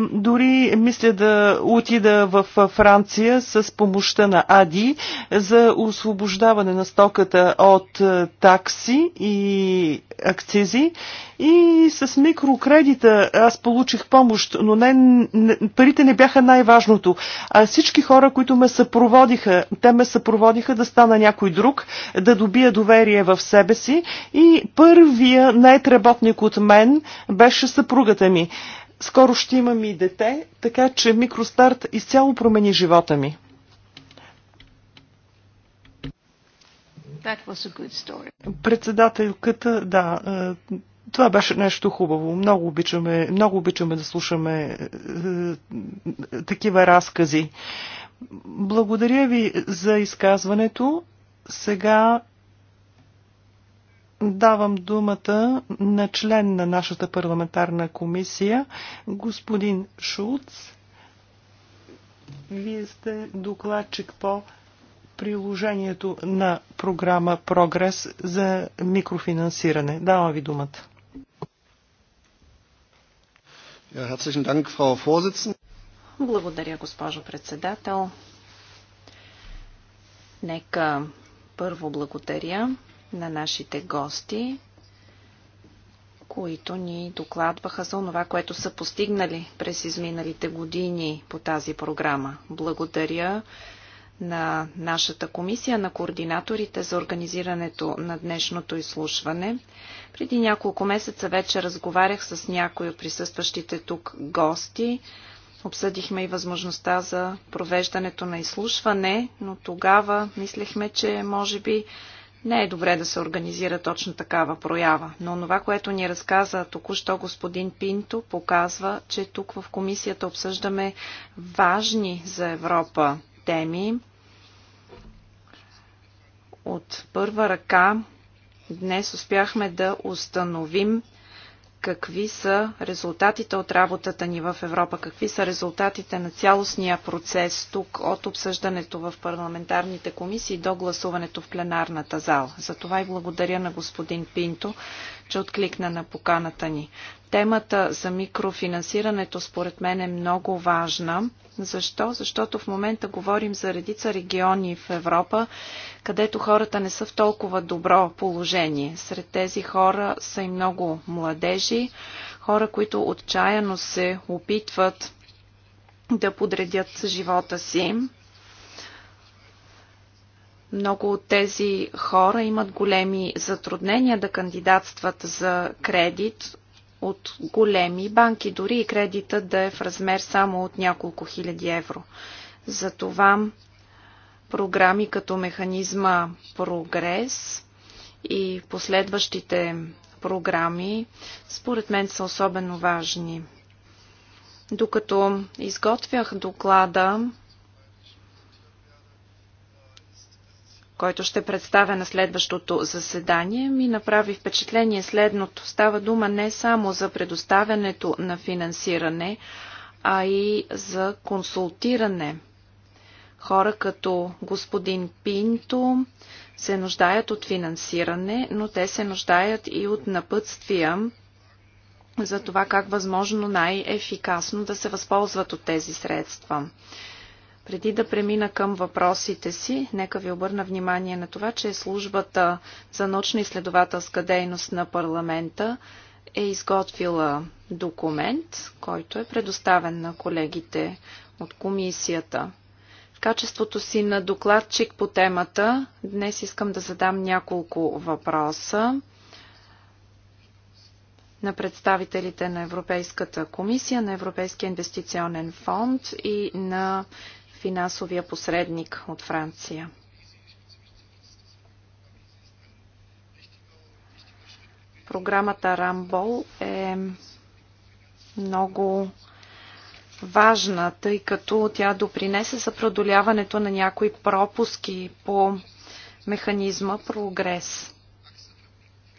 Дори мисля да отида в Франция с помощта на АДИ за освобождаване на стоката от такси и акцизи. И с микрокредита аз получих помощ, но не, не, парите не бяха най-важното. А всички хора, които ме съпроводиха, те ме съпроводиха да стана някой друг, да добия доверие в себе си. И първия най треботник от мен беше съпругата ми. Скоро ще имам и дете, така че микростарт изцяло промени живота ми. Председателката, да, е, това беше нещо хубаво. Много обичаме, много обичаме да слушаме е, е, такива разкази. Благодаря ви за изказването. Сега Давам думата на член на нашата парламентарна комисия, господин Шулц. Вие сте докладчик по приложението на програма Прогрес за микрофинансиране. Давам ви думата. Благодаря, госпожо председател. Нека първо благодаря на нашите гости, които ни докладваха за това, което са постигнали през изминалите години по тази програма. Благодаря на нашата комисия, на координаторите за организирането на днешното изслушване. Преди няколко месеца вече разговарях с някои от присъстващите тук гости. Обсъдихме и възможността за провеждането на изслушване, но тогава мислехме, че може би не е добре да се организира точно такава проява, но това, което ни разказа току-що господин Пинто, показва, че тук в комисията обсъждаме важни за Европа теми. От първа ръка днес успяхме да установим какви са резултатите от работата ни в Европа, какви са резултатите на цялостния процес тук от обсъждането в парламентарните комисии до гласуването в пленарната зала. За това и благодаря на господин Пинто, че откликна на поканата ни. Темата за микрофинансирането според мен е много важна. Защо? Защото в момента говорим за редица региони в Европа, където хората не са в толкова добро положение. Сред тези хора са и много младежи, хора, които отчаяно се опитват да подредят живота си. Много от тези хора имат големи затруднения да кандидатстват за кредит, от големи банки, дори и кредитът да е в размер само от няколко хиляди евро. Затова програми като механизма Прогрес и последващите програми, според мен са особено важни. Докато изготвях доклада, който ще представя на следващото заседание, ми направи впечатление следното. Става дума не само за предоставянето на финансиране, а и за консултиране. Хора като господин Пинто се нуждаят от финансиране, но те се нуждаят и от напътствия за това как възможно най-ефикасно да се възползват от тези средства. Преди да премина към въпросите си, нека ви обърна внимание на това, че службата за научно-изследователска дейност на парламента е изготвила документ, който е предоставен на колегите от комисията. В качеството си на докладчик по темата, днес искам да задам няколко въпроса на представителите на Европейската комисия, на Европейския инвестиционен фонд и на финансовия посредник от Франция. Програмата Рамбол е много важна, тъй като тя допринесе за продоляването на някои пропуски по механизма прогрес.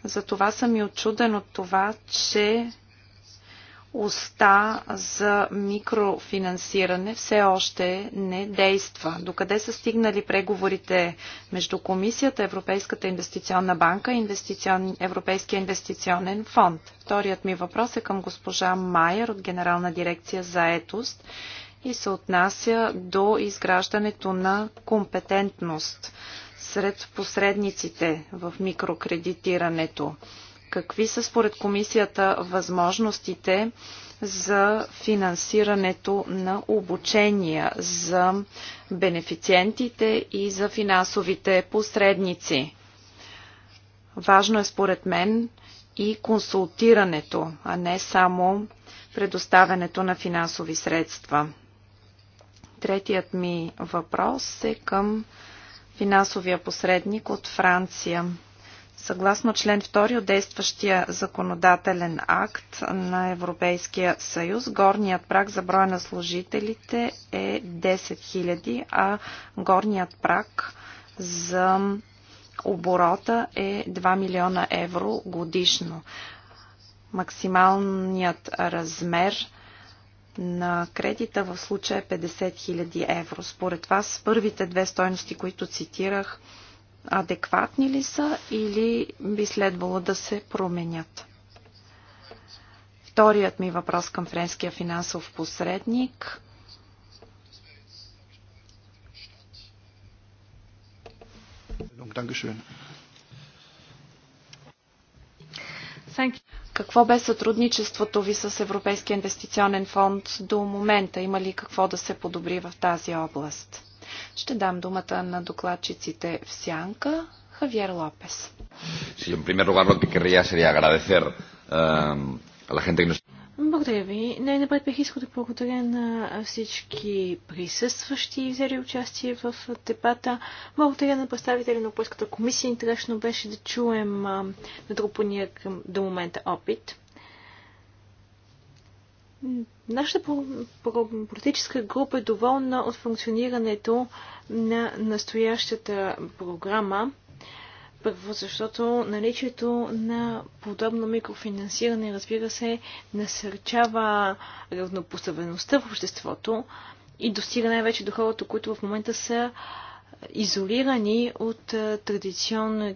Затова съм и очуден от това, че уста за микрофинансиране все още не действа. Докъде са стигнали преговорите между Комисията, Европейската инвестиционна банка и инвестицион... Европейския инвестиционен фонд? Вторият ми въпрос е към госпожа Майер от Генерална дирекция за етост и се отнася до изграждането на компетентност сред посредниците в микрокредитирането. Какви са според комисията възможностите за финансирането на обучения за бенефициентите и за финансовите посредници? Важно е според мен и консултирането, а не само предоставянето на финансови средства. Третият ми въпрос е към финансовия посредник от Франция. Съгласно член 2 от действащия законодателен акт на Европейския съюз, горният праг за броя на служителите е 10 000, а горният праг за оборота е 2 милиона евро годишно. Максималният размер на кредита в случая е 50 000 евро. Според вас първите две стойности, които цитирах, адекватни ли са или би следвало да се променят? Вторият ми въпрос към френския финансов посредник. Какво бе сътрудничеството ви с Европейския инвестиционен фонд до момента? Има ли какво да се подобри в тази област? Ще дам думата на докладчиците в сянка. Хавиер Лопес. Ehm, благодаря ви. Най-напред бих искал да благодаря на всички присъстващи и взели участие в дебата. Благодаря на представители на Польската комисия. Интересно беше да чуем натрупания към до момента опит. Нашата политическа група е доволна от функционирането на настоящата програма. Първо, защото наличието на подобно микрофинансиране, разбира се, насърчава равнопоставеността в обществото и достига най-вече до хората, които в момента са изолирани от традиционното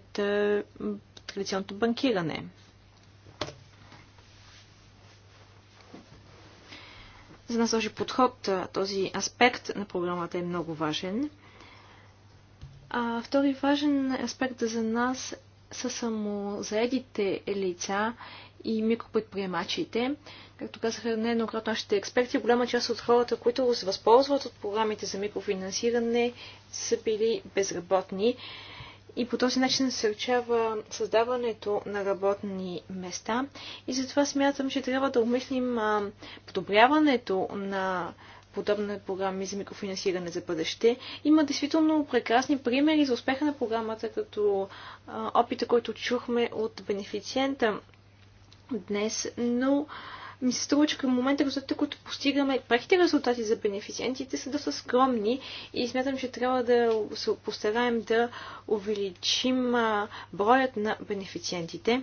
банкиране. за нас този подход, този аспект на програмата е много важен. А, втори важен аспект за нас са самозаедите лица и микропредприемачите. Както казаха нееднократно нашите експерти, голяма част от хората, които се възползват от програмите за микрофинансиране, са били безработни и по този начин учава създаването на работни места. И затова смятам, че трябва да обмислим подобряването на подобна програми за микрофинансиране за бъдеще. Има действително прекрасни примери за успеха на програмата, като опита, който чухме от бенефициента днес, но ми се струва, че към момента резултатите, които постигаме, прехите резултати за бенефициентите са доста скромни и смятам, че трябва да се постараем да увеличим броят на бенефициентите.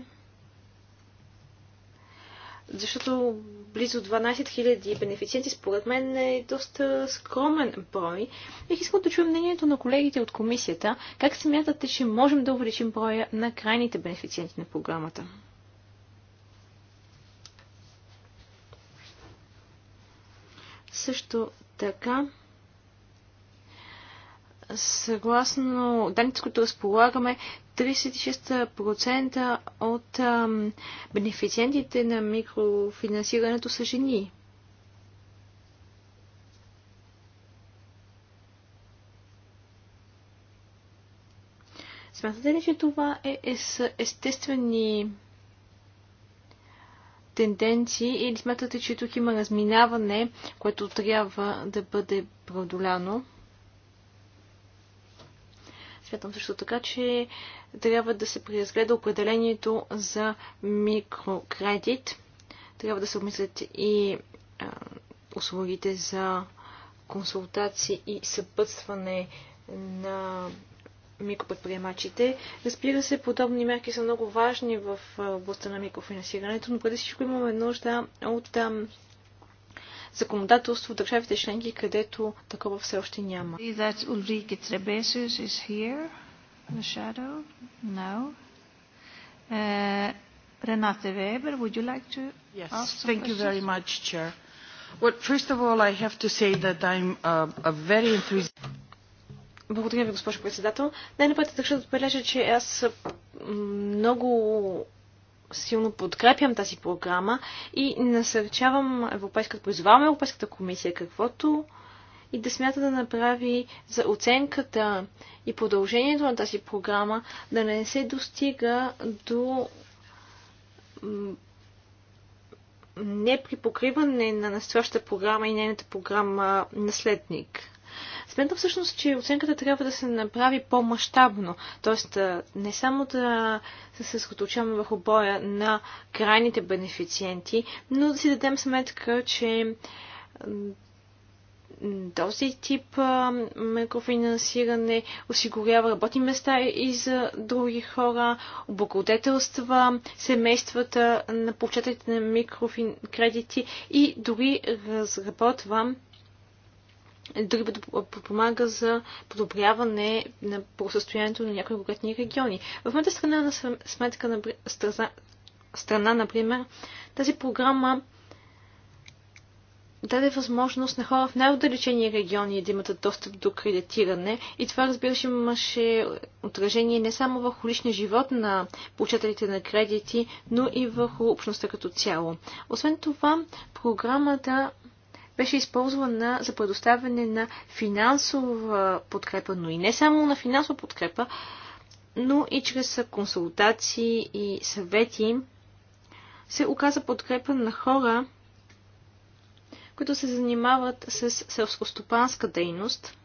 Защото близо 12 000 бенефициенти, според мен, е доста скромен брой. Бих искал да чуя мнението на колегите от комисията. Как смятате, че можем да увеличим броя на крайните бенефициенти на програмата? Също така, съгласно данните, които разполагаме, 36% от ам, бенефициентите на микрофинансирането са жени. Смятате ли, че това е естествени тенденции или смятате, че тук има разминаване, което трябва да бъде преодоляно? Смятам също така, че трябва да се преразгледа определението за микрокредит. Трябва да се обмислят и услугите за консултации и съпътстване на микропредприемачите. Разбира се, подобни мерки са много важни в областта на микрофинансирането, но преди всичко имаме нужда от законодателство в държавите членки, където такова все още няма. Uh, Renate Weber, would you like to yes, ask some Thank questions? you very much, Chair. Well, first of all, I have to say that I'm uh, a very enthusiastic... Благодаря ви, госпожо председател. Най-напред държа да отбележа, че аз много силно подкрепям тази програма и насърчавам Европейската, призовавам Европейската комисия каквото и да смята да направи за оценката и продължението на тази програма да не се достига до неприпокриване на настоящата програма и нейната програма наследник. Смятам всъщност, че оценката трябва да се направи по-масштабно, т.е. не само да се съсредоточаваме върху боя на крайните бенефициенти, но да си дадем сметка, че този тип микрофинансиране осигурява работни места и за други хора, облагодетелства семействата на получателите на микрокредити и дори разработва дори да подпомага за подобряване на състоянието на някои конкретни региони. В моята страна на сметка на страна, страна, например, тази програма даде възможност на хора в най-отдалечени региони да имат достъп до кредитиране и това разбира се имаше отражение не само върху личния живот на получателите на кредити, но и върху общността като цяло. Освен това, програмата да беше използвана за предоставяне на финансова подкрепа, но и не само на финансова подкрепа, но и чрез консултации и съвети се оказа подкрепа на хора, които се занимават с селскостопанска дейност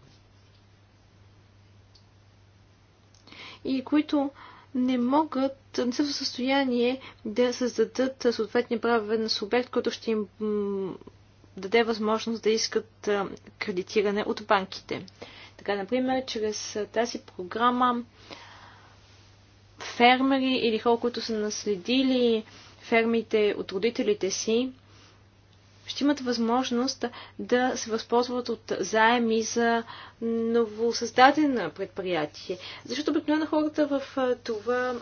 и които не могат, не са в състояние да създадат съответния правен субект, който ще им даде възможност да искат кредитиране от банките. Така, например, чрез тази програма фермери или хора, които са наследили фермите от родителите си, ще имат възможност да се възползват от заеми за новосъздадена предприятие. Защото обикновено хората в това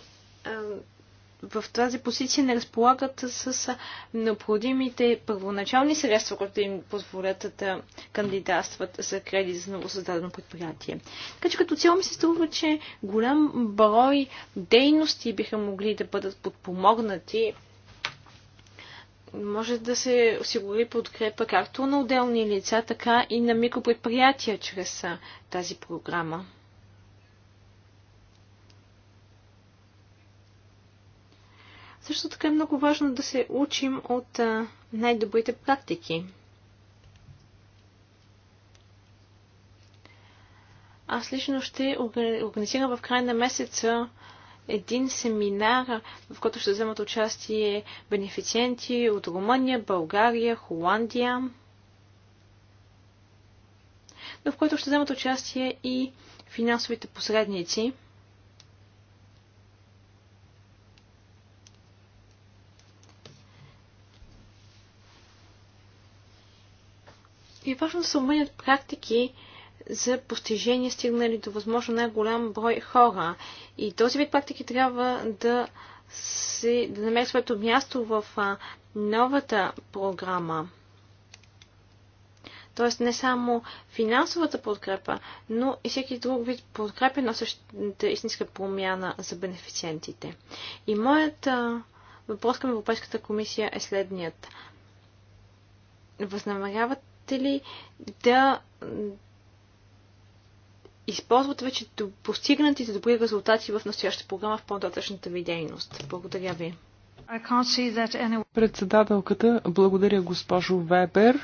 в тази позиция не разполагат с необходимите първоначални средства, които им позволят да кандидатстват за кредит за новосъздадено предприятие. Така че като цяло ми се струва, че голям брой дейности биха могли да бъдат подпомогнати може да се осигури подкрепа както на отделни лица, така и на микропредприятия чрез тази програма. Също така е много важно да се учим от най-добрите практики. Аз лично ще организирам в края на месеца един семинар, в който ще вземат участие бенефициенти от Румъния, България, Холандия, в който ще вземат участие и финансовите посредници – И важно да се обменят практики за постижение, стигнали до възможно най-голям брой хора. И този вид практики трябва да, си, да намери своето място в новата програма. Тоест не само финансовата подкрепа, но и всеки друг вид подкрепа, същата истинска промяна за бенефициентите. И моят а, въпрос към Европейската комисия е следният. Възнамеряват можете ли да използват вече постигнатите добри резултати в настоящата програма в по-нататъчната ви дейност? Благодаря ви. Председателката, благодаря госпожо Вебер.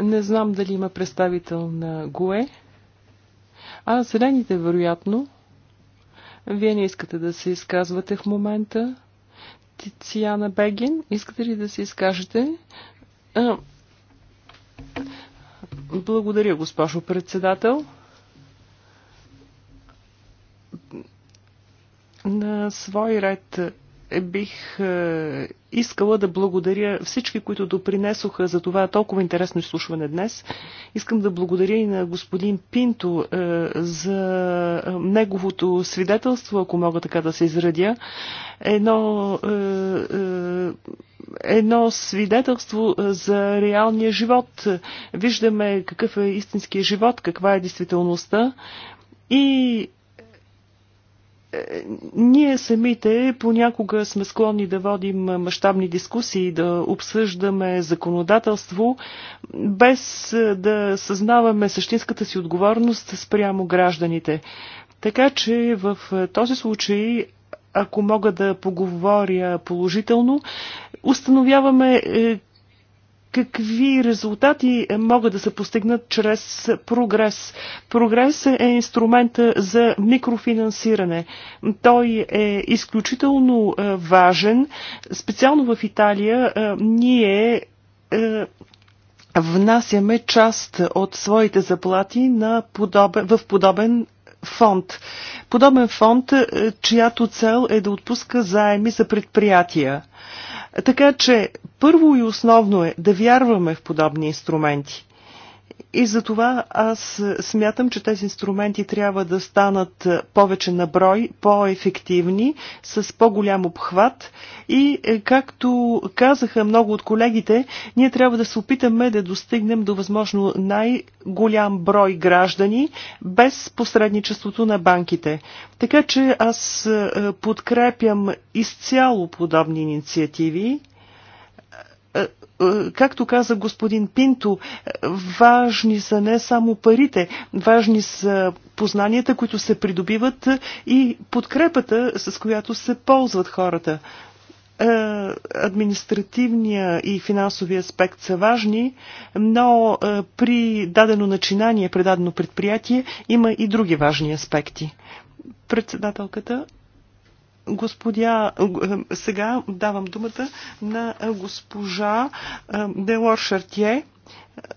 Не знам дали има представител на ГОЕ. А зелените, вероятно. Вие не искате да се изказвате в момента. Тициана Бегин, искате ли да се изкажете? Благодаря, госпожо председател. На свой ред бих е, искала да благодаря всички, които допринесоха за това толкова интересно изслушване днес. Искам да благодаря и на господин Пинто е, за неговото свидетелство, ако мога така да се израдя. Едно, е, едно свидетелство за реалния живот. Виждаме какъв е истинския живот, каква е действителността. И ние самите понякога сме склонни да водим мащабни дискусии, да обсъждаме законодателство, без да съзнаваме същинската си отговорност спрямо гражданите. Така че в този случай, ако мога да поговоря положително, установяваме, е, какви резултати могат да се постигнат чрез прогрес. Прогрес е инструмента за микрофинансиране. Той е изключително е, важен. Специално в Италия е, ние е, внасяме част от своите заплати на подобен, в подобен фонд. Подобен фонд, чиято цел е да отпуска заеми за предприятия. Така че първо и основно е да вярваме в подобни инструменти. И за това аз смятам, че тези инструменти трябва да станат повече на брой, по-ефективни, с по-голям обхват и, е, както казаха много от колегите, ние трябва да се опитаме да достигнем до възможно най-голям брой граждани без посредничеството на банките. Така че аз е, подкрепям изцяло подобни инициативи. Е, както каза господин Пинто, е, важни са не само парите, важни са познанията, които се придобиват е, и подкрепата, с която се ползват хората. Административния и финансови аспект са важни, но при дадено начинание, при дадено предприятие има и други важни аспекти. Председателката Господя, сега давам думата на госпожа Делор Шартие.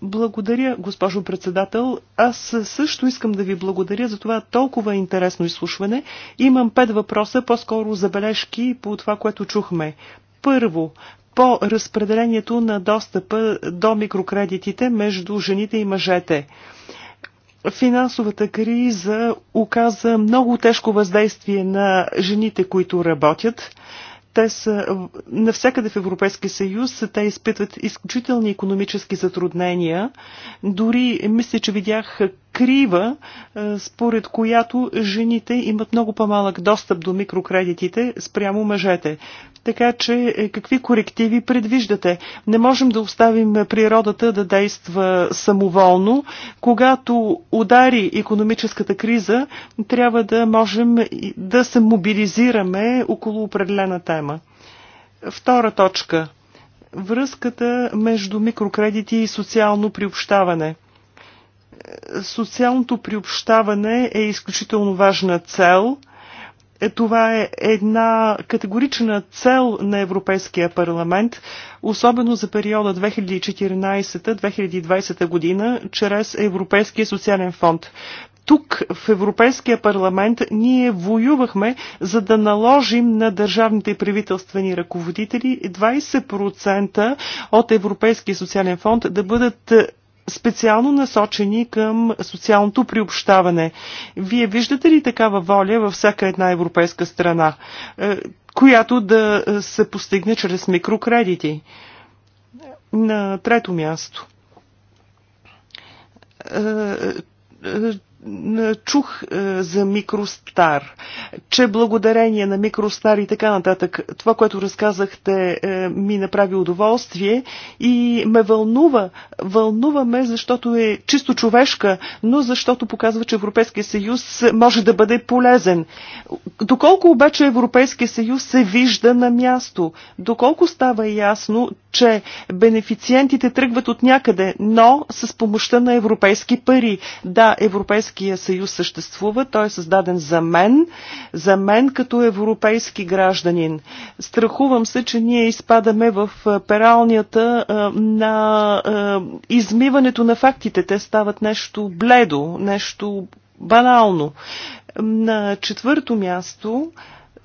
Благодаря, госпожо председател. Аз също искам да ви благодаря за това толкова интересно изслушване. Имам пет въпроса, по-скоро забележки по това, което чухме. Първо, по разпределението на достъпа до микрокредитите между жените и мъжете финансовата криза оказа много тежко въздействие на жените, които работят. Те са навсякъде в Европейския съюз, те изпитват изключителни економически затруднения. Дори мисля, че видях крива, е, според която жените имат много по-малък достъп до микрокредитите спрямо мъжете. Така че е, какви корективи предвиждате? Не можем да оставим природата да действа самоволно. Когато удари економическата криза, трябва да можем да се мобилизираме около определена тема. Втора точка. Връзката между микрокредити и социално приобщаване. Социалното приобщаване е изключително важна цел. Е, това е една категорична цел на Европейския парламент, особено за периода 2014-2020 година, чрез Европейския социален фонд тук в Европейския парламент ние воювахме, за да наложим на държавните и правителствени ръководители 20% от Европейския социален фонд да бъдат специално насочени към социалното приобщаване. Вие виждате ли такава воля във всяка една европейска страна, е, която да се постигне чрез микрокредити? На трето място е, е, чух е, за Микростар, че благодарение на Микростар и така нататък, това, което разказахте, е, ми направи удоволствие и ме вълнува. Вълнува ме, защото е чисто човешка, но защото показва, че Европейския съюз може да бъде полезен. Доколко обаче Европейския съюз се вижда на място? Доколко става ясно, че бенефициентите тръгват от някъде, но с помощта на европейски пари? Да, европейски Европейския съюз съществува. Той е създаден за мен, за мен като европейски гражданин. Страхувам се, че ние изпадаме в пералнията на измиването на фактите. Те стават нещо бледо, нещо банално. На четвърто място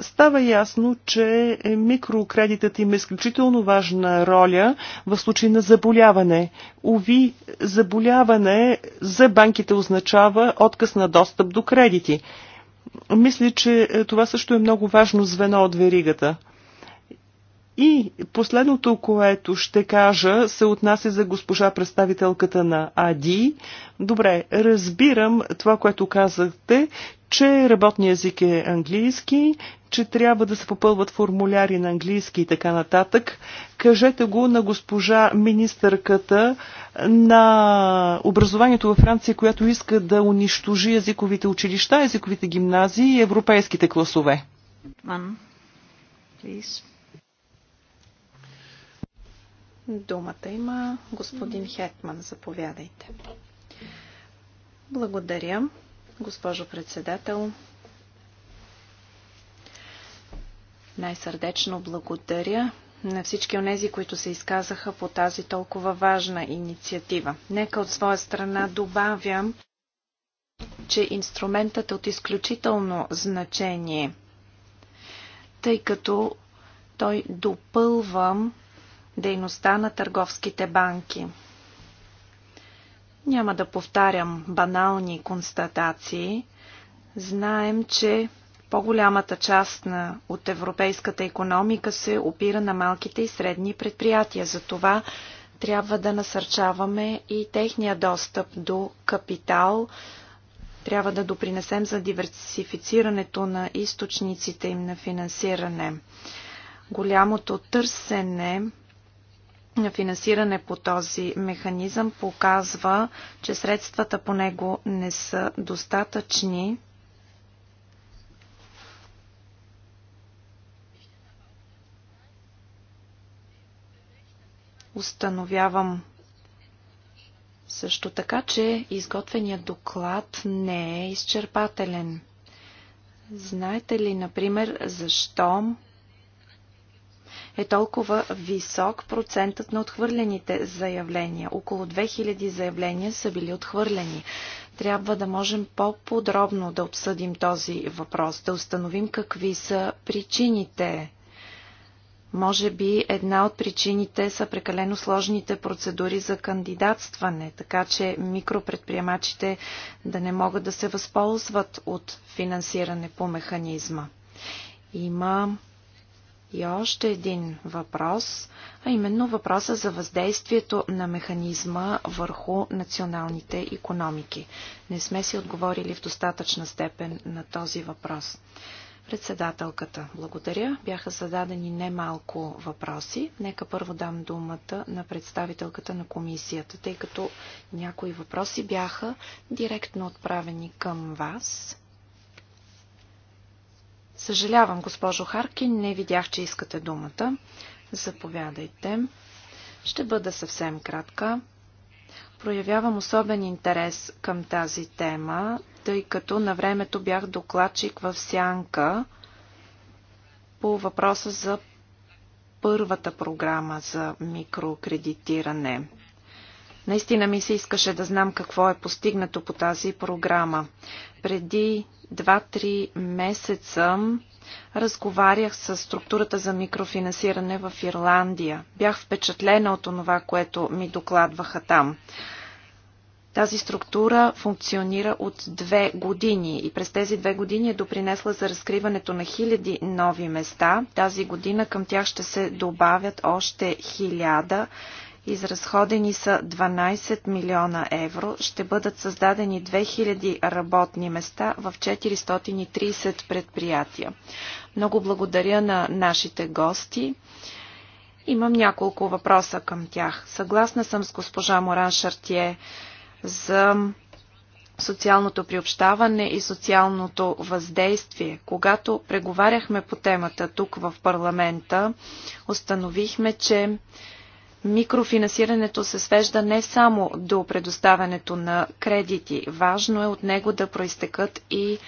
Става ясно, че е, микрокредитът има изключително важна роля в случай на заболяване. Ови, заболяване за банките означава отказ на достъп до кредити. Мисля, че е, това също е много важно звено от веригата. И последното, което ще кажа, се отнася за госпожа представителката на АДИ. Добре, разбирам това, което казахте, че работният език е английски, че трябва да се попълват формуляри на английски и така нататък. Кажете го на госпожа министърката на образованието във Франция, която иска да унищожи езиковите училища, езиковите гимназии и европейските класове. One, please. Думата има господин Хетман. Заповядайте. Благодаря, госпожо председател. Най-сърдечно благодаря на всички онези, които се изказаха по тази толкова важна инициатива. Нека от своя страна добавям, че инструментът е от изключително значение, тъй като той допълва дейността на търговските банки. Няма да повтарям банални констатации. Знаем, че по-голямата част на, от европейската економика се опира на малките и средни предприятия. Затова трябва да насърчаваме и техния достъп до капитал. Трябва да допринесем за диверсифицирането на източниците им на финансиране. Голямото търсене финансиране по този механизъм показва, че средствата по него не са достатъчни. Установявам също така, че изготвеният доклад не е изчерпателен. Знаете ли, например, защо е толкова висок процентът на отхвърлените заявления. Около 2000 заявления са били отхвърлени. Трябва да можем по-подробно да обсъдим този въпрос, да установим какви са причините може би една от причините са прекалено сложните процедури за кандидатстване, така че микропредприемачите да не могат да се възползват от финансиране по механизма. Има и още един въпрос, а именно въпроса за въздействието на механизма върху националните економики. Не сме си отговорили в достатъчна степен на този въпрос. Председателката, благодаря. Бяха зададени немалко въпроси. Нека първо дам думата на представителката на комисията, тъй като някои въпроси бяха директно отправени към вас. Съжалявам, госпожо Харкин, не видях, че искате думата. Заповядайте. Ще бъда съвсем кратка. Проявявам особен интерес към тази тема, тъй като на времето бях докладчик в Сянка по въпроса за първата програма за микрокредитиране. Наистина ми се искаше да знам какво е постигнато по тази програма. Преди 2-3 месеца разговарях с структурата за микрофинансиране в Ирландия. Бях впечатлена от това, което ми докладваха там. Тази структура функционира от две години и през тези две години е допринесла за разкриването на хиляди нови места. Тази година към тях ще се добавят още хиляда Изразходени са 12 милиона евро. Ще бъдат създадени 2000 работни места в 430 предприятия. Много благодаря на нашите гости. Имам няколко въпроса към тях. Съгласна съм с госпожа Моран Шартие за социалното приобщаване и социалното въздействие. Когато преговаряхме по темата тук в парламента, установихме, че Микрофинансирането се свежда не само до предоставянето на кредити. Важно е от него да проистекат и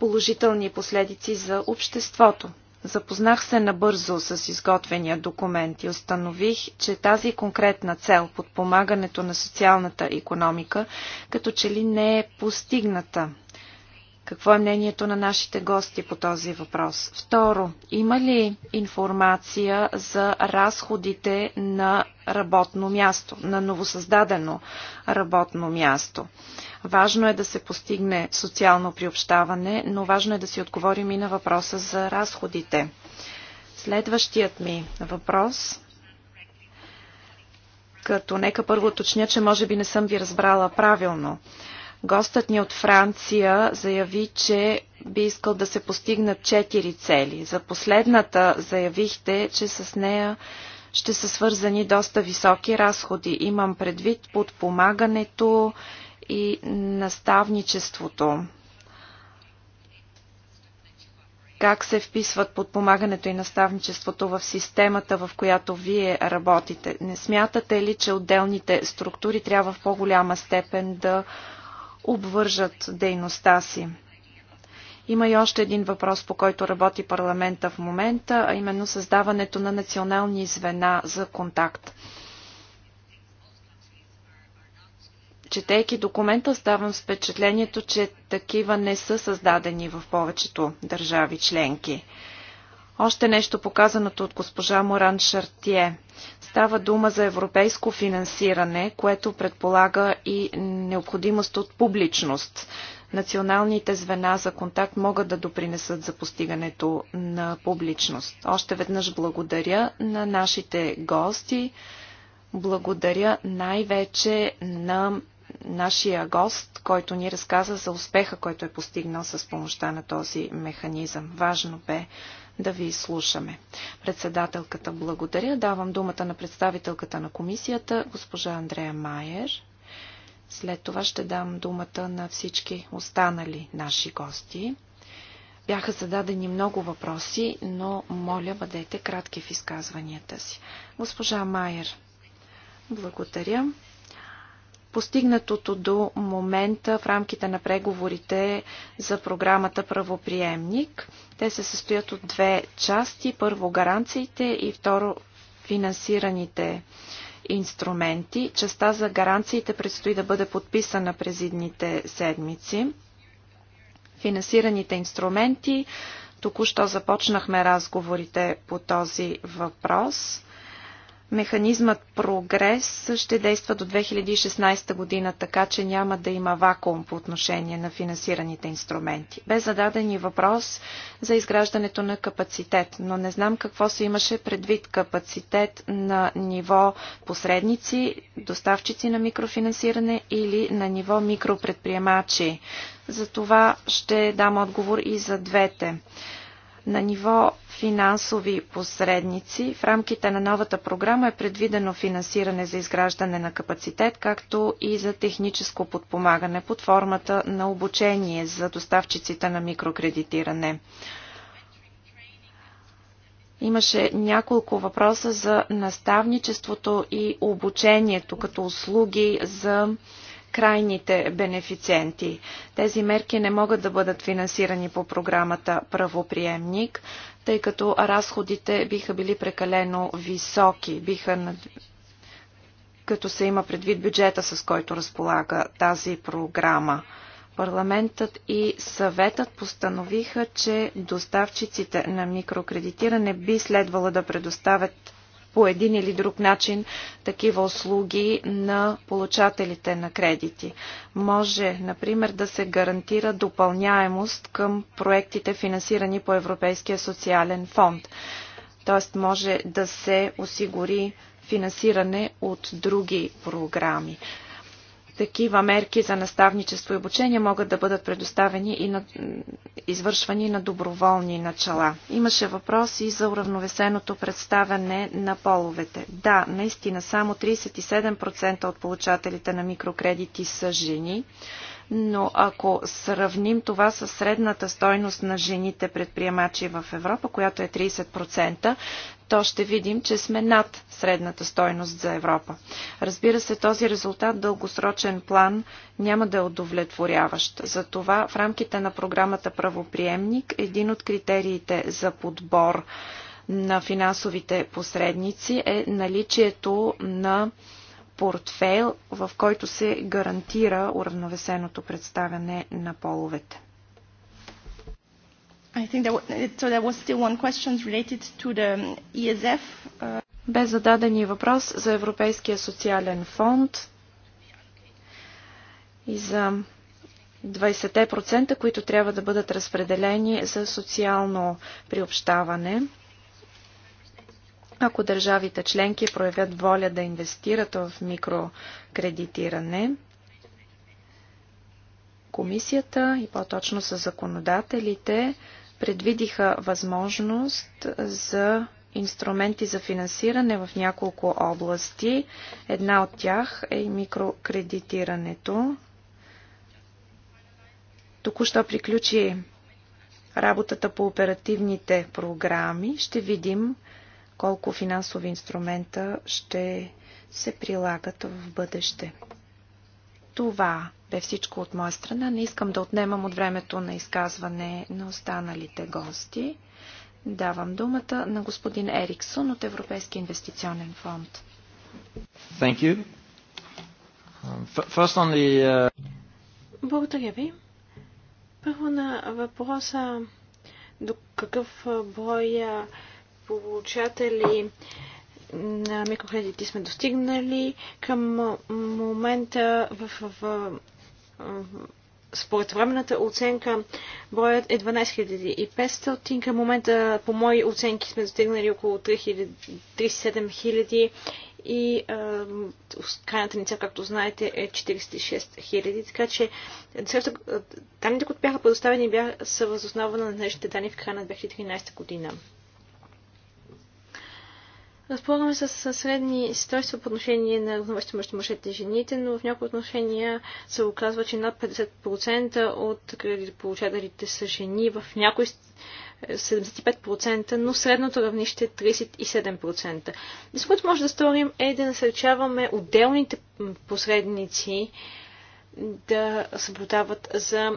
положителни последици за обществото. Запознах се набързо с изготвения документ и установих, че тази конкретна цел подпомагането на социалната економика като че ли не е постигната какво е мнението на нашите гости по този въпрос? Второ, има ли информация за разходите на работно място, на новосъздадено работно място? Важно е да се постигне социално приобщаване, но важно е да си отговорим и на въпроса за разходите. Следващият ми въпрос като нека първо уточня, че може би не съм ви разбрала правилно. Гостът ни от Франция заяви, че би искал да се постигнат четири цели. За последната заявихте, че с нея ще са свързани доста високи разходи. Имам предвид подпомагането и наставничеството. Как се вписват подпомагането и наставничеството в системата, в която вие работите? Не смятате ли, че отделните структури трябва в по-голяма степен да обвържат дейността си. Има и още един въпрос, по който работи парламента в момента, а именно създаването на национални звена за контакт. Четейки документа, ставам с впечатлението, че такива не са създадени в повечето държави членки. Още нещо показаното от госпожа Моран Шартие. Става дума за европейско финансиране, което предполага и необходимост от публичност. Националните звена за контакт могат да допринесат за постигането на публичност. Още веднъж благодаря на нашите гости. Благодаря най-вече на нашия гост, който ни разказа за успеха, който е постигнал с помощта на този механизъм. Важно бе да ви изслушаме. Председателката благодаря. Давам думата на представителката на комисията, госпожа Андрея Майер. След това ще дам думата на всички останали наши гости. Бяха зададени много въпроси, но моля бъдете кратки в изказванията си. Госпожа Майер, благодаря постигнатото до момента в рамките на преговорите за програмата Правоприемник. Те се състоят от две части. Първо гаранциите и второ финансираните инструменти. Частта за гаранциите предстои да бъде подписана през идните седмици. Финансираните инструменти. Току-що започнахме разговорите по този въпрос. Механизмът прогрес ще действа до 2016 година, така че няма да има вакуум по отношение на финансираните инструменти. Бе зададен и въпрос за изграждането на капацитет, но не знам какво се имаше предвид капацитет на ниво посредници, доставчици на микрофинансиране или на ниво микропредприемачи. За това ще дам отговор и за двете. На ниво финансови посредници в рамките на новата програма е предвидено финансиране за изграждане на капацитет, както и за техническо подпомагане под формата на обучение за доставчиците на микрокредитиране. Имаше няколко въпроса за наставничеството и обучението като услуги за крайните бенефициенти. Тези мерки не могат да бъдат финансирани по програмата Правоприемник, тъй като разходите биха били прекалено високи, биха като се има предвид бюджета, с който разполага тази програма. Парламентът и съветът постановиха, че доставчиците на микрокредитиране би следвало да предоставят по един или друг начин такива услуги на получателите на кредити. Може, например, да се гарантира допълняемост към проектите финансирани по Европейския социален фонд. Тоест може да се осигури финансиране от други програми. Такива мерки за наставничество и обучение могат да бъдат предоставени и на, извършвани на доброволни начала. Имаше въпрос и за уравновесеното представяне на половете. Да, наистина само 37% от получателите на микрокредити са жени но ако сравним това с средната стойност на жените предприемачи в Европа, която е 30%, то ще видим, че сме над средната стойност за Европа. Разбира се, този резултат дългосрочен план няма да е удовлетворяващ. Затова в рамките на програмата Правоприемник един от критериите за подбор на финансовите посредници е наличието на портфейл, в който се гарантира уравновесеното представяне на половете. I think so there was still one question related to the um, ESF. Uh. Бе зададен и въпрос за Европейския социален фонд и за 20%, които трябва да бъдат разпределени за социално приобщаване. Ако държавите членки проявят воля да инвестират в микрокредитиране, комисията и по-точно с законодателите предвидиха възможност за инструменти за финансиране в няколко области. Една от тях е и микрокредитирането. Току-що приключи работата по оперативните програми. Ще видим колко финансови инструмента ще се прилагат в бъдеще. Това бе всичко от моя страна. Не искам да отнемам от времето на изказване на останалите гости. Давам думата на господин Ериксон от Европейския инвестиционен фонд. Thank you. Um, first on the, uh, Благодаря ви. Първо на въпроса до какъв брой получатели на микрокредити сме достигнали. Към момента в, в, в, според временната оценка броят е 12 500. Към момента по мои оценки сме достигнали около 37 000 и е, крайната ни цел, както знаете, е 46 000. Така че данните, които бяха предоставени, бяха, са възоснова на днешните данни в края на 2013 година. Разполагаме с средни стойства по отношение на равновесието между мъжете и жените, но в някои отношения се оказва, че над 50% от кредитополучателите са жени, в някои 75%, е, но средното равнище е 37%. И с което може да сторим е да насърчаваме отделните посредници да съблюдават за,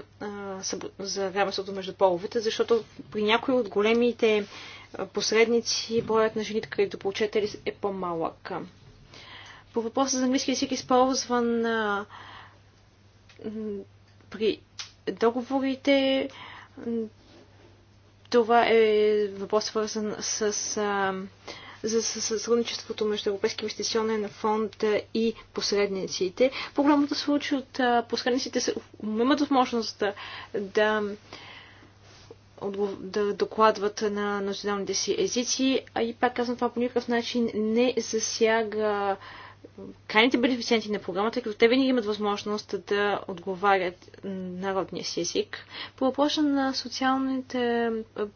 за равенството между половете, защото при някои от големите посредници, броят на жените кредитополучатели е по-малък. По въпроса за английски език, използван а, при договорите, това е въпрос свързан с, а, за сътрудничеството между Европейския инвестиционен фонд и посредниците. По голямото случай от посредниците имат възможност да, да да докладват на националните си езици. А и пак казвам, това по никакъв начин не засяга крайните бенефициенти на програмата, като те винаги имат възможност да отговарят народния си език. По въпроса на социалните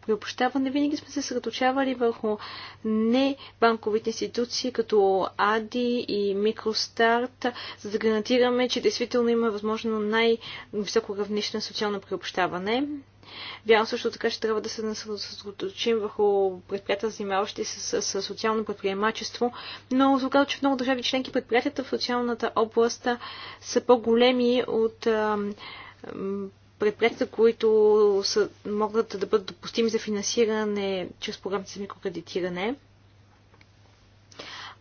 приобщаване винаги сме се съсредоточавали върху не банковите институции, като АДИ и Микростарт, за да гарантираме, че действително има възможно най-високо равнище на социално приобщаване. Вярно също така, че трябва да се съсредоточим върху предприятия, занимаващи се с, с, с социално предприемачество, но се оказва, че в много държави членки предприятията в социалната област са по-големи от предприятията, които са, могат да бъдат допустими за финансиране чрез програмите за микрокредитиране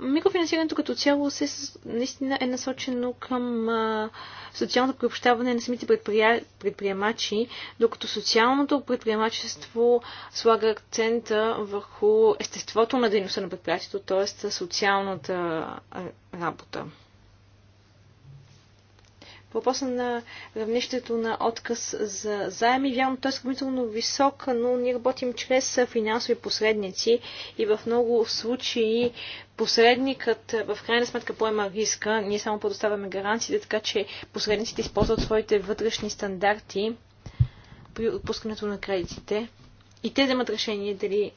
микрофинансирането като цяло се, наистина е насочено към а, социалното приобщаване на самите предприя... предприемачи, докато социалното предприемачество слага акцента върху естеството на дейността на предприятието, т.е. социалната работа въпроса на равнището на отказ за заеми, вярно, той е сравнително висок, но ние работим чрез финансови посредници и в много случаи посредникът в крайна сметка поема риска. Ние само предоставяме гаранциите, така че посредниците използват своите вътрешни стандарти при отпускането на кредитите и те вземат решение дали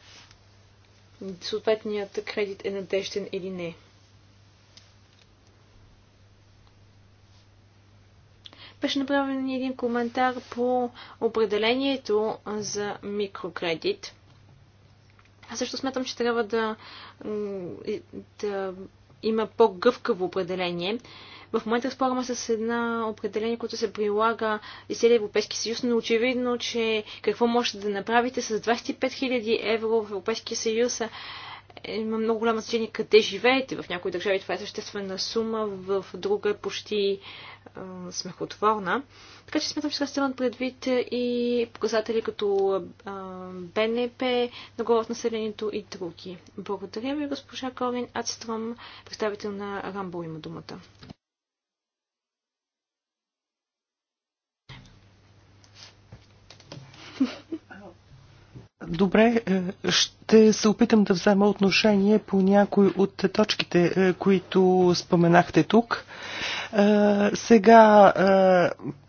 съответният кредит е надежден или не. Беше направен един коментар по определението за микрокредит. Аз също смятам, че трябва да, да има по-гъвкаво определение. В момента спораме с една определение, което се прилага и целия Европейски съюз, но очевидно, че какво можете да направите с 25 000 евро в Европейския съюз има много голямо значение къде живеете. В някои държави това е съществена сума, в друга е почти е, смехотворна. Така че смятам, че сега сте предвид и показатели като е, БНП, нагло от населението и други. Благодаря ви, госпожа Корин Адстрам, представител на Рамбо има думата. Добре, е, ще се опитам да взема отношение по някои от точките, е, които споменахте тук. Е, сега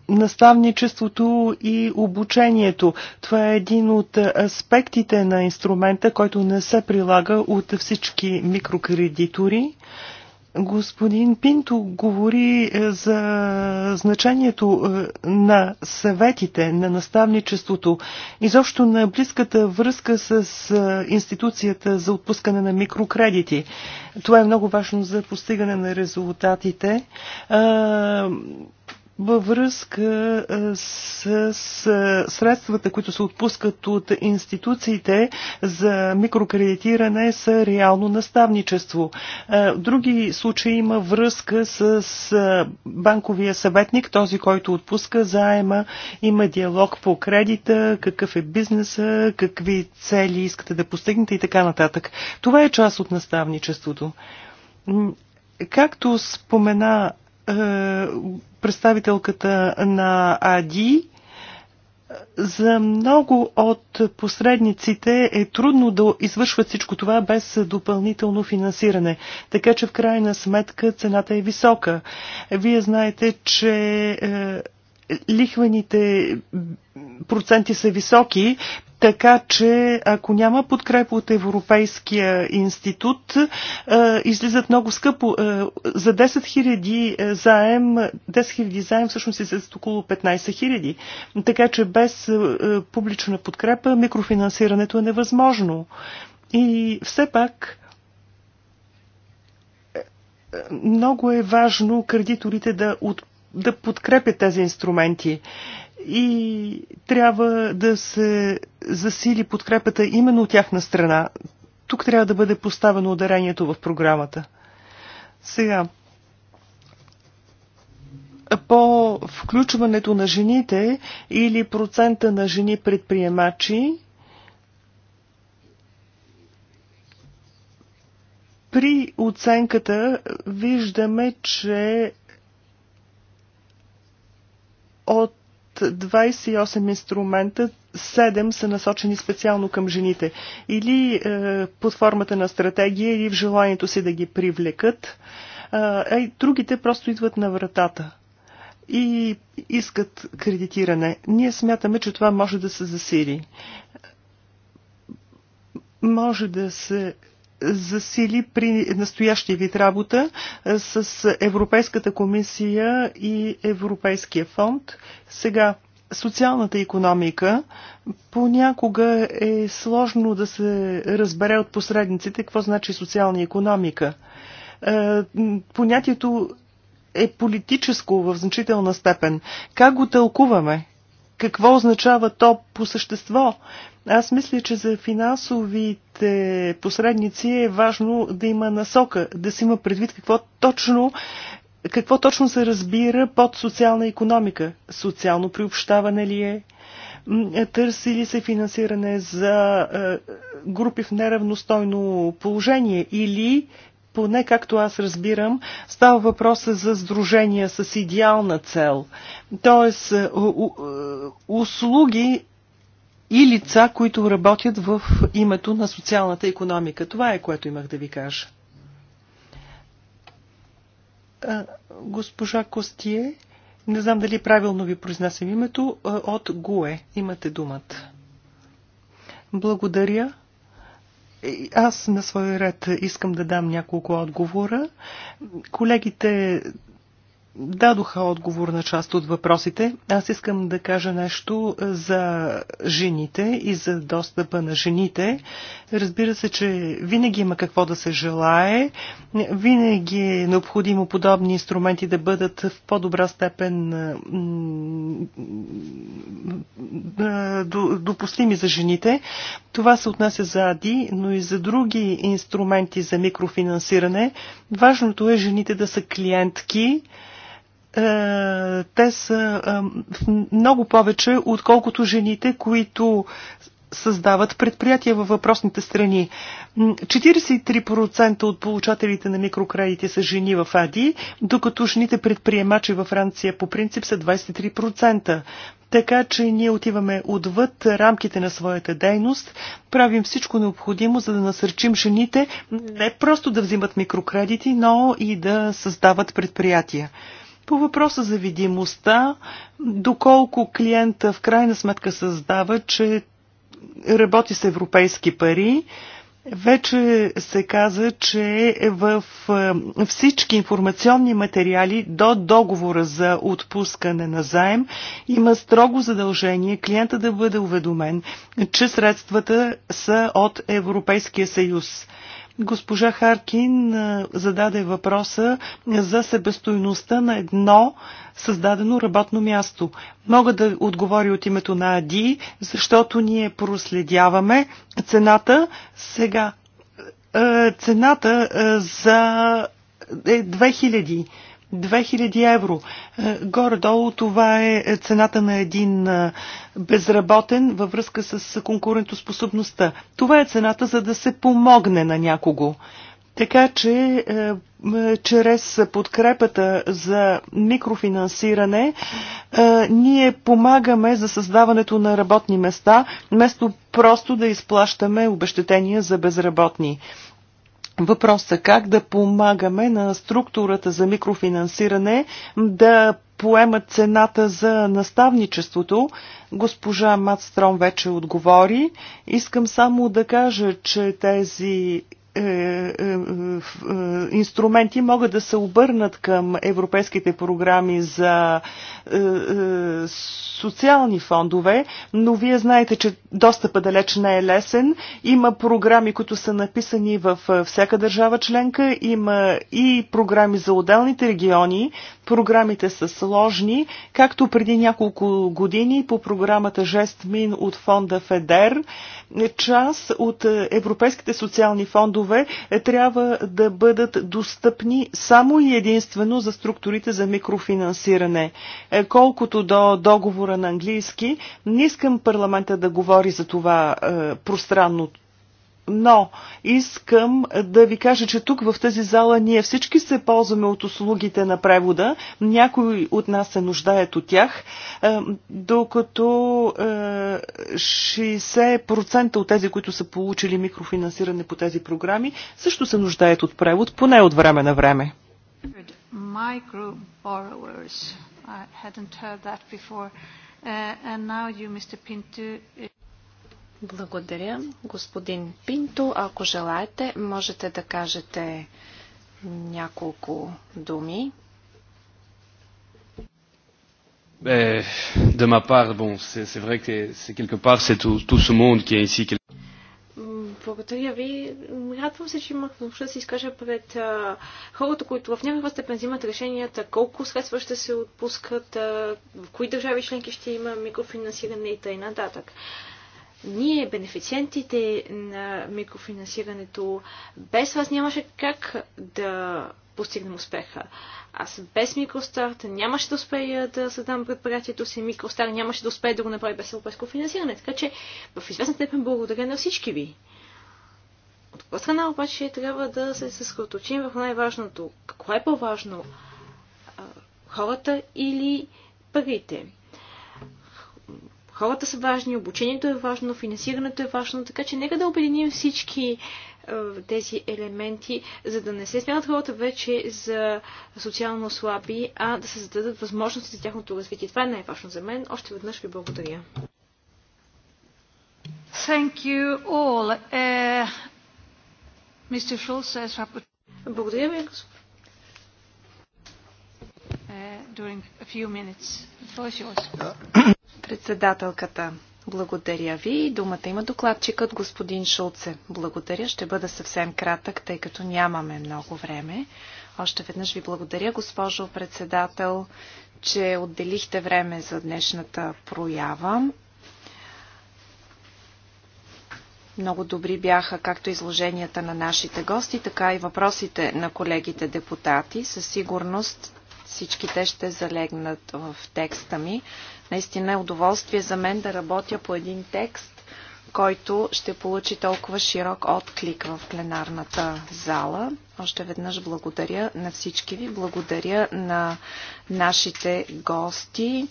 наставничеството и обучението. Това е един от аспектите на инструмента, който не се прилага от всички микрокредитори. Господин Пинто говори е, за значението е, на съветите, на наставничеството, изобщо на близката връзка с е, институцията за отпускане на микрокредити. Това е много важно за постигане на резултатите във връзка с, с средствата, които се отпускат от институциите за микрокредитиране са реално наставничество. В други случаи има връзка с банковия съветник, този, който отпуска заема, има диалог по кредита, какъв е бизнеса, какви цели искате да постигнете и така нататък. Това е част от наставничеството. Както спомена е, представителката на АДИ, за много от посредниците е трудно да извършват всичко това без допълнително финансиране. Така че в крайна сметка цената е висока. Вие знаете, че е, лихвените проценти са високи, така че ако няма подкрепа от Европейския институт, е, излизат много скъпо. Е, за 10 000 е, заем, 10 000 заем всъщност излизат около 15 000. Така че без публична подкрепа микрофинансирането е невъзможно. И все пак много е важно кредиторите да отпочват да подкрепят тези инструменти и трябва да се засили подкрепата именно от тяхна страна. Тук трябва да бъде поставено ударението в програмата. Сега, по включването на жените или процента на жени предприемачи, при оценката виждаме, че от 28 инструмента, 7 са насочени специално към жените. Или е, под формата на стратегия, или в желанието си да ги привлекат. Е, другите просто идват на вратата и искат кредитиране. Ние смятаме, че това може да се засили. Може да се засили при настоящия вид работа с Европейската комисия и Европейския фонд. Сега, социалната економика понякога е сложно да се разбере от посредниците какво значи социална економика. Понятието е политическо в значителна степен. Как го тълкуваме? какво означава то по същество. Аз мисля, че за финансовите посредници е важно да има насока, да си има предвид какво точно какво точно се разбира под социална економика? Социално приобщаване ли е? Търси ли се финансиране за е, групи в неравностойно положение или поне както аз разбирам, става въпроса за сдружения с идеална цел. Тоест, е, е, услуги и лица, които работят в името на социалната економика. Това е което имах да ви кажа. Госпожа Костие, не знам дали правилно ви произнасям името, от ГУЕ. Имате думата. Благодаря. Е, аз на свой ред искам да дам няколко отговора. Колегите дадоха отговор на част от въпросите. Аз искам да кажа нещо за жените и за достъпа на жените. Разбира се, че винаги има какво да се желае. Винаги е необходимо подобни инструменти да бъдат в по-добра степен допустими за жените. Това се отнася за АДИ, но и за други инструменти за микрофинансиране. Важното е жените да са клиентки, е, те са е, много повече, отколкото жените, които създават предприятия във въпросните страни. 43% от получателите на микрокредити са жени в АДИ, докато жените предприемачи във Франция по принцип са 23%. Така че ние отиваме отвъд рамките на своята дейност, правим всичко необходимо, за да насърчим жените не просто да взимат микрокредити, но и да създават предприятия. По въпроса за видимостта, доколко клиента в крайна сметка създава, че работи с европейски пари, вече се каза, че в е, всички информационни материали до договора за отпускане на заем има строго задължение клиента да бъде уведомен, че средствата са от Европейския съюз. Госпожа Харкин зададе въпроса за себестойността на едно създадено работно място. Мога да отговоря от името на АДИ, защото ние проследяваме цената. Сега цената за 2000 е 2000 евро. Е, горе-долу това е цената на един е, безработен във връзка с конкурентоспособността. Това е цената за да се помогне на някого. Така че е, чрез подкрепата за микрофинансиране ние помагаме за създаването на работни места, вместо просто да изплащаме обещетения за безработни въпроса как да помагаме на структурата за микрофинансиране да поемат цената за наставничеството. Госпожа Матстром вече отговори. Искам само да кажа, че тези е, е, е, инструменти могат да се обърнат към европейските програми за социални фондове, но вие знаете, че достъпа далеч не е лесен. Има програми, които са написани в всяка държава членка, има и програми за отделните региони. Програмите са сложни, както преди няколко години по програмата Жест Мин от фонда ФЕДЕР част от европейските социални фондове трябва да бъдат достъпни само и единствено за структурите за микрофинансиране. Е, колкото до договора на английски, не искам парламента да говори за това е, пространно но искам да ви кажа, че тук в тази зала ние всички се ползваме от услугите на превода. Някой от нас се нуждаят от тях, е, докато 60% е, от тези, които са получили микрофинансиране по тези програми, също се нуждаят от превод, поне от време на време. Благодаря, господин Пинто. Ако желаете, можете да кажете няколко думи. Е, de ma part, bon, c'est vrai que c'est quelque part, c'est tout, tout ce monde qui est ici. Благодаря ви. Радвам се, че имах възможност да си изкажа пред а, хората, които в някаква степен взимат решенията, колко средства ще се отпускат, а, в кои държави членки ще има микрофинансиране и т.н. нататък. Ние, бенефициентите на микрофинансирането, без вас нямаше как да постигнем успеха. Аз без микростарт нямаше да успея да създам предприятието си, микростарт нямаше да успея да го направя без европейско финансиране. Така че в известна степен благодаря на всички ви. От друга страна обаче трябва да се съсредоточим в най-важното. Какво е по-важно? Хората или парите? Хората са важни, обучението е важно, финансирането е важно, така че нека да обединим всички е, тези елементи, за да не се смятат хората вече за социално слаби, а да се зададат възможности за тяхното развитие. Това е най-важно за мен. Още веднъж ви благодаря. Thank you all. Uh, Mr. as Благодаря ви, господин. Uh, during a few minutes. The floor is yours. Председателката, благодаря ви. Думата има докладчикът господин Шулце. Благодаря, ще бъда съвсем кратък, тъй като нямаме много време. Още веднъж ви благодаря, госпожо председател, че отделихте време за днешната проява. Много добри бяха както изложенията на нашите гости, така и въпросите на колегите депутати. Със сигурност всички те ще залегнат в текста ми. Наистина е удоволствие за мен да работя по един текст, който ще получи толкова широк отклик в пленарната зала. Още веднъж благодаря на всички ви, благодаря на нашите гости.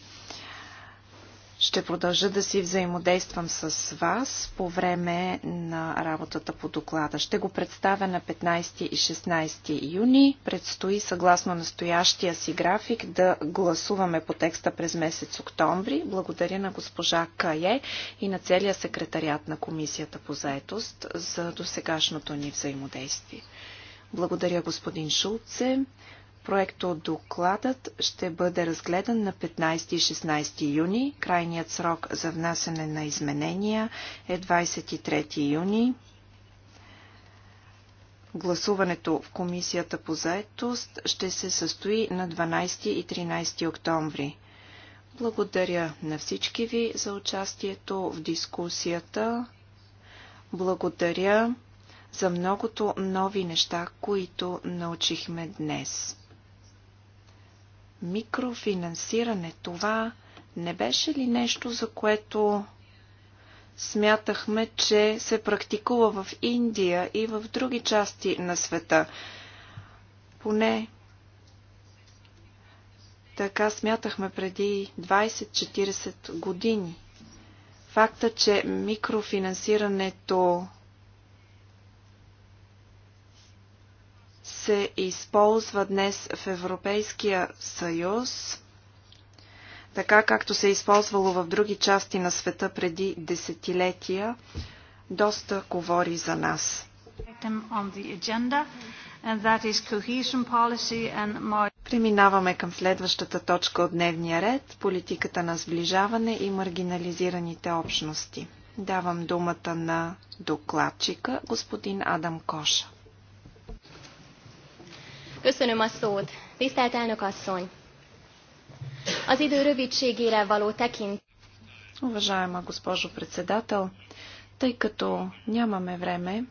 Ще продължа да си взаимодействам с вас по време на работата по доклада. Ще го представя на 15 и 16 юни. Предстои съгласно настоящия си график да гласуваме по текста през месец октомври. Благодаря на госпожа Кае и на целия секретариат на Комисията по заетост за досегашното ни взаимодействие. Благодаря господин Шулце. Проекто докладът ще бъде разгледан на 15 и 16 юни. Крайният срок за внасяне на изменения е 23 юни. Гласуването в Комисията по заедост ще се състои на 12 и 13 октомври. Благодаря на всички ви за участието в дискусията. Благодаря за многото нови неща, които научихме днес. Микрофинансиране, това не беше ли нещо, за което смятахме, че се практикува в Индия и в други части на света? Поне така смятахме преди 20-40 години. Факта, че микрофинансирането се използва днес в Европейския съюз, така както се е използвало в други части на света преди десетилетия, доста говори за нас. Преминаваме към следващата точка от дневния ред – политиката на сближаване и маргинализираните общности. Давам думата на докладчика, господин Адам Коша. Köszönöm a szót. Tisztelt elnök asszony! Az idő rövidségére való tekint. Уважаема госпожо председател, тъй като нямаме време,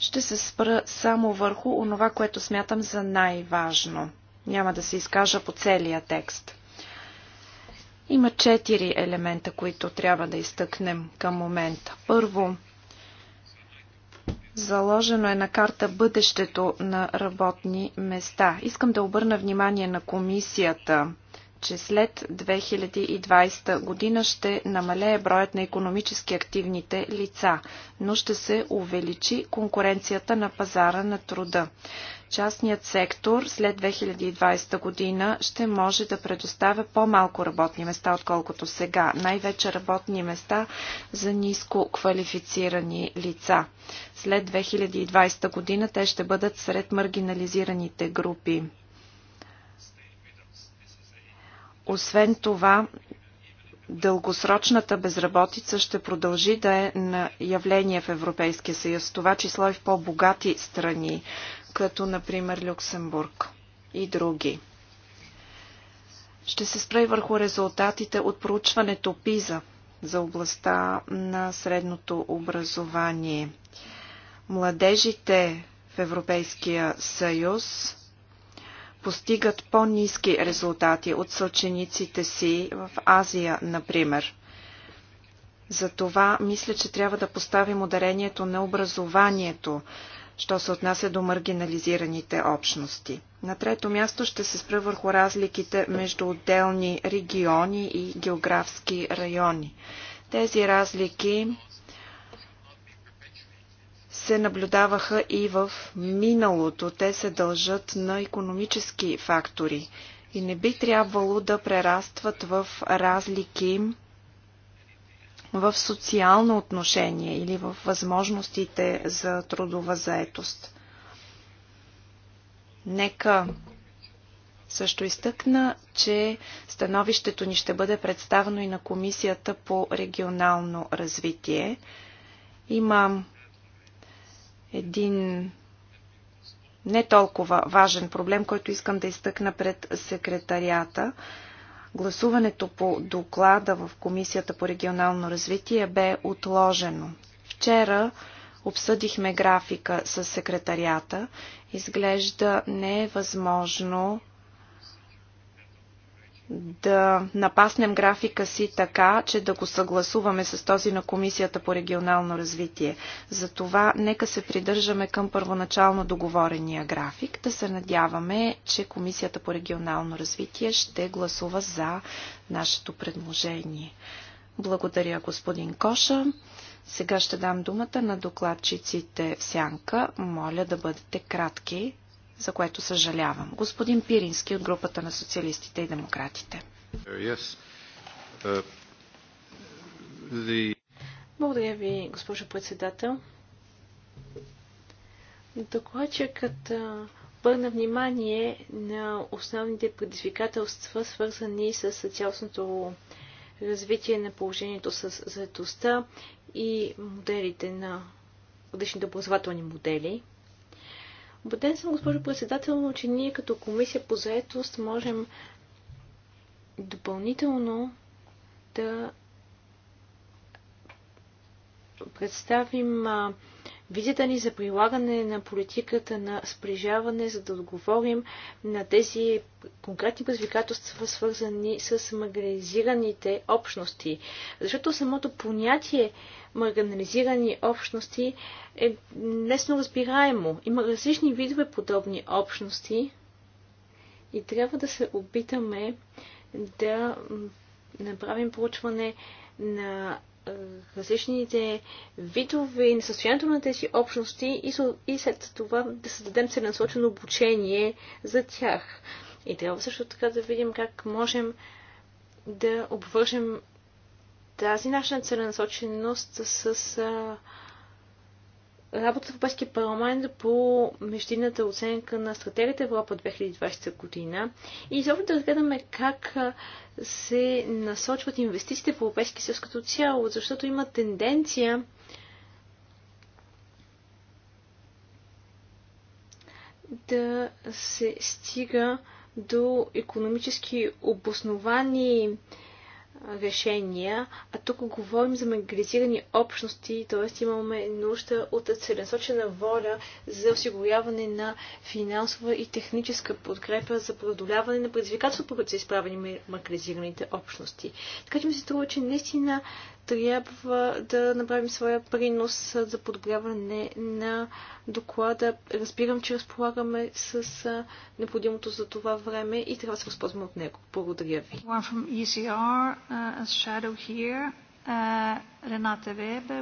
ще се спра само върху онова, което смятам за най-важно. Няма да се изкажа по целия текст. Има четири елемента, които трябва да изтъкнем към момента. Първо, заложено е на карта бъдещето на работни места. Искам да обърна внимание на комисията, че след 2020 година ще намалее броят на економически активните лица, но ще се увеличи конкуренцията на пазара на труда частният сектор след 2020 година ще може да предоставя по-малко работни места, отколкото сега. Най-вече работни места за ниско квалифицирани лица. След 2020 година те ще бъдат сред маргинализираните групи. Освен това, дългосрочната безработица ще продължи да е на явление в Европейския съюз. Това число и в по-богати страни като например Люксембург и други. Ще се спре върху резултатите от проучването ПИЗА за областта на средното образование. Младежите в Европейския съюз постигат по-низки резултати от съучениците си в Азия, например. Затова мисля, че трябва да поставим ударението на образованието що се отнася до маргинализираните общности. На трето място ще се спра върху разликите между отделни региони и географски райони. Тези разлики се наблюдаваха и в миналото. Те се дължат на економически фактори и не би трябвало да прерастват в разлики в социално отношение или в възможностите за трудова заетост. Нека също изтъкна, че становището ни ще бъде представено и на Комисията по регионално развитие. Има един не толкова важен проблем, който искам да изтъкна пред секретарията. Гласуването по доклада в Комисията по регионално развитие бе отложено. Вчера обсъдихме графика с секретарията. Изглежда не е възможно да напаснем графика си така, че да го съгласуваме с този на Комисията по регионално развитие. Затова нека се придържаме към първоначално договорения график, да се надяваме, че Комисията по регионално развитие ще гласува за нашето предложение. Благодаря, господин Коша. Сега ще дам думата на докладчиците в сянка. Моля да бъдете кратки, за което съжалявам. Господин Пирински от групата на социалистите и демократите. Uh, Благодаря ви, госпожо председател. Докладчикът обърна внимание на основните предизвикателства, свързани с цялостното развитие на положението с заедостта и моделите на различните образователни модели. Убеден съм, госпожо председател, че ние като комисия по заетост можем допълнително да представим визията ни за прилагане на политиката на сближаване, за да отговорим на тези конкретни предизвикателства, свързани с маргинализираните общности. Защото самото понятие маргинализирани общности е лесно разбираемо. Има различни видове подобни общности и трябва да се опитаме да направим проучване на е, различните видове и състоянието на тези общности и, след това да създадем целенасочено обучение за тях. И трябва също така да видим как можем да обвържем тази наша целенасоченост с а, работа в Европейския парламент по междинната оценка на стратегията Европа 2020 година и изобщо да разгледаме как се насочват инвестициите в Европейския съюз като цяло, защото има тенденция да се стига до економически обосновани решения, а тук говорим за мегализирани общности, т.е. имаме нужда от целенасочена воля за осигуряване на финансова и техническа подкрепа за преодоляване на предизвикателството, които са изправени мегализираните общности. Така че ми се струва, че наистина трябва да направим своя принос за подобряване на доклада. Разбирам, че разполагаме с необходимото за това време и трябва да се възползваме от него. Благодаря ви. Рената Вебер,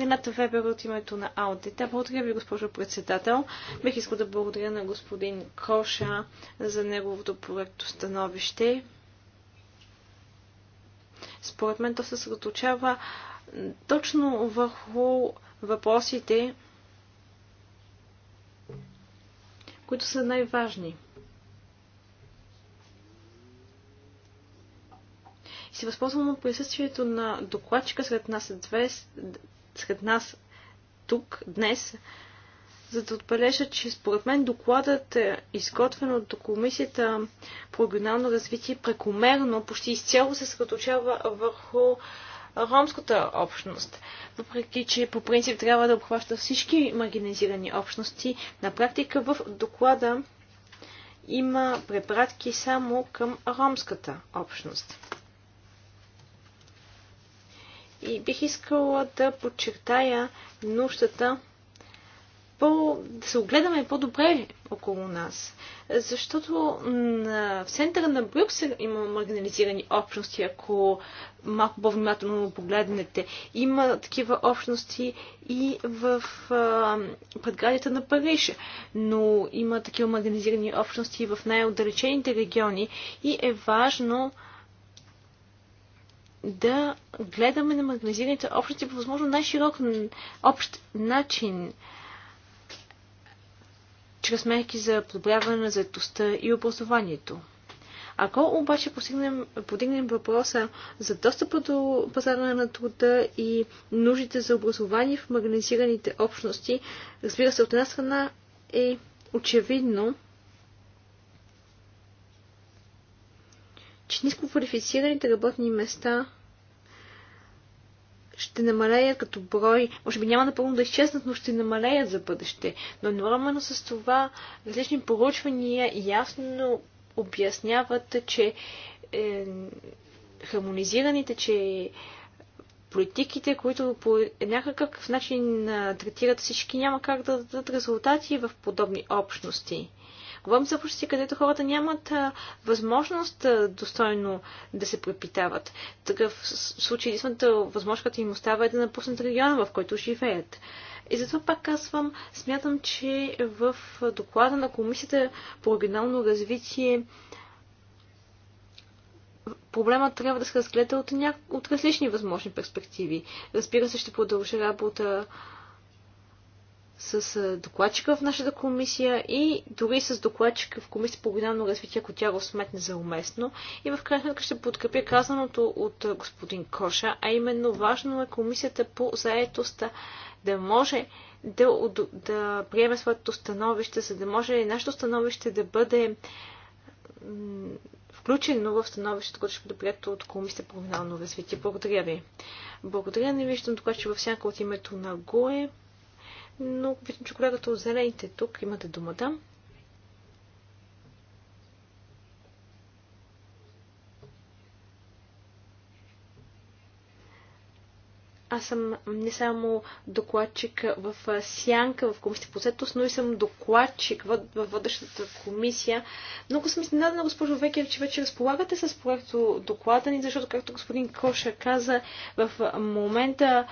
Рената Вебер от името на Алде. Да, благодаря ви, госпожо председател. Бих искал да благодаря на господин Коша за неговото проекто становище. Според мен то се съсредоточава точно върху въпросите, които са най-важни. И се възползвам от присъствието на докладчика сред нас, две, сред нас тук днес, за да отбележа, че според мен докладът е изготвен от Комисията по регионално развитие прекомерно, почти изцяло се съсредоточава върху ромската общност. Въпреки, че по принцип трябва да обхваща всички маргинализирани общности, на практика в доклада има препратки само към ромската общност. И бих искала да подчертая нуждата по, да се огледаме по-добре около нас. Защото на, в центъра на Брюксел има маргинализирани общности, ако малко по-внимателно погледнете. Има такива общности и в а, предградията на Париж, но има такива маргинализирани общности и в най-отдалечените региони и е важно да гледаме на маргинализираните общности по възможно най-широк общ начин чрез мерки за подобряване на заедостта и образованието. Ако обаче постигнем, подигнем въпроса за достъпа до пазара на труда и нуждите за образование в магнезираните общности, разбира се, от една страна е очевидно, че ниско квалифицираните работни места ще намалеят като брой, може би няма напълно да изчезнат, но ще намалеят за бъдеще. Но едновременно с това различни поручвания ясно обясняват, че е, хармонизираните, че политиките, които по някакъв начин третират всички, няма как да дадат резултати в подобни общности. Говорим за общности, където хората нямат възможност достойно да се препитават. такъв случай единствената възможност, която им остава е да напуснат региона, в който живеят. И затова пак казвам, смятам, че в доклада на Комисията по регионално развитие проблема трябва да се разгледа от, ня... от различни възможни перспективи. Разбира се, ще продължи работа с докладчика в нашата комисия и дори с докладчика в комисия по регионално развитие, ако тя го сметне за уместно. И в крайна сметка ще подкрепя казаното от господин Коша, а именно важно е комисията по заетостта да може да, да приеме своето становище, за да може и нашето становище да бъде включено в становището, което ще бъде прието от комисията по регионално развитие. Благодаря ви. Благодаря, не виждам така, че във всяка от името на ГОЕ но виждам, че колегата от зелените тук имате думата. Аз съм не само докладчик в Сянка, в комисията по сетост, но и съм докладчик в, водещата комисия. Много съм изненадана, госпожо Векер, че вече разполагате с проекто доклада ни, защото, както господин Коша каза, в момента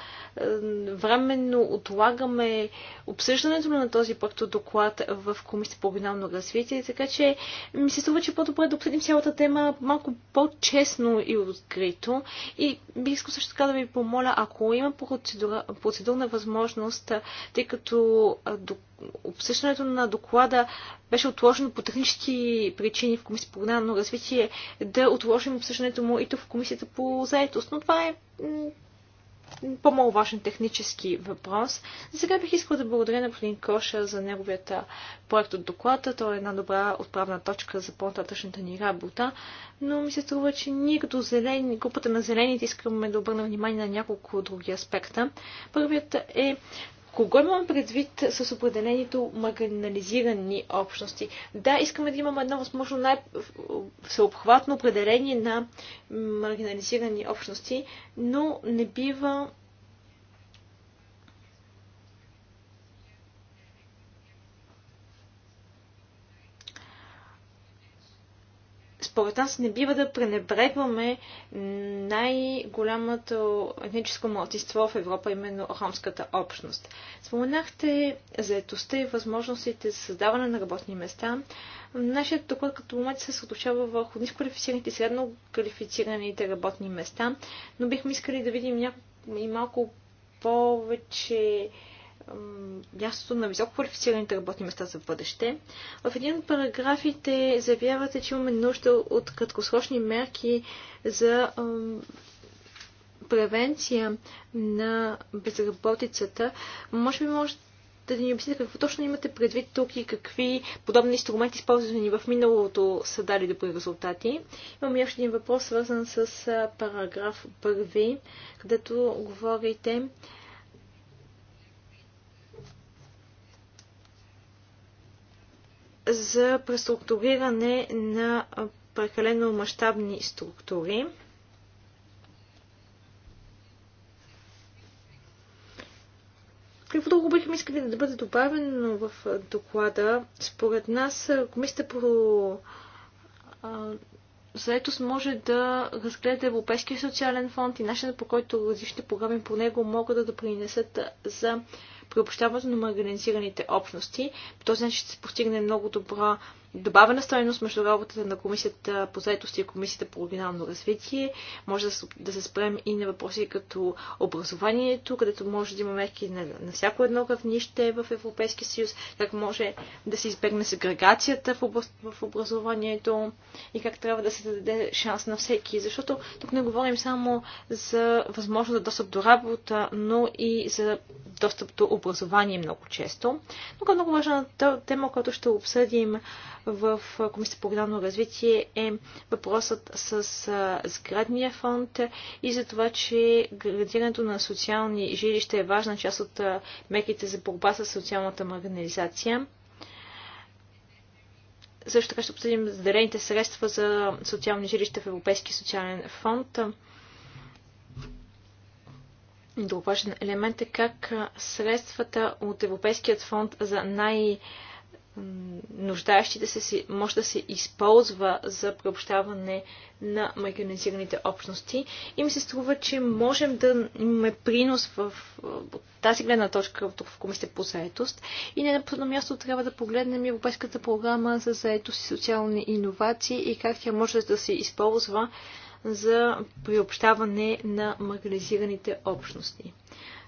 временно отлагаме обсъждането на този проекто доклад в комисията по регионално развитие, така че ми се струва, че по-добре е да обсъдим цялата тема малко по-честно и открито. И бих искал също така да ви помоля, ако ако има процедура, процедурна възможност, тъй като обсъждането на доклада беше отложено по технически причини в Комисията по програмно развитие, да отложим обсъждането му и то в Комисията по заетост. Но това е по-маловажен технически въпрос. За сега бих искал да благодаря на господин Коша за неговият проект от доклада. Той е една добра отправна точка за по-нататъчната ни работа, но ми се струва, че ние като зелени, групата на зелените искаме да обърнем внимание на няколко други аспекта. Първият е Кого имам предвид с определението маргинализирани общности? Да, искаме да имаме едно възможно най-всеобхватно определение на маргинализирани общности, но не бива Според нас не бива да пренебрегваме най-голямото етническо младсинство в Европа, именно ромската общност. Споменахте заетостта и възможностите за създаване на работни места. Нашият доклад като момент се съоточава върху нисквалифицираните и средно квалифицираните работни места, но бихме искали да видим няколко и малко повече мястото на високо квалифицираните работни места за бъдеще. В един от параграфите заявявате, че имаме нужда от краткосрочни мерки за превенция на безработицата. Може би може да ни обясните какво точно имате предвид тук и какви подобни инструменти, използвани в миналото, са дали добри резултати. Имам и още един въпрос, свързан с параграф 1, където говорите за преструктуриране на прекалено мащабни структури. Какво друго бихме искали да бъде добавено в доклада? Според нас комисията по заетост може да разгледа Европейския социален фонд и начинът по който различните програми по него могат да допринесат за приобщаването на марганизираните общности. По този начин ще се постигне много добра добавена стоеност между работата на комисията по заедост и комисията по оригинално развитие. Може да се спрем и на въпроси като образованието, където може да има мерки на, на всяко едно равнище в Европейския съюз, как може да се избегне сегрегацията в, в образованието и как трябва да се даде шанс на всеки. Защото тук не говорим само за възможност да достъп до работа, но и за достъп до образование много често. е много важна тема, която ще обсъдим в Комисията по регионално развитие е въпросът с сградния фонд и за това, че градирането на социални жилища е важна част от мерките за борба с социалната маргинализация. Също така ще обсъдим заделените средства за социални жилища в Европейския социален фонд. Друг важен елемент е как средствата от Европейският фонд за най- нуждаещите се може да се използва за приобщаване на марганизираните общности. И ми се струва, че можем да имаме принос в, тази гледна точка в, в Комисията по заетост. И не на последно място трябва да погледнем Европейската програма за заетост и социални иновации и как тя може да се използва за приобщаване на марганизираните общности.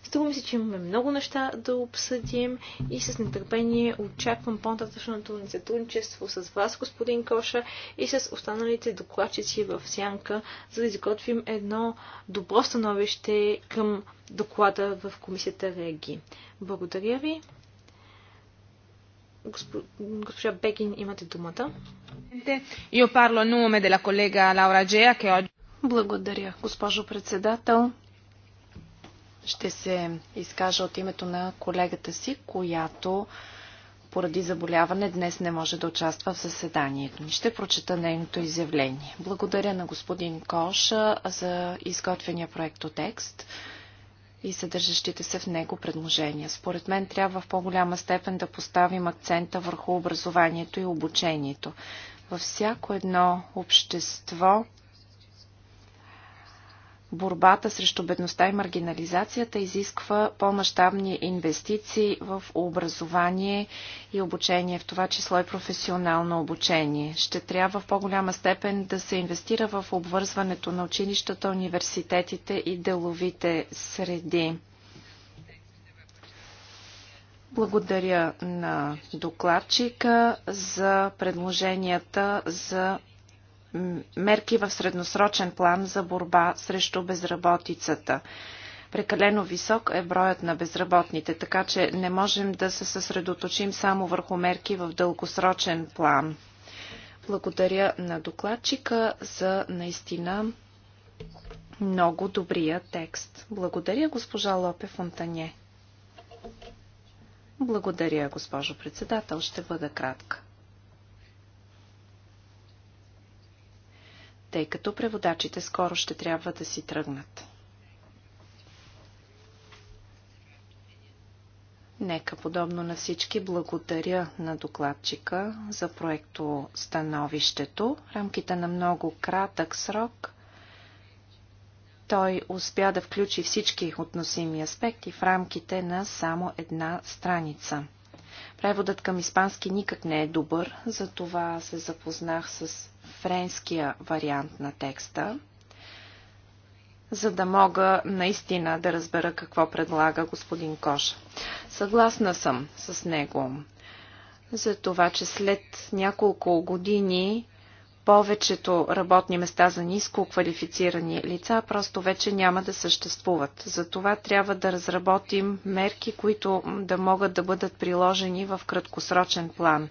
Струва ми се, че имаме много неща да обсъдим и с нетърпение очаквам по-нататъчното ни сътрудничество с вас, господин Коша, и с останалите докладчици в Сянка, за да изготвим едно добро становище към доклада в комисията Реги. Благодаря ви. Госпожа Бекин, имате думата. Благодаря, госпожо председател. Ще се изкажа от името на колегата си, която поради заболяване днес не може да участва в заседанието ни. Ще прочета нейното изявление. Благодаря на господин Коша за изготвения проектотекст и съдържащите се в него предложения. Според мен трябва в по-голяма степен да поставим акцента върху образованието и обучението. Във всяко едно общество борбата срещу бедността и маргинализацията изисква по мащабни инвестиции в образование и обучение, в това число и професионално обучение. Ще трябва в по-голяма степен да се инвестира в обвързването на училищата, университетите и деловите среди. Благодаря на докладчика за предложенията за мерки в средносрочен план за борба срещу безработицата. Прекалено висок е броят на безработните, така че не можем да се съсредоточим само върху мерки в дългосрочен план. Благодаря на докладчика за наистина много добрия текст. Благодаря, госпожа Лопе Фонтане. Благодаря, госпожо председател. Ще бъда кратка. тъй като преводачите скоро ще трябва да си тръгнат. Нека подобно на всички благодаря на докладчика за проекто Становището. В рамките на много кратък срок той успя да включи всички относими аспекти в рамките на само една страница. Преводът към испански никак не е добър, затова се запознах с френския вариант на текста, за да мога наистина да разбера какво предлага господин Кош. Съгласна съм с него за това, че след няколко години повечето работни места за ниско квалифицирани лица просто вече няма да съществуват. За това трябва да разработим мерки, които да могат да бъдат приложени в краткосрочен план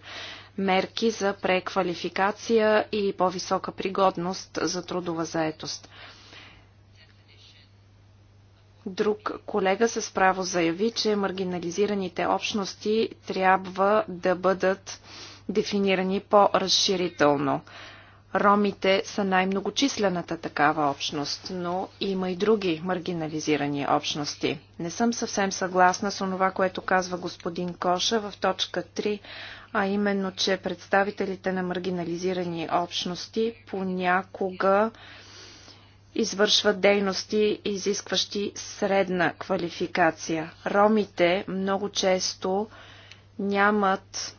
мерки за преквалификация и по-висока пригодност за трудова заетост. Друг колега с право заяви, че маргинализираните общности трябва да бъдат дефинирани по-разширително. Ромите са най-многочислената такава общност, но има и други маргинализирани общности. Не съм съвсем съгласна с това, което казва господин Коша в точка 3 а именно, че представителите на маргинализирани общности понякога извършват дейности, изискващи средна квалификация. Ромите много често нямат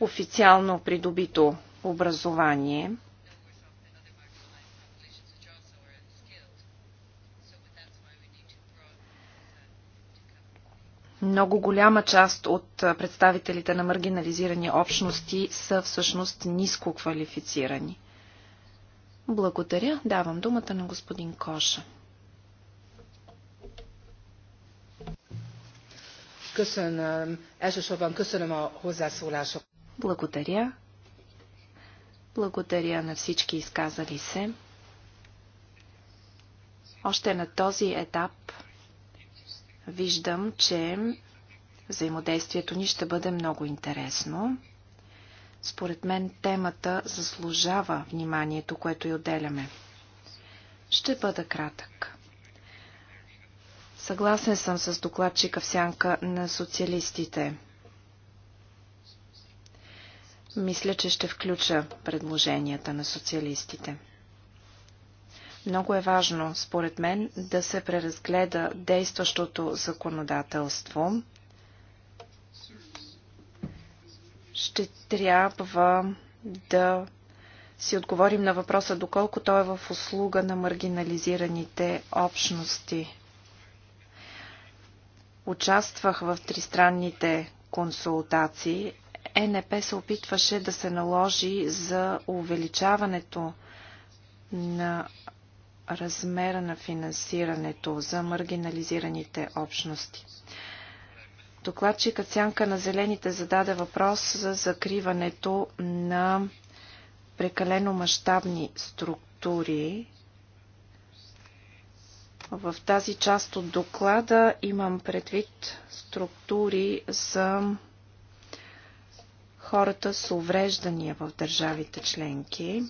официално придобито образование – Много голяма част от представителите на маргинализирани общности са всъщност ниско квалифицирани. Благодаря. Давам думата на господин Коша. Благодаря. Благодаря на всички изказали се. Още на този етап Виждам, че взаимодействието ни ще бъде много интересно. Според мен темата заслужава вниманието, което й отделяме. Ще бъда кратък. Съгласен съм с докладчика в сянка на социалистите. Мисля, че ще включа предложенията на социалистите. Много е важно, според мен, да се преразгледа действащото законодателство. Ще трябва да си отговорим на въпроса доколко то е в услуга на маргинализираните общности. Участвах в тристранните консултации. ЕНП се опитваше да се наложи за увеличаването на размера на финансирането за маргинализираните общности. Докладчикът Сянка на Зелените зададе въпрос за закриването на прекалено мащабни структури. В тази част от доклада имам предвид структури за хората с увреждания в държавите членки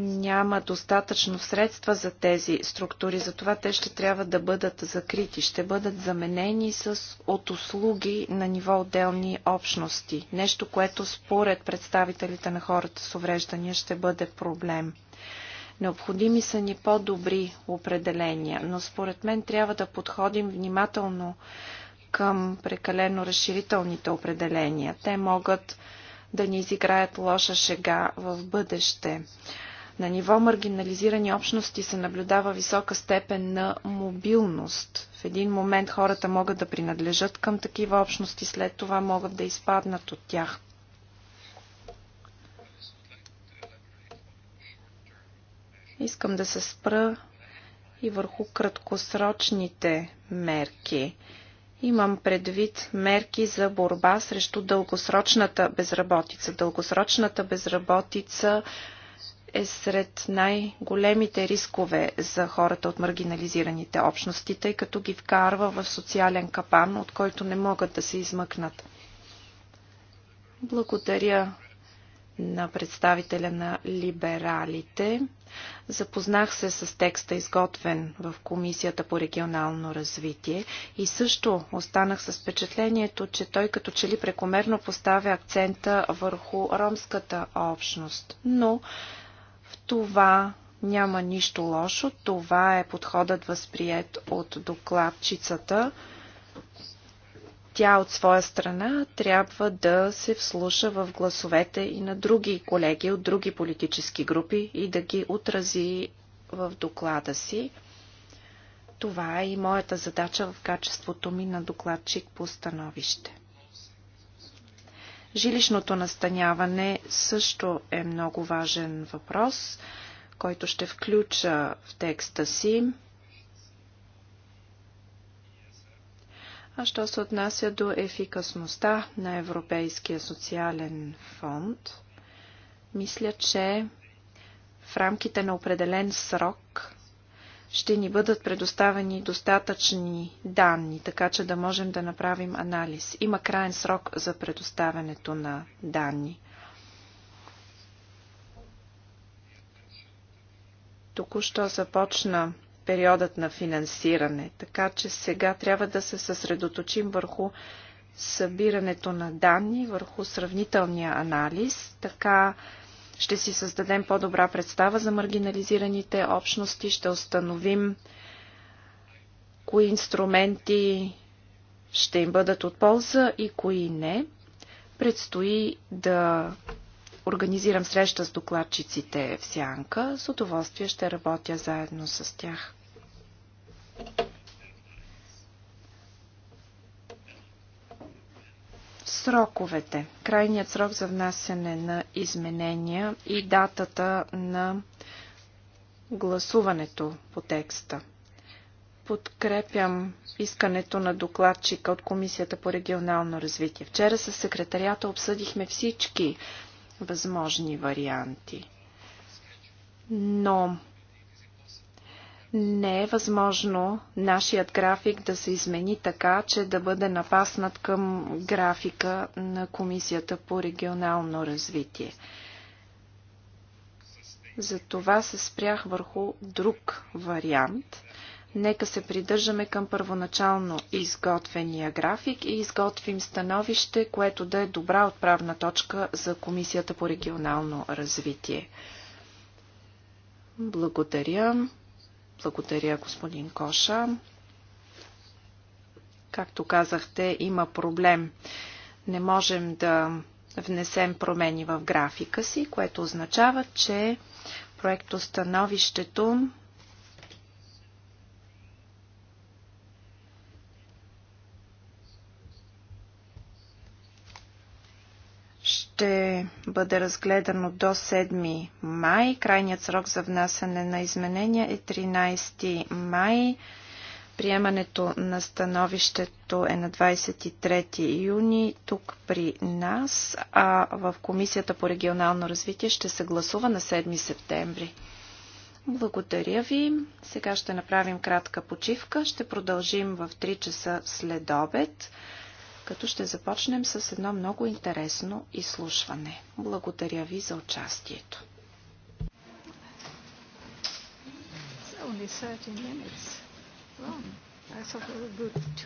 няма достатъчно средства за тези структури, затова те ще трябва да бъдат закрити, ще бъдат заменени с от услуги на ниво отделни общности. Нещо, което според представителите на хората с увреждания ще бъде проблем. Необходими са ни по-добри определения, но според мен трябва да подходим внимателно към прекалено разширителните определения. Те могат да ни изиграят лоша шега в бъдеще. На ниво маргинализирани общности се наблюдава висока степен на мобилност. В един момент хората могат да принадлежат към такива общности, след това могат да изпаднат от тях. Искам да се спра и върху краткосрочните мерки. Имам предвид мерки за борба срещу дългосрочната безработица. Дългосрочната безработица е сред най-големите рискове за хората от маргинализираните общности, тъй като ги вкарва в социален капан, от който не могат да се измъкнат. Благодаря на представителя на либералите. Запознах се с текста, изготвен в Комисията по регионално развитие и също останах с впечатлението, че той като че ли прекомерно поставя акцента върху ромската общност. Но това няма нищо лошо. Това е подходът възприят от докладчицата. Тя от своя страна трябва да се вслуша в гласовете и на други колеги от други политически групи и да ги отрази в доклада си. Това е и моята задача в качеството ми на докладчик по становище. Жилищното настаняване също е много важен въпрос, който ще включа в текста си. А що се отнася до ефикасността на Европейския социален фонд, мисля, че в рамките на определен срок ще ни бъдат предоставени достатъчни данни, така че да можем да направим анализ. Има крайен срок за предоставянето на данни. Току-що започна периодът на финансиране, така че сега трябва да се съсредоточим върху събирането на данни, върху сравнителния анализ, така ще си създадем по-добра представа за маргинализираните общности, ще установим кои инструменти ще им бъдат от полза и кои не. Предстои да организирам среща с докладчиците в Сянка. С удоволствие ще работя заедно с тях. Сроковете. Крайният срок за внасяне на изменения и датата на гласуването по текста. Подкрепям искането на докладчика от Комисията по регионално развитие. Вчера с секретарията обсъдихме всички възможни варианти. Но не е възможно нашият график да се измени така, че да бъде напаснат към графика на Комисията по регионално развитие. Затова се спрях върху друг вариант. Нека се придържаме към първоначално изготвения график и изготвим становище, което да е добра отправна точка за Комисията по регионално развитие. Благодаря. Благодаря, господин Коша. Както казахте, има проблем. Не можем да внесем промени в графика си, което означава, че проектостановището ще бъде разгледано до 7 май. Крайният срок за внасяне на изменения е 13 май. Приемането на становището е на 23 юни тук при нас, а в Комисията по регионално развитие ще се гласува на 7 септември. Благодаря ви. Сега ще направим кратка почивка. Ще продължим в 3 часа след обед като ще започнем с едно много интересно изслушване. Благодаря ви за участието. only 30 minutes. I thought it would be two.